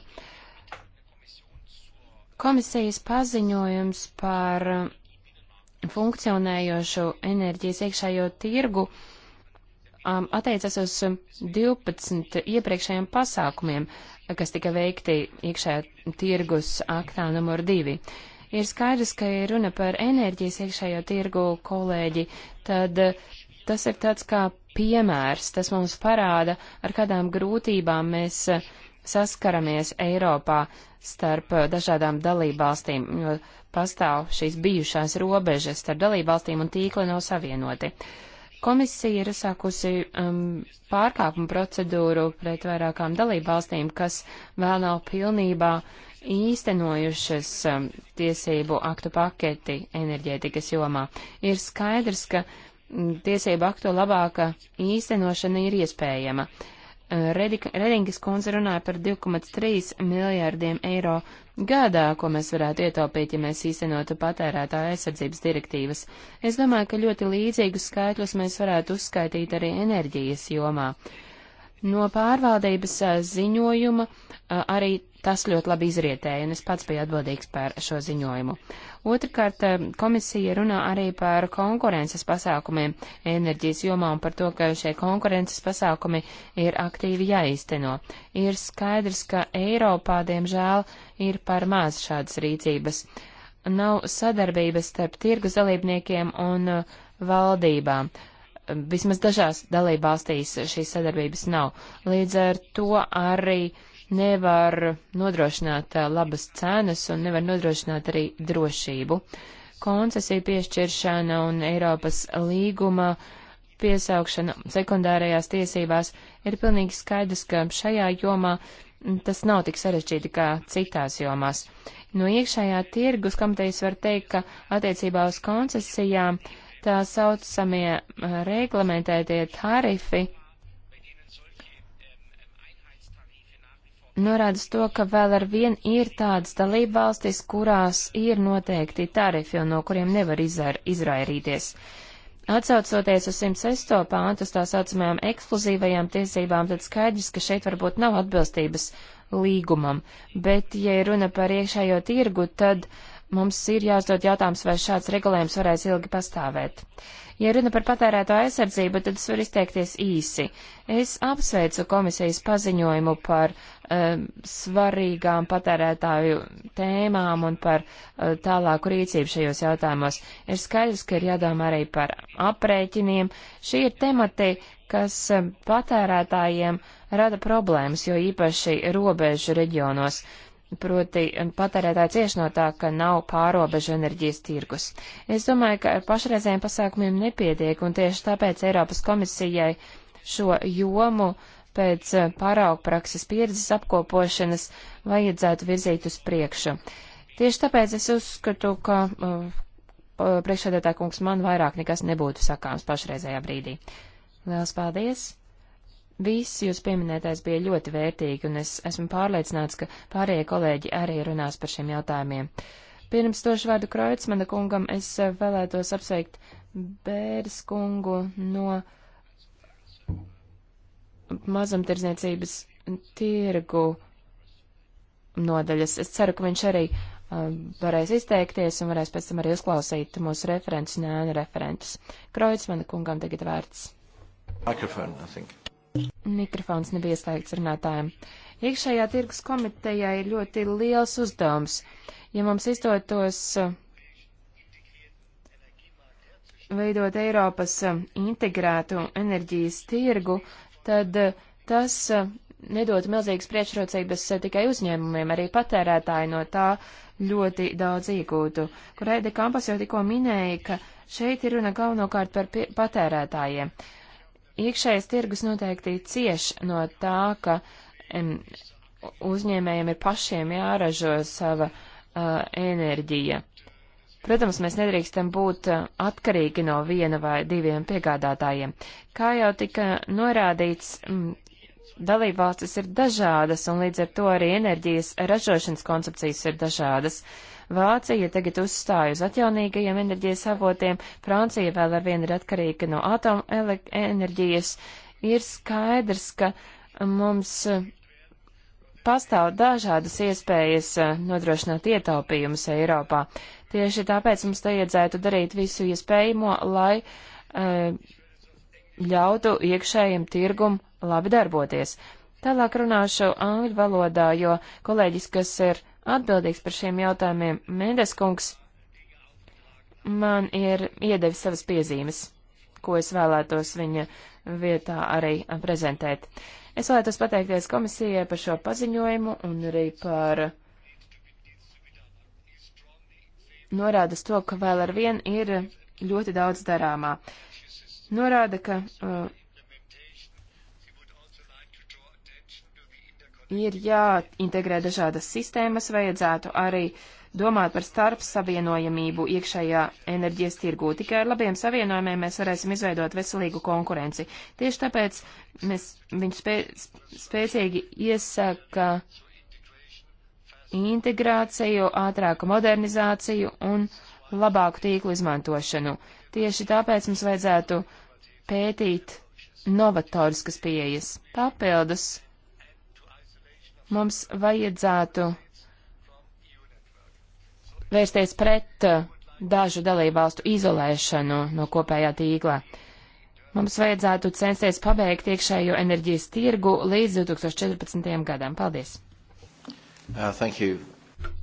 Komisijas paziņojums par funkcionējošu enerģijas iekšējo tirgu um, attiecas uz 12 iepriekšējiem pasākumiem, kas tika veikti iekšējā tirgus aktā numur 2. Ir skaidrs, ka ir runa par enerģijas iekšējo tirgu, kolēģi, tad eh, tas ir tāds kā piemērs, tas mums parāda, ar kādām grūtībām mēs eh, saskaramies Eiropā starp eh, dažādām dalībvalstīm, jo pastāv šīs bijušās robežas starp dalībvalstīm un tīkli nav savienoti. Komisija ir sākusi um, pārkāpumu procedūru pret vairākām dalībvalstīm, kas vēl nav pilnībā uh, īstenojušas um, tiesību aktu paketi enerģētikas jomā. Ir skaidrs, ka m, mm, tiesību aktu labāka īstenošana ir iespējama. Uh, Redingas kundze runāja par 2,3 miljārdiem eiro gadā, ko mēs varētu ietaupīt, ja mēs īstenotu patērētāja aizsardzības direktīvas. Es domāju, ka ļoti līdzīgus skaitļus mēs varētu uzskaitīt arī enerģijas jomā. No pārvaldības uh, ziņojuma uh, arī Tas ļoti labi izrietēja, un es pats biju atbildīgs par šo ziņojumu. Otrakārt, eh, komisija runā arī par konkurences pasākumiem enerģijas jomā un par to, ka šie konkurences pasākumi ir aktīvi jāīsteno. Ir skaidrs, ka Eiropā, diemžēl, ir par maz šādas rīcības. Nav sadarbības starp tirgus dalībniekiem un eh, valdībām vismaz dažās dalībvalstīs šīs sadarbības nav. Līdz ar to arī nevar nodrošināt uh, labas cenas un nevar nodrošināt arī drošību. Koncesija piešķiršana un Eiropas līguma piesaukšana sekundārajās tiesībās ir pilnīgi skaidrs, ka šajā jomā tas nav tik sarežģīti kā citās jomās. No iekšējā tirgus komitejas var teikt, ka attiecībā uz koncesijām tā saucamie reglamentētie tarifi norādas to, ka vēl ar vien ir tādas dalība valstis, kurās ir noteikti tarifi un no kuriem nevar izar, izrairīties. Atsaucoties uz 106. pāntu, tā saucamajām ekskluzīvajām tiesībām, tad skaidrs, ka šeit varbūt nav atbilstības līgumam, bet, ja runa par iekšējo tirgu, tad uh, Mums ir jāuzdod jautājums, vai šāds regulējums varēs ilgi pastāvēt. Ja runa par patērēto aizsardzību, tad es varu izteikties īsi. Es apsveicu komisijas paziņojumu par um, svarīgām patērētāju tēmām un par uh, tālāku rīcību šajos jautājumos. Ir skaidrs, ka ir jādomā arī par aprēķiniem. Šie ir temati, kas um, patērētājiem rada problēmas, jo īpaši robežu reģionos proti eh, patērētāji cieši no tā, ka nav pārobežu enerģijas tirgus. Es domāju, ka ar pašreizējiem pasākumiem nepietiek, un tieši tāpēc Eiropas komisijai šo jomu pēc eh, pārauga prakses pieredzes apkopošanas vajadzētu virzīt uz priekšu. Tieši tāpēc es uzskatu, ka uh, eh, priekšsēdētāja kungs man vairāk nekas nebūtu sakāms pašreizējā brīdī. Lielas paldies! Viss jūs pieminētais bija ļoti vērtīgi, un es esmu pārliecināts, ka pārējie kolēģi arī runās par šiem jautājumiem. Pirms došu vārdu Kreutzmana kungam, es eh, vēlētos apsveikt Bērs kungu no mazumtirdzniecības tirgu nodaļas. Es ceru, ka viņš arī um, varēs izteikties un varēs pēc tam arī uzklausīt mūsu referentus un ēnu referentus. Kreutzmana kungam tagad vērts. Mikrofonu, I think. Mikrofons nebija ieslēgts runātājiem. Iekšējā tirgus komitejā ir ļoti liels uzdevums. Ja mums izdotos eh, veidot Eiropas eh, integrētu enerģijas tirgu, tad eh, tas nedot milzīgas priekšrocības tikai uzņēmumiem, arī patērētāji no tā ļoti daudz iegūtu. Kurēdi Kampas jau tikko minēja, ka šeit ir runa galvenokārt par patērētājiem. Iekšējais tirgus noteikti cieš no tā, ka um, uzņēmējiem ir pašiem jāražo sava uh, enerģija. Protams, mēs nedrīkstam būt atkarīgi no viena vai diviem piegādātājiem. Kā jau tika norādīts, dalībvalstis ir dažādas, un līdz ar to arī enerģijas ražošanas koncepcijas ir dažādas. Vācija tagad uzstāja uz atjaunīgajiem enerģijas avotiem, Francija vēl ar vienu ir atkarīga no atomenerģijas. Ir skaidrs, ka mums eh, pastāv dažādas iespējas eh, nodrošināt ietaupījumus Eiropā. Tieši tāpēc mums te iedzētu darīt visu iespējamo, lai e, ļautu iekšējiem tirgum labi darboties. Tālāk runāšu angļu valodā, jo kolēģis, kas ir atbildīgs par šiem jautājumiem. Mendes kungs man ir iedevis savas piezīmes, ko es vēlētos viņa vietā arī prezentēt. Es vēlētos pateikties komisijai par šo paziņojumu un arī par norādas to, ka vēl ar vien ir ļoti daudz darāmā. Norāda, ka uh, ir jāintegrē dažādas sistēmas, vajadzētu arī domāt par starp savienojamību iekšējā enerģijas tirgū. Tikai ar labiem savienojumiem mēs varēsim izveidot veselīgu konkurenci. Tieši tāpēc mēs, viņš spē, spēcīgi iesaka integrāciju, ātrāku modernizāciju un labāku tīklu izmantošanu. Tieši tāpēc mums vajadzētu pētīt novatoriskas pieejas. Papildus Mums vajadzētu vērsties pret uh, dažu dalībvalstu izolēšanu no kopējā tīkla. Mums vajadzētu censties pabeigt iekšējo enerģijas tirgu līdz 2014. gadam. Paldies! Uh, thank you.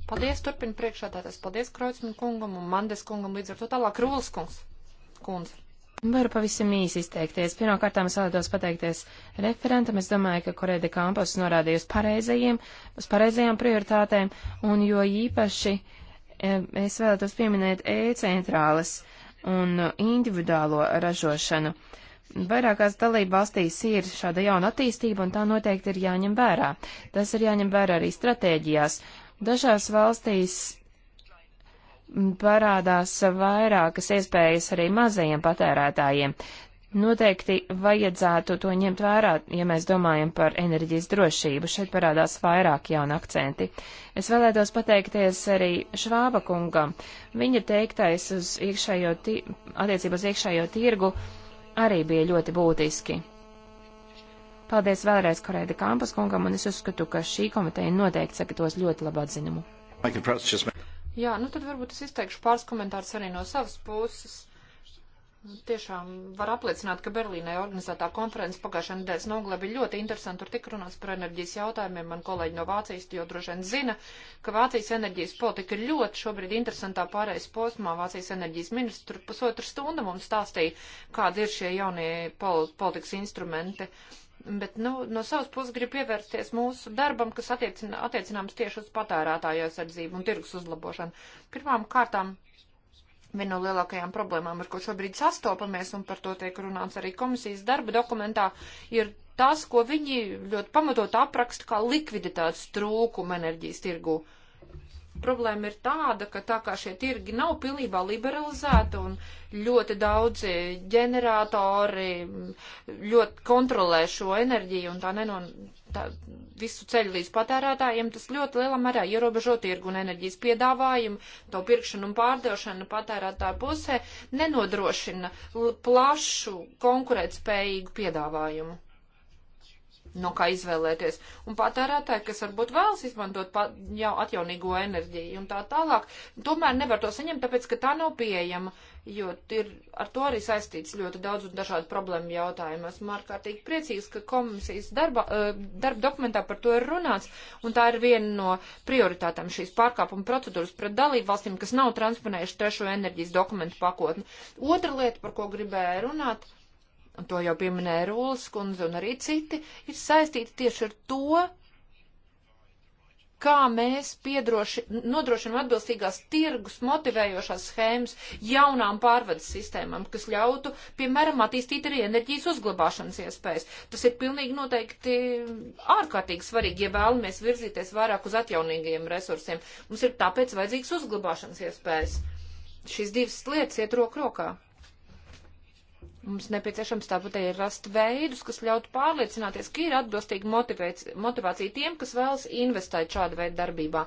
Paldies, turpina priekšādātājs. Paldies Kreutzmann kungam un Mandes kungam līdz ar to tālāk Rūlas kungs. Kundze. Varu pavisam īsi izteikties. Pirmkārt, es vēlētos pateikties referentam. Es domāju, ka Koreja de Kampos norādīja uz, pareizajiem, uz pareizajām prioritātēm, un jo īpaši eh, es vēlētos pieminēt e-centrālas un individuālo ražošanu. Vairākās dalība valstīs ir šāda jauna attīstība, un tā noteikti ir jāņem vērā. Tas ir jāņem vērā arī stratēģijās. Dažās valstīs parādās vairākas iespējas arī mazajiem patērētājiem. Noteikti vajadzētu to ņemt vērā, ja mēs domājam par enerģijas drošību. Šeit parādās vairāk jauni akcenti. Es vēlētos pateikties arī Švāba kungam. Viņa teiktais uz iekšējo, attiecībā uz iekšējo tirgu arī bija ļoti būtiski. Paldies vēlreiz Koreida Kampas kungam, un es uzskatu, ka šī komiteja noteikti sagatavos ļoti labu atzinumu. Jā, nu tad varbūt es izteikšu pāris komentārus arī no savas puses. Tiešām var apliecināt, ka Berlīnai organizētā konferences pagājušā nedēļas nogalē bija ļoti interesanti. Tur tika runāts par enerģijas jautājumiem. Man kolēģi no Vācijas jau droši vien zina, ka Vācijas enerģijas politika ir ļoti šobrīd interesantā pārējais posmā. Vācijas enerģijas ministru pusotru stundu mums stāstīja, kādi ir šie jaunie pol politikas instrumenti. Bet, nu, no savas puses gribu pievērsties mūsu darbam, kas attiecina, attiecināms tieši uz patērētāju aizsardzību un tirgus uzlabošanu. Pirmām kārtām, viena no lielākajām problēmām, ar ko šobrīd sastopamies, un par to tiek runāts arī komisijas darba dokumentā, ir tas, ko viņi ļoti pamatot apraksta kā likviditātes trūkumu enerģijas tirgū. Uh, problēma ir tāda, ka tā kā šie tirgi nav pilnībā liberalizēti un ļoti daudzi ģeneratori ļoti kontrolē šo enerģiju un tā nenon, tā, visu ceļu līdz patērētājiem, tas ļoti lielā mērā ierobežo tirgu un enerģijas piedāvājumu, to pirkšanu un pārdošanu patērētāju pusē, nenodrošina plašu konkurētspējīgu piedāvājumu no kā izvēlēties. Un patērētāji, kas varbūt vēlas izmantot pa, jau atjaunīgo enerģiju un tā tālāk, tomēr nevar to saņemt, tāpēc, ka tā nav pieejama, jo ir ar to arī saistīts ļoti daudz un dažādu problēmu jautājumu. Esmu ārkārtīgi priecīgs, ka komisijas darba, eh, darba dokumentā par to ir runāts, un tā ir viena no prioritātām šīs pārkāpuma procedūras pret dalību valstīm, kas nav transponējuši trešo enerģijas dokumentu pakotni. Otra lieta, par ko gribēju runāt, ir un to jau pieminēja Rūlas kundze un arī citi, ir saistīti tieši ar to, kā mēs piedroši, nodrošinam atbilstīgās tirgus motivējošās schēmas jaunām pārvades sistēmām, kas ļautu, piemēram, attīstīt arī enerģijas uzglabāšanas iespējas. Tas ir pilnīgi noteikti ārkārtīgi svarīgi, ja vēlamies virzīties vairāk uz atjaunīgajiem resursiem. Mums ir tāpēc vajadzīgs uzglabāšanas iespējas. Šīs divas lietas iet roku rokā. Mums nepieciešams tāpat arī rast veidus, kas ļautu pārliecināties, ka ir atbilstīga motivācija tiem, kas vēlas investēt šāda veida darbībā.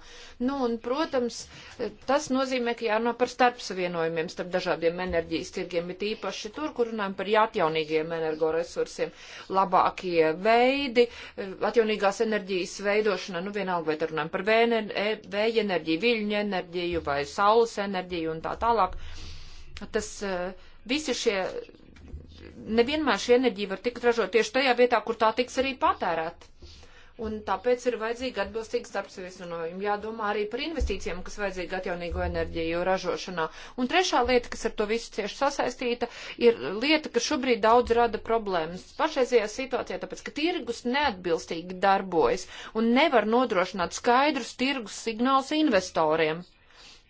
Nu, un, protams, tas nozīmē, ka jārunā par starpsavienojumiem starp dažādiem enerģijas tirgiem, bet īpaši tur, kur runājam par atjaunīgiem energoresursiem, labākie veidi, atjaunīgās enerģijas veidošana, nu, vienalga, vai te runājam par e, vēja enerģiju, viļņu enerģiju vai saules enerģiju un tā tālāk. Tas eh, visi šie nevienmēr šī enerģija var tikt ražot tieši tajā vietā, kur tā tiks arī patērēt. Un tāpēc ir vajadzīga atbilstīga starpsaviesinojuma. Jādomā arī par investīcijām, kas vajadzīga atjaunīgo enerģiju ražošanā. Un trešā lieta, kas ar to visu cieši sasaistīta, ir lieta, kas šobrīd daudz rada problēmas pašreizajā situācijā, tāpēc, ka tirgus neatbilstīgi darbojas un nevar nodrošināt skaidrus tirgus signālus investoriem.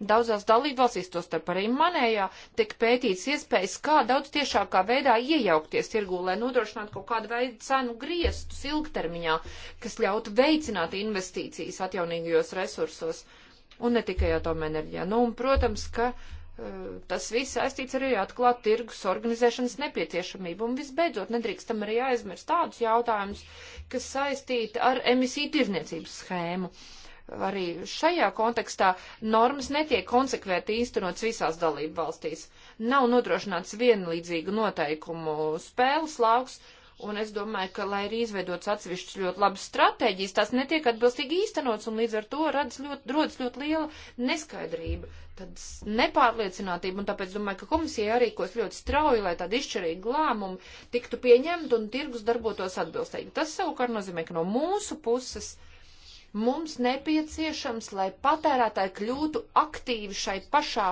Daudzās dalībvalstīs, to starp arī manējā, tiek pētīts iespējas, kā daudz tiešākā veidā iejaukties tirgū, lai nodrošinātu kaut kādu veidu cenu griestus ilgtermiņā, kas ļautu veicināt investīcijas atjaunīgajos resursos un ne tikai atomenerģijā. Nu, un, protams, ka eh, tas viss saistīts arī atklāt tirgus organizēšanas nepieciešamību. Un visbeidzot, nedrīkstam arī aizmirst tādus jautājumus, kas saistīti ar emisiju tirniecības schēmu. Uh, arī šajā kontekstā normas netiek konsekventi īstenots visās dalību valstīs. Nav nodrošināts vienlīdzīgu noteikumu spēles lauks, un es domāju, ka, lai arī izveidots atsevišķas ļoti labas stratēģijas, tās netiek atbilstīgi īstenots, un līdz ar to rodas ļoti, rodas ļoti liela neskaidrība, tad nepārliecinātība, un tāpēc domāju, ka komisija arī kos ļoti strauji, lai tādi izšķirīgi lēmumi tiktu pieņemti un tirgus darbotos atbilstīgi. Tas savukārt nozīmē, ka no mūsu puses. Uh, Mums nepieciešams, lai patērētāji kļūtu aktīvi šai pašā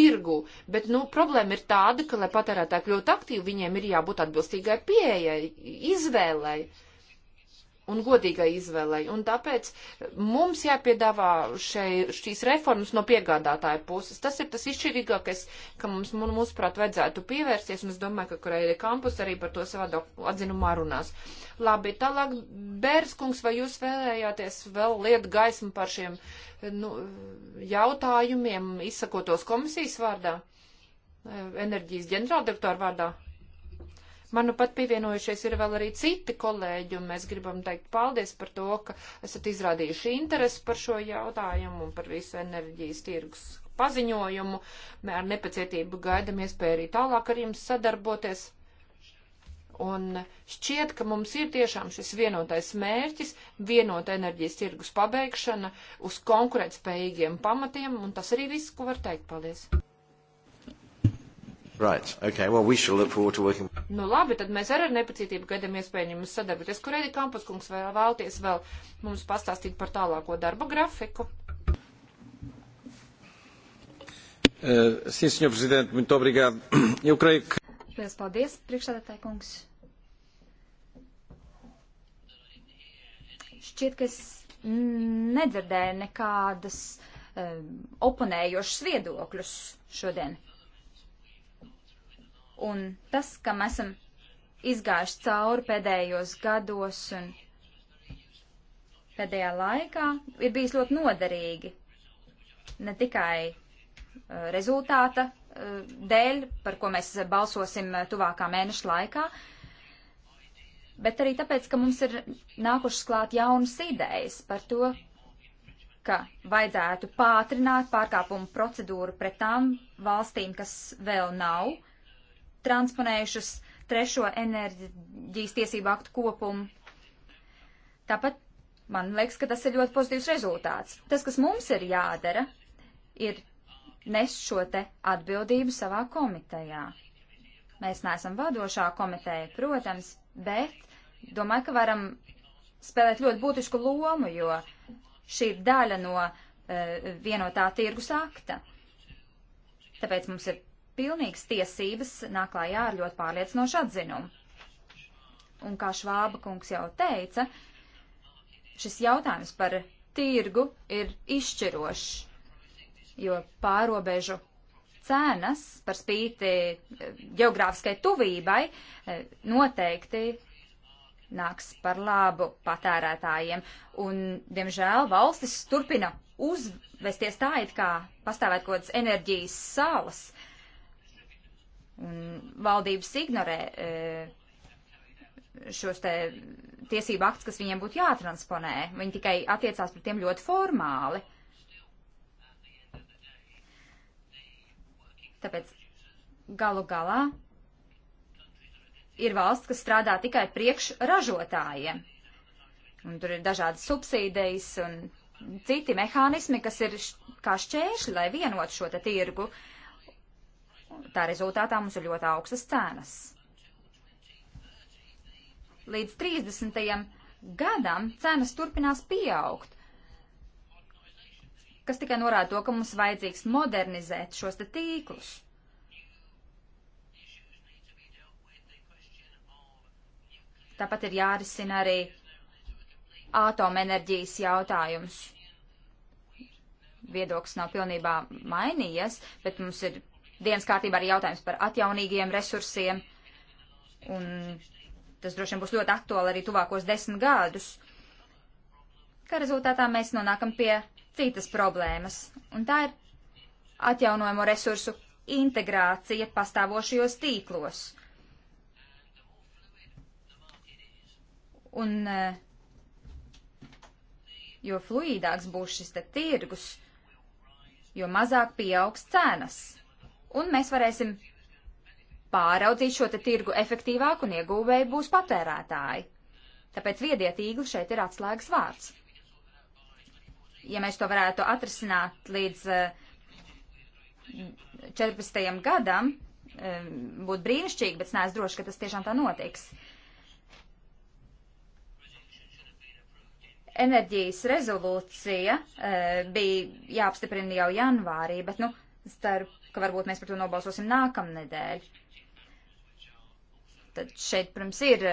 tirgu, bet, nu, problēma ir tāda, ka, lai patērētāji kļūtu aktīvi, viņiem ir jābūt atbilstīgai pieejai, izvēlei. Uh, un godīgai izvēlei. Un tāpēc mums jāpiedāvā šai, šīs reformas no piegādātāja puses. Tas ir tas izšķirīgākais, ka mums, mūsuprāt, vajadzētu pievērsties, un es domāju, ka Koreja kampus arī par to savā atzinumā runās. Labi, tālāk, Bērskungs, vai jūs vēlējāties vēl liet gaismu par šiem nu, jautājumiem, izsakotos komisijas vārdā, eh, enerģijas ģenerāldirektora vārdā? Man nu pat pievienojušies ir vēl arī citi kolēģi, un mēs gribam teikt paldies par to, ka esat izrādījuši interesi par šo jautājumu un par visu enerģijas tirgus paziņojumu. Mēs ar nepacietību gaidam iespēju arī tālāk ar jums sadarboties. Un šķiet, ka mums ir tiešām šis vienotais mērķis, vienota enerģijas tirgus pabeigšana uz konkurētspējīgiem pamatiem, un tas arī viss, ko var teikt. Paldies! Right, okay, well, we shall look forward to working. Nu labi, tad mēs arī ar nepacietību gaidām iespējamas sadarbības. Kur Edi Kampuskungs vēl vēlties vēl mums pastāstīt par tālāko darba grafiku? Uh, eh, sim, senhor Presidente, muito obrigado. Eu creio que... Lielas paldies, priekšsēdētāji kungs. Šķiet, ka es nedzirdēju nekādas um, oponējošas viedokļus šodien. Uh, Un tas, kam esam izgājuši cauri pēdējos gados un pēdējā laikā, ir bijis ļoti noderīgi. Ne tikai uh, rezultāta uh, dēļ, par ko mēs balsosim uh, tuvākā mēneša laikā, bet arī tāpēc, ka mums ir nākušas klāt jaunas idejas par to, ka vajadzētu pātrināt pārkāpumu procedūru pret tām valstīm, kas vēl nav transponējušas trešo enerģijas tiesību aktu kopumu. Tāpat man liekas, ka tas ir ļoti pozitīvs rezultāts. Tas, kas mums ir jādara, ir nes šo te atbildību savā komitejā. Mēs neesam vadošā komiteja, protams, bet domāju, ka varam spēlēt ļoti būtisku lomu, jo šī ir daļa no uh, vienotā tirgus akta. Tāpēc mums ir pilnīgas tiesības nāk klājā ar ļoti pārliecinošu atzinumu. Un kā Švāba kungs jau teica, šis jautājums par tirgu ir izšķirošs, jo pārobežu cenas, par spīti eh, geogrāfiskai tuvībai, eh, noteikti nāks par labu patērētājiem. Un, diemžēl, valstis turpina uzvesties tā, it kā pastāvēt kaut kādas enerģijas salas. Uh, Un valdības ignorē e, šos te tiesību aktus, kas viņiem būtu jātransponē. Viņi tikai attiecās pret tiem ļoti formāli. Tāpēc galu galā ir valsts, kas strādā tikai priekš ražotājiem. Un tur ir dažādas subsīdijas un citi mehānismi, kas ir kā šķēršļi, lai vienotu šo te tirgu. Uh, Tā rezultātā mums ir ļoti augstas cenas. Līdz 30. gadam cenas turpinās pieaugt, kas tikai norāda to, ka mums vajadzīgs modernizēt šos te tīklus. Tāpat ir jārisina arī atomenerģijas jautājums. Viedoklis nav pilnībā mainījies, bet mums ir dienas kārtībā arī jautājums par atjaunīgiem resursiem, un tas droši vien būs ļoti aktuāli arī tuvākos desmit gadus, kā rezultātā mēs nonākam pie citas problēmas, un tā ir atjaunojamo resursu integrācija pastāvošajos tīklos. Un eh, jo fluīdāks būs šis te tirgus, jo mazāk pieaugs cenas un mēs varēsim pāraudzīt šo te tirgu efektīvāk, un ieguvēji būs patērētāji. Tāpēc viedie tīkli šeit ir atslēgas vārds. Ja mēs to varētu atrisināt līdz 14. Eh, gadam, eh, būtu brīnišķīgi, bet es neesmu droši, ka tas tiešām tā notiks. Enerģijas rezolūcija eh, bija jāapstiprina jau janvārī, bet, nu, starp ka varbūt mēs par to nobalsosim nākamnedēļ. Tad šeit, protams, ir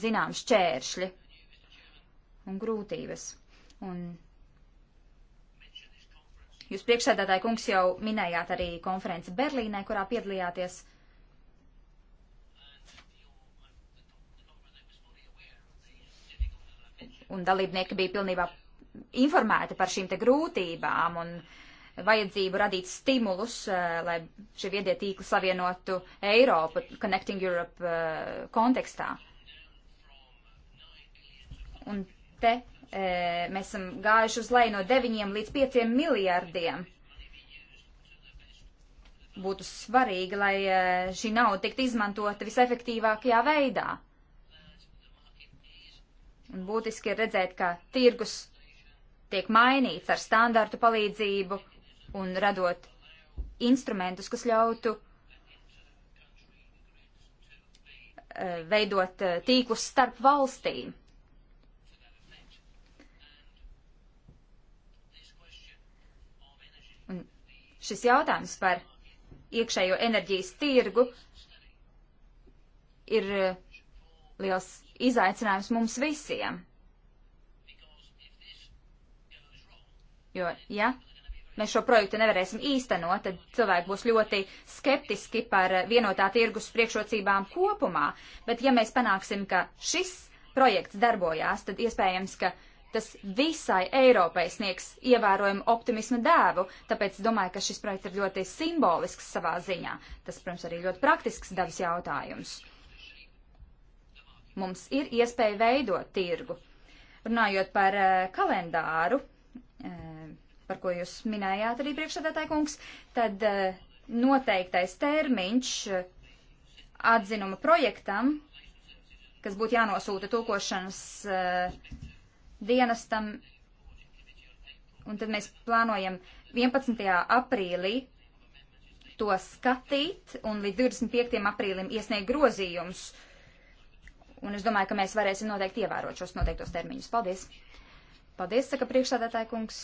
zinām šķēršļi un grūtības. Un jūs priekšsēdētāji kungs jau minējāt arī konferenci Berlīnē, kurā piedalījāties. Un dalībnieki bija pilnībā informēti par šīm te grūtībām un uh, vajadzību radīt stimulus, eh, lai šie viedie tīkli savienotu Eiropu Connecting Europe eh, kontekstā. Un te eh, mēs esam gājuši uz leju no 9 līdz 5 miljardiem. Būtu svarīgi, lai šī nauda tiktu izmantota visefektīvākajā veidā. Un būtiski ir redzēt, ka tirgus tiek mainīts ar standartu palīdzību un radot instrumentus, kas ļautu e, veidot e, tīklus starp valstīm. Un šis jautājums par iekšējo enerģijas tirgu ir e, liels izaicinājums mums visiem. Jo, ja mēs šo projektu nevarēsim īstenot, tad cilvēki būs ļoti skeptiski par vienotā tirgus priekšrocībām kopumā. Bet ja mēs panāksim, ka šis projekts darbojās, tad iespējams, ka tas visai Eiropai sniegs ievērojumu optimismu dēvu, tāpēc domāju, ka šis projekts ir ļoti simbolisks savā ziņā. Tas, protams, arī ļoti praktisks dabas jautājums. Mums ir iespēja veidot tirgu. Runājot par uh, kalendāru, par ko jūs minējāt arī priekšsēdētāji kungs, tad eh, noteiktais termiņš eh, atzinuma projektam, kas būtu jānosūta tūkošanas eh, dienestam, un tad mēs plānojam 11. aprīlī to skatīt un līdz 25. aprīlim iesniegt grozījumus. Un es domāju, ka mēs varēsim noteikti ievērot šos noteiktos termiņus. Paldies! Paldies, saka priekšsādātāja kungs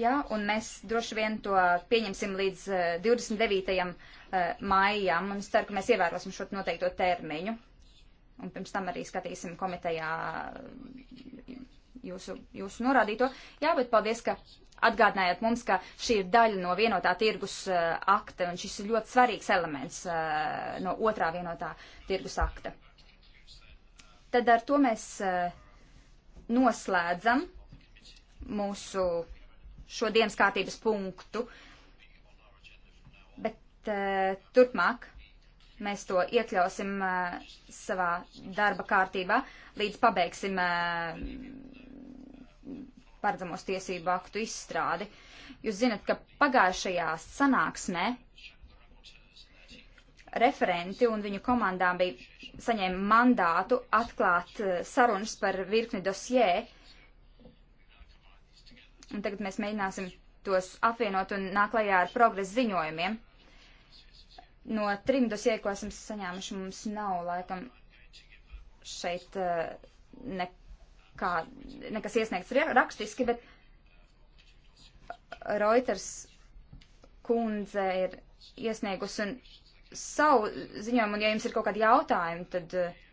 jā, un mēs droši vien to pieņemsim līdz 29. Eh, eh, maijam, un es ceru, ka mēs ievērosim šo noteikto termiņu. Un pirms tam arī skatīsim komitejā eh, jūsu, jūsu norādīto. Jā, bet paldies, ka atgādinājāt mums, ka šī ir daļa no vienotā tirgus akta, un šis ir ļoti svarīgs elements no otrā vienotā tirgus akta. Tad ar to mēs noslēdzam mūsu šo dienas kārtības punktu, bet uh, turpmāk mēs to iekļausim uh, savā darba kārtībā, līdz pabeigsim uh, paredzamos tiesību aktu izstrādi. Jūs zinat, ka pagājušajā sanāksmē referenti un viņu komandām bija saņēma mandātu atklāt sarunas par virkni dosjē, Un tagad mēs mēģināsim tos apvienot un nāk klajā ar progresu ziņojumiem. No trim dosie, ko esam saņēmuši, mums nav laikam šeit eh, nekā, nekas iesniegts rakstiski, bet Reuters kundze ir iesniegusi un savu ziņojumu, un ja jums ir kaut kādi jautājumi, tad eh,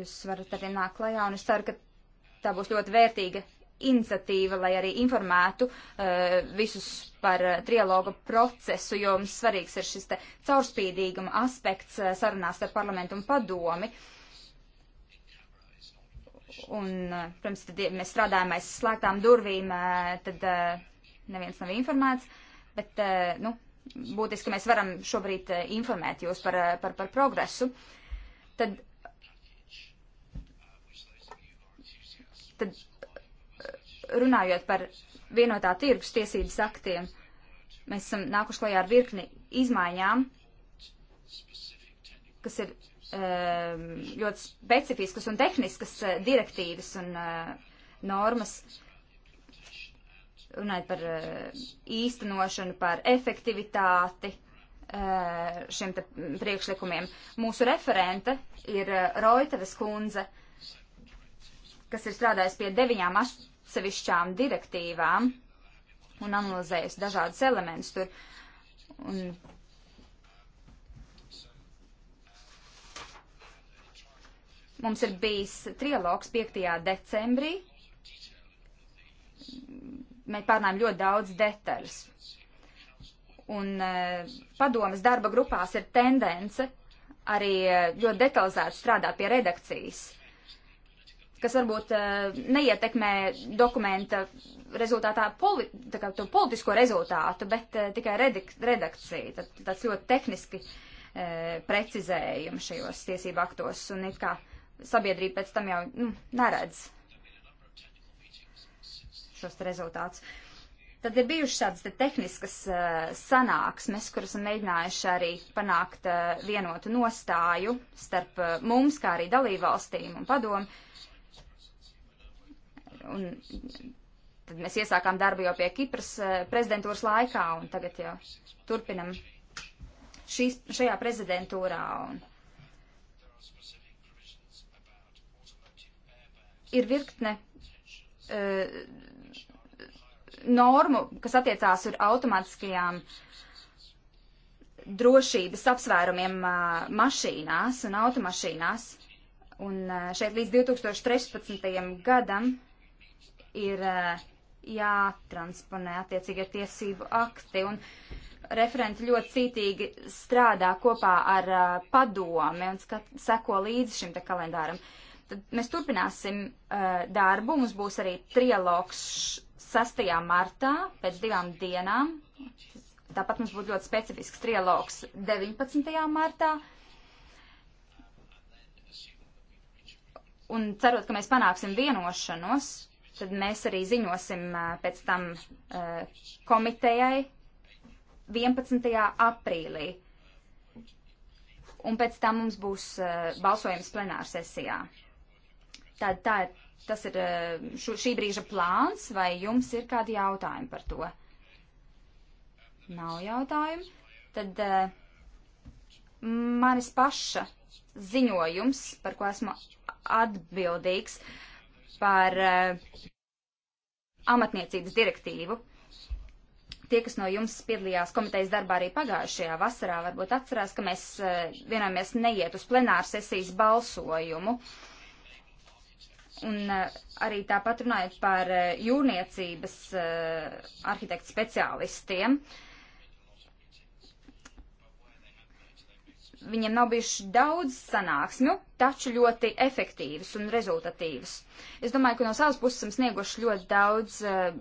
jūs varat arī nākt klajā, un es ceru, ka tā būs ļoti vērtīga iniciatīva, lai arī informētu uh, visus par uh, trialoga procesu, jo mums svarīgs ir šis te caurspīdīguma aspekts uh, sarunās ar parlamentu un padomi. Un, uh, protams, tad ja mēs strādājam aiz slēgtām durvīm, uh, tad uh, neviens nav informēts, bet, uh, nu, būtiski mēs varam šobrīd uh, informēt jūs par, uh, par, par progresu. Tad tad runājot par vienotā tirgus tiesības aktiem, mēs esam nākuši klajā ar virkni izmaiņām, kas ir ehm, ļoti specifiskas un tehniskas eh, direktīvas un eh, normas, runājot par eh, īstenošanu, par efektivitāti šiem priekšlikumiem. Mūsu referente ir Roiteves kundze, kas ir strādājis pie deviņām atsevišķām direktīvām un analizējusi dažādus elementus tur. Un mums ir bijis trialogs 5. decembrī. Mēs pārnājām ļoti daudz detaļas. Un eh, padomas darba grupās ir tendence arī eh, ļoti detalizēti strādāt pie redakcijas kas varbūt eh, neietekmē dokumenta rezultātā poli, kā, politisko rezultātu, bet eh, tikai redakciju. Tad, tāds ļoti tehniski eh, precizējumi šajos tiesību aktos un it kā sabiedrība pēc tam jau nu, neredz šos rezultātus. Tad ir bijušas tādas te tehniskas uh, sanāksmes, kuras mēģinājuši arī panākt uh, vienotu nostāju starp uh, mums, kā arī dalībvalstīm un padomu un tad mēs iesākām darbu jau pie Kipras eh, prezidentūras laikā, un tagad jau turpinam šīs, šajā prezidentūrā. Un ir virkne uh, normu, kas attiecās uz automātiskajām drošības apsvērumiem uh, mašīnās un automašīnās. Un uh, šeit līdz 2013. gadam uh, ir eh, jātransponē attiecīgie tiesību akti. Un referenti ļoti cītīgi strādā kopā ar uh, padomi un skat, seko līdzi šim te kalendāram. Tad mēs turpināsim uh, darbu. Mums būs arī trialogs 6. martā pēc divām dienām. Tāpat mums būtu ļoti specifisks trialogs 19. martā. Un cerot, ka mēs panāksim vienošanos, tad mēs arī ziņosim pēc tam komitejai 11. aprīlī. Un pēc tam mums būs balsojums plenāra sesijā. Tad tā ir, tas ir šu, šī brīža plāns, vai jums ir kādi jautājumi par to? Nav jautājumu. Tad manis paša ziņojums, par ko esmu atbildīgs, par uh, amatniecības direktīvu. Tie, kas no jums piedalījās komitejas darbā arī pagājušajā vasarā, varbūt atcerās, ka mēs eh, vienojamies neiet uz plenāru sesijas balsojumu. Un eh, arī tāpat runājot par eh, jūrniecības arhitektu speciālistiem. Uh, Viņiem nav bijuši daudz sanāksmju, taču ļoti efektīvas un rezultatīvas. Es domāju, ka no savas puses esam snieguši ļoti daudz uh,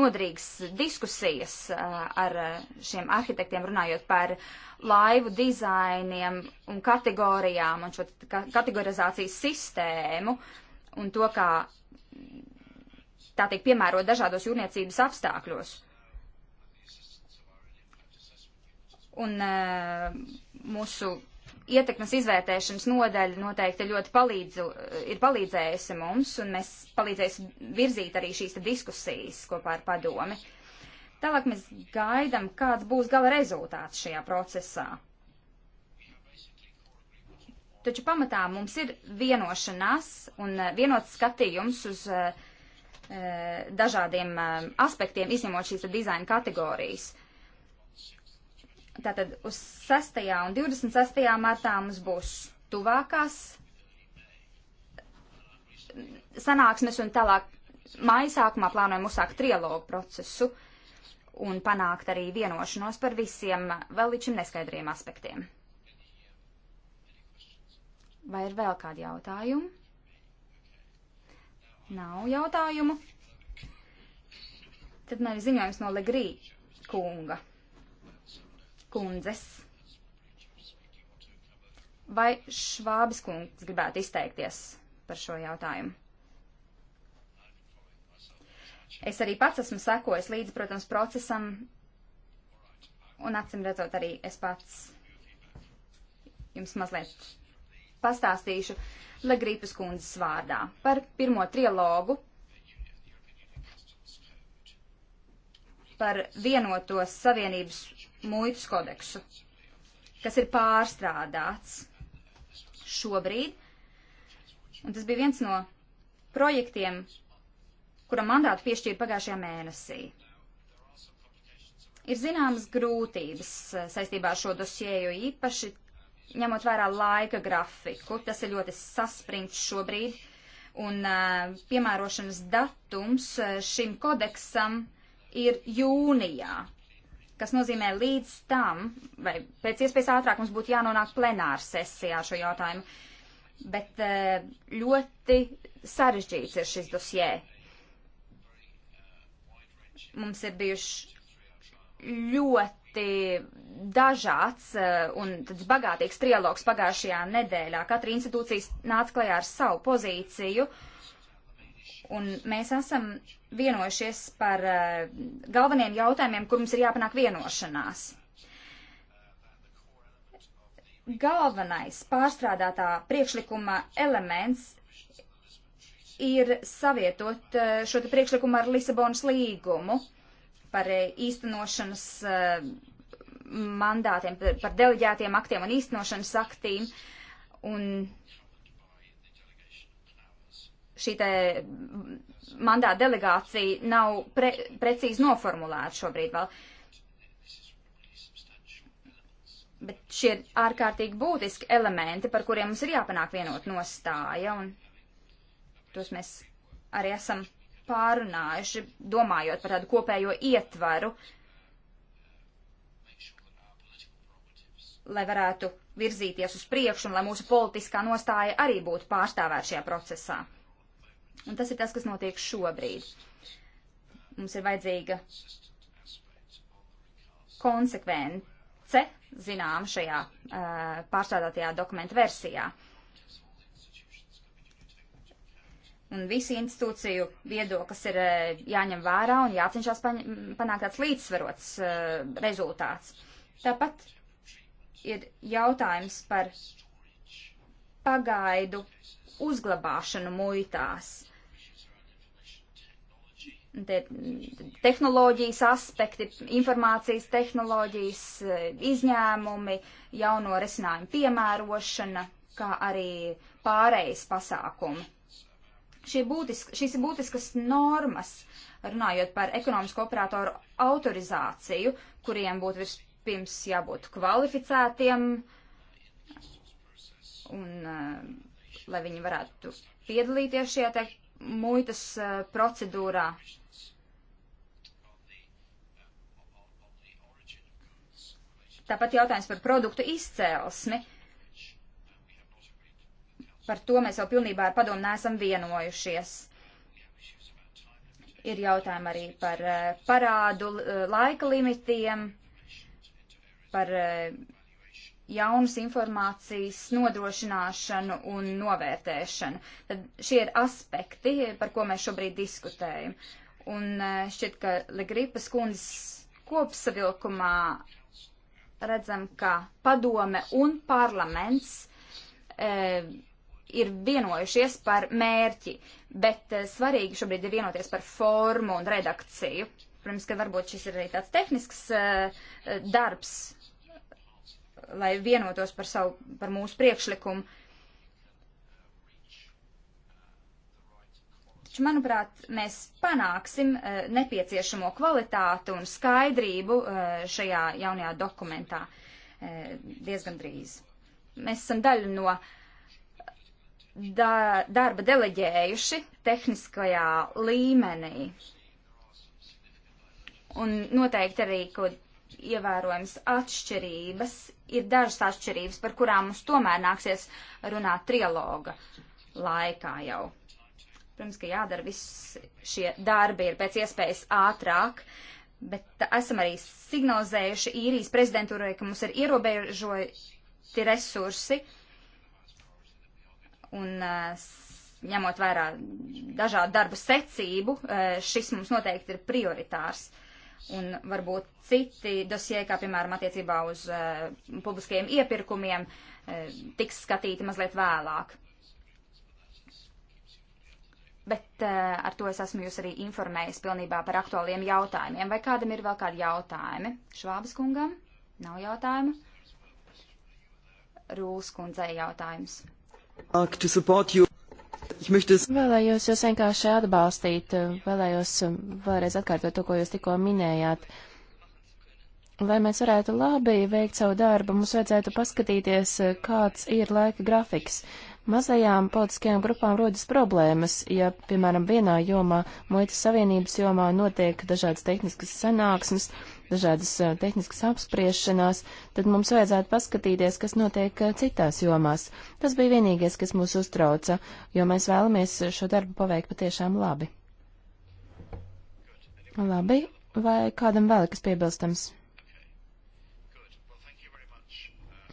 nodrīgas diskusijas uh, ar eh, šiem arhitektiem, runājot par laivu dizainiem un kategorijām un šo ka kategorizācijas sistēmu un to, kā tā tiek piemērot dažādos jūrniecības apstākļos. Uh, un eh, mūsu ietekmes izvērtēšanas nodaļa noteikti ļoti palīdzu, eh, ir palīdzējusi mums, un mēs palīdzēsim virzīt arī šīs diskusijas kopā ar padomi. Tālāk mēs gaidām, kāds būs gala rezultāts šajā procesā. Taču pamatā mums ir vienošanās un eh, vienots skatījums uz uh, dažādiem uh, aspektiem, izņemot šīs dizaina kategorijas. Tātad uz 6. un 26. martā mums būs tuvākās sanāksmes un tālāk māja sākumā plānojam uzsākt trialogu procesu un panākt arī vienošanos par visiem vēl līdz šim neskaidriem aspektiem. Vai ir vēl kādi jautājumi? Nav jautājumu. Tad man ir ziņojums no Legrī kunga kundzes. Vai Švābis kungs gribētu izteikties par šo jautājumu? Es arī pats esmu sekojis līdzi, protams, procesam, un acim redzot arī es pats jums mazliet pastāstīšu Legrīpas kundzes vārdā par pirmo trilogu, par vienotos savienības muitas kodeksu, kas ir pārstrādāts šobrīd. Un tas bija viens no projektiem, kura mandātu piešķīra pagājušajā mēnesī. Ir zināmas grūtības eh, saistībā ar šo dosieju īpaši, ņemot vērā laika grafiku. Tas ir ļoti saspringts šobrīd, un eh, piemērošanas datums eh, šim kodeksam ir jūnijā kas nozīmē līdz tam, vai pēc iespējas ātrāk mums būtu jānonāk plenāra sesijā šo jautājumu. Bet eh, ļoti sarežģīts ir šis dosjē. Mums ir bijuši ļoti dažāds eh, un tāds bagātīgs trialogs pagājušajā nedēļā. Katra institūcija nāca klajā ar savu pozīciju. Uh, un mēs esam vienojušies par eh, galveniem jautājumiem, kur mums ir jāpanāk vienošanās. Galvenais pārstrādātā priekšlikuma elements ir savietot eh, šo priekšlikumu ar Lisabonas līgumu par eh, īstenošanas mandātiem, par deleģētiem aktiem un īstenošanas aktīm. Un šī te mandāta delegācija nav pre, precīzi noformulēta šobrīd vēl. Bet šie ir ārkārtīgi būtiski elementi, par kuriem mums ir jāpanāk vienot nostāja, un tos mēs arī esam pārunājuši, domājot par tādu kopējo ietvaru, lai varētu virzīties uz priekšu un lai mūsu politiskā nostāja arī būtu pārstāvēta šajā procesā. Un tas ir tas, kas notiek šobrīd. Mums ir vajadzīga konsekvence, zinām, šajā uh, pārstrādātajā dokumenta versijā. Un visi institūciju viedoklis ir uh, jāņem vērā un jācenšas panākt tāds līdzsvarots uh, rezultāts. Tāpat ir jautājums par pagaidu uzglabāšanu muitās. Te, tehnoloģijas aspekti, informācijas tehnoloģijas, izņēmumi, jauno risinājumu piemērošana, kā arī pārējais pasākumi. Šie būtisk, šīs ir būtiskas normas, runājot par ekonomisko operatoru autorizāciju, kuriem būtu vispirms jābūt kvalificētiem uh, un uh, lai viņi varētu piedalīties šajā te muitas uh, procedūrā. Tāpat jautājums par produktu izcēlesmi. Par to mēs jau pilnībā ar padomu neesam vienojušies. Ir jautājumi arī par eh, parādu laika limitiem, par jaunas informācijas nodrošināšanu un novērtēšanu. Tad šie ir aspekti, par ko mēs šobrīd diskutējam. Un e, šķiet, ka Legripas kundzes kopsavilkumā redzam, ka padome un parlaments e, ir vienojušies par mērķi, bet e, svarīgi šobrīd ir vienoties par formu un redakciju. Protams, ka varbūt šis ir arī tāds tehnisks e, e darbs, lai vienotos par, savu, par mūsu priekšlikumu. Taču, manuprāt, mēs panāksim uh, nepieciešamo kvalitātu un skaidrību uh, šajā jaunajā dokumentā uh, diezgan drīz. Mēs esam daļu no da darba deleģējuši tehniskajā līmenī. Un noteikti arī, ko ievērojams atšķirības, ir dažas atšķirības, par kurām mums tomēr nāksies runāt trialoga laikā jau. Protams, ka jādara viss šie darbi ir pēc iespējas ātrāk, bet esam arī signalizējuši īrijas prezidentūrai, ka mums ir ierobežoti resursi un eh, ņemot vērā dažādu darbu secību, eh, šis mums noteikti ir prioritārs un varbūt citi dosie, kā piemēram attiecībā uz uh, publiskajiem iepirkumiem, uh, tiks skatīti mazliet vēlāk. Bet uh, ar to es esmu jūs arī informējis pilnībā par aktuāliem jautājumiem. Vai kādam ir vēl kādi jautājumi? Švābas kungam? Nav jautājumu? Rūs kundzei jautājums. To support you. Es vēlējos jūs vienkārši atbalstīt, vēlējos um, vēlreiz atkārtot to, ko jūs tikko minējāt. Lai mēs varētu labi veikt savu darbu, mums vajadzētu paskatīties, uh, kāds ir laika grafiks. Mazajām politiskajām grupām rodas problēmas, ja, piemēram, vienā jomā, muitas savienības jomā notiek dažādas tehniskas sanāksmes, uh, dažādas tehniskas apspriešanās, tad mums vajadzētu paskatīties, kas notiek citās jomās. Tas bija vienīgais, kas mūs uztrauca, jo mēs vēlamies šo darbu paveikt patiešām labi. Labi, vai kādam vēl kas piebilstams?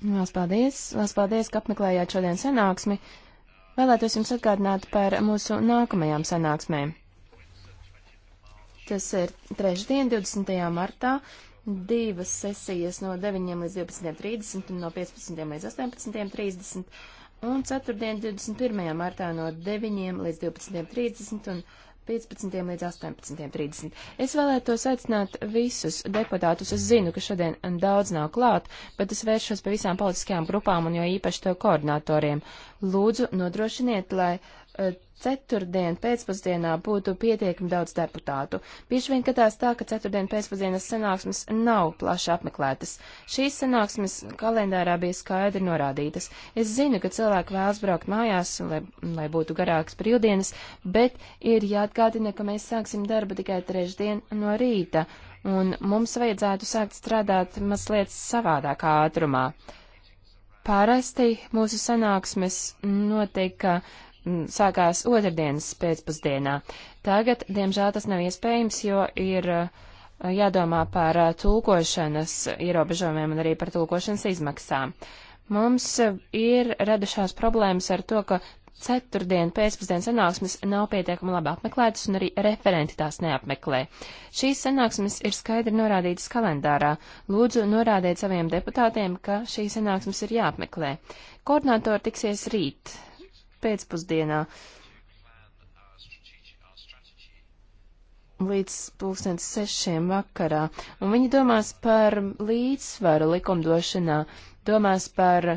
Lielas paldies! Lielas paldies, ka apmeklējāt šodien sanāksmi! Vēlētos jums atgādināt par mūsu nākamajām sanāksmēm. Tas ir trešdien, 20. martā, divas sesijas no 9 līdz 12.30 un no 15 līdz 18.30. Un ceturtdien, 21. martā no 9 līdz 12.30 un 15. līdz 18.30. Es vēlētos aicināt visus deputātus. Es zinu, ka šodien daudz nav klāt, bet es vēršos pie visām politiskajām grupām un jo īpaši to koordinatoriem. Lūdzu, nodrošiniet, lai eh, ceturtdien pēcpusdienā būtu pietiekami daudz deputātu. Bieži vien gadās tā, ka ceturtdien pēcpusdienas sanāksmes nav plaši apmeklētas. Šīs sanāksmes kalendārā bija skaidri norādītas. Es zinu, ka cilvēki vēlas braukt mājās, lai, lai būtu garāks brīvdienas, bet ir jāatgādina, ka mēs sāksim darbu tikai trešdien no rīta, un mums vajadzētu sākt strādāt mazliet savādākā ātrumā. Parasti mūsu sanāksmes notiek, ka sākās otrdienas pēcpusdienā. Tagad, diemžēl, tas nav iespējams, jo ir uh, jādomā par uh, tulkošanas ierobežojumiem un arī par tulkošanas izmaksām. Mums uh, ir radušās problēmas ar to, ka ceturtdien pēcpusdienas sanāksmes nav pietiekami labi apmeklētas un arī referenti tās neapmeklē. Šīs sanāksmes ir skaidri norādītas kalendārā. Lūdzu, norādiet saviem deputātiem, ka šīs sanāksmes ir jāapmeklē. Koordinātori tiksies rīt, pēcpusdienā. līdz pulkstens sešiem vakarā, un viņi domās par līdzsvaru likumdošanā, domās par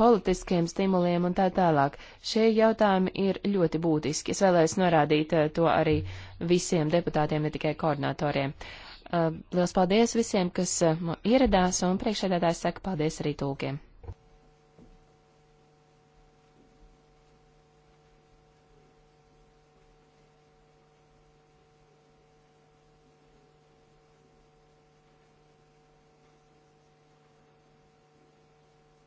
politiskiem stimuliem un tā tālāk. Šie jautājumi ir ļoti būtiski. Es vēlējos norādīt eh, to arī visiem deputātiem, ne tikai koordinatoriem. Eh, liels paldies visiem, kas eh, ieradās, un priekšēdētājs saka paldies arī tūkiem.